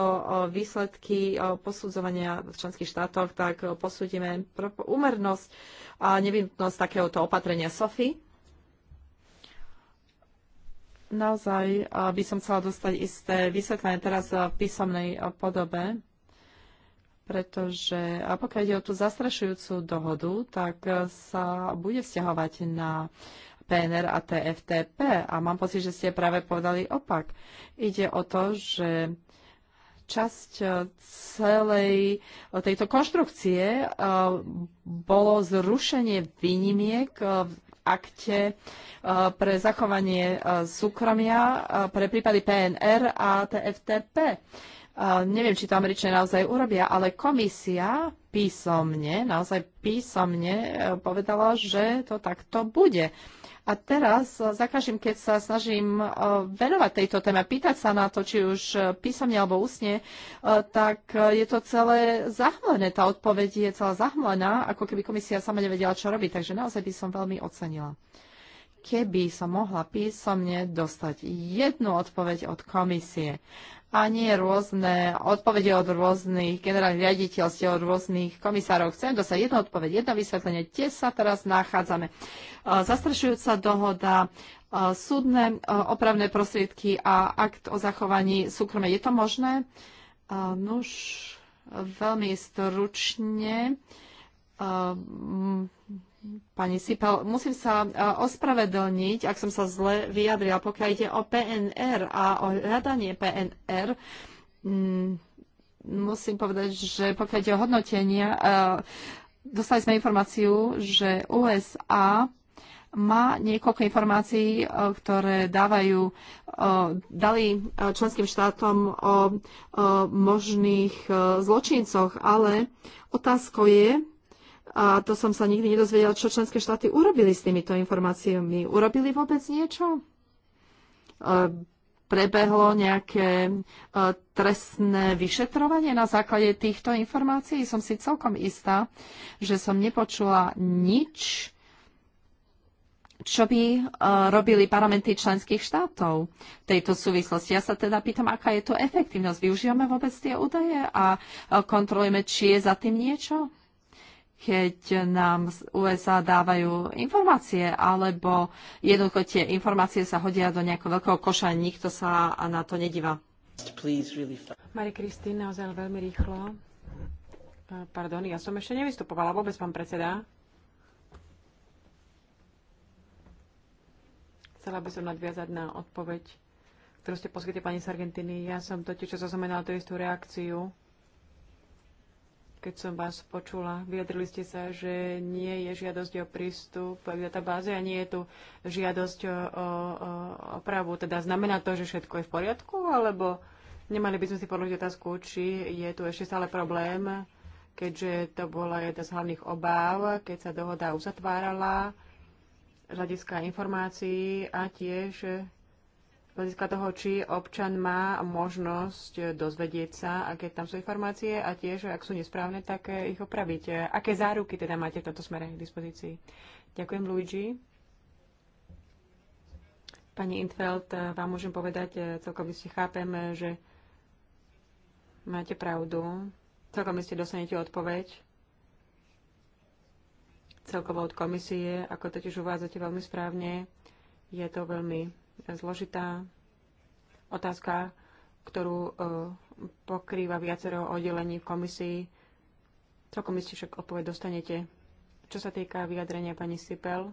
výsledky posudzovania v členských štátoch, tak posúdime úmernosť a nevyhnutnosť takéhoto opatrenia SOFI. Naozaj by som chcela dostať isté vysvetlenie teraz v písomnej podobe pretože a pokiaľ ide o tú zastrašujúcu dohodu, tak e, sa bude vzťahovať na PNR a TFTP a mám pocit, že ste práve povedali opak. Ide o to, že časť e, celej e, tejto konštrukcie bolo zrušenie výnimiek v akte pre zachovanie súkromia pre prípady PNR a TFTP. Neviem, či to Američania naozaj urobia, ale komisia písomne, naozaj písomne e, povedala, že to takto bude. A teraz e, za každým, keď sa snažím e, venovať tejto téme, pýtať sa na to, či už písomne alebo úsne, tak je to celé zahmlené. Tá odpoveď je celá zahmlená, ako keby komisia sama nevedela, čo robiť. Takže naozaj by som veľmi ocenila keby som mohla písomne dostať jednu odpoveď od komisie a nie rôzne odpovede od rôznych generálnych riaditeľstiev, od rôznych komisárov. Chcem dostať jednu odpoveď, jedno vysvetlenie, kde sa teraz nachádzame. Zastrašujúca dohoda, súdne opravné prostriedky a akt o zachovaní súkromia. Je to možné? Nuž, veľmi stručne Pani Sipal, musím sa e, ospravedlniť, ak som sa zle vyjadrila, pokiaľ ide o PNR a o hľadanie PNR. Mm, musím povedať, že pokiaľ ide o hodnotenia, e, dostali sme informáciu, že USA má niekoľko informácií, e, ktoré dávajú, dali členským štátom o možných zločincoch, ale otázkou je, a to som sa nikdy nedozvedela, čo členské štáty urobili s týmito informáciami. Urobili vôbec niečo? E, prebehlo nejaké e, trestné vyšetrovanie na základe týchto informácií? Som si celkom istá, že som nepočula nič, čo by e, robili parlamenty členských štátov v tejto súvislosti. Ja sa teda pýtam, aká je to efektívnosť. Využívame vôbec tie údaje a kontrolujeme, či je za tým niečo? keď nám z USA dávajú informácie, alebo jednoducho tie informácie sa hodia do nejakého veľkého koša, nikto sa na to nedíva. Marie Kristín, naozaj veľmi rýchlo. E, pardon, ja som ešte nevystupovala vôbec, pán predseda. Chcela by som nadviazať na odpoveď, ktorú ste poskytli pani z Argentiny. Ja som totiž zaznamenala tú istú reakciu keď som vás počula, vyjadrili ste sa, že nie je žiadosť o prístup k databáze a nie je tu žiadosť o, o, o opravu. Teda znamená to, že všetko je v poriadku, alebo nemali by sme si položiť otázku, či je tu ešte stále problém, keďže to bola jedna z hlavných obáv, keď sa dohoda uzatvárala hľadiska informácií a tiež z hľadiska toho, či občan má možnosť dozvedieť sa, aké tam sú informácie a tiež, ak sú nesprávne, tak ich opraviť. Aké záruky teda máte v tomto smere k dispozícii? Ďakujem, Luigi. Pani Intfeld, vám môžem povedať, eh, celkom ste chápeme, eh, že máte pravdu. Celkom ste dostanete odpoveď celkovo od komisie, ako totiž uvádzate veľmi správne. Je to veľmi zložitá otázka, ktorú e, pokrýva viacero oddelení v komisii. Celkom iste však odpoveď dostanete. Čo sa týka vyjadrenia pani Sipel,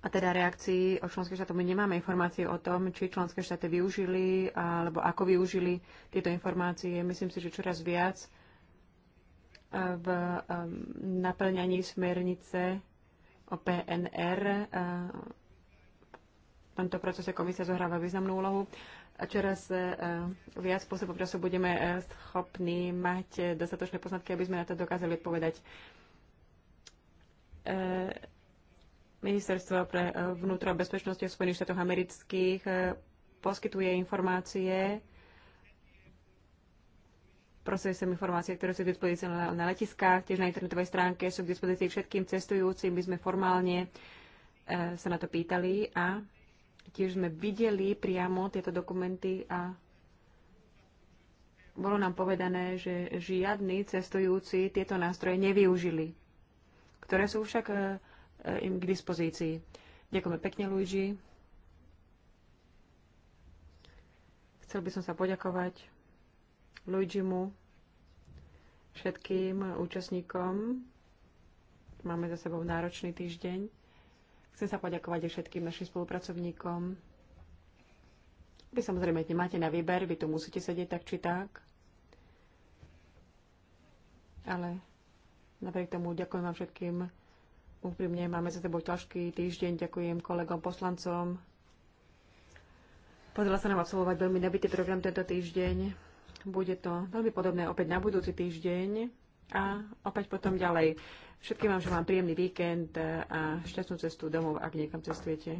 a teda reakcií o členské štáty, My nemáme informácie o tom, či členské štáty využili alebo ako využili tieto informácie. Myslím si, že čoraz viac e, v e, naplňaní smernice o PNR v tomto procese komisia zohráva významnú úlohu a čoraz e, viac spôsobov času budeme e, schopní mať e, dostatočné poznatky, aby sme na to dokázali odpovedať. Ministerstvo pre vnútro a bezpečnosti v Spojených štátoch amerických poskytuje informácie sem informácie, ktoré sú k dispozícii na, na letiskách, tiež na internetovej stránke, sú k dispozícii všetkým cestujúcim. My sme formálne sa na to pýtali a Tiež sme videli priamo tieto dokumenty a bolo nám povedané, že žiadni cestujúci tieto nástroje nevyužili, ktoré sú však e, e, im k dispozícii. Ďakujeme pekne, Luigi. Chcel by som sa poďakovať Luigimu, všetkým účastníkom. Máme za sebou náročný týždeň. Chcem sa poďakovať aj všetkým našim spolupracovníkom. Vy samozrejme nemáte na výber, vy tu musíte sedieť tak či tak. Ale napriek tomu ďakujem vám všetkým úprimne. Máme za sebou ťažký týždeň. Ďakujem kolegom poslancom. Podľa sa nám absolvovať veľmi nabitý program tento týždeň. Bude to veľmi podobné opäť na budúci týždeň a opäť potom ďalej. Všetkým vám želám príjemný víkend a šťastnú cestu domov, ak niekam cestujete.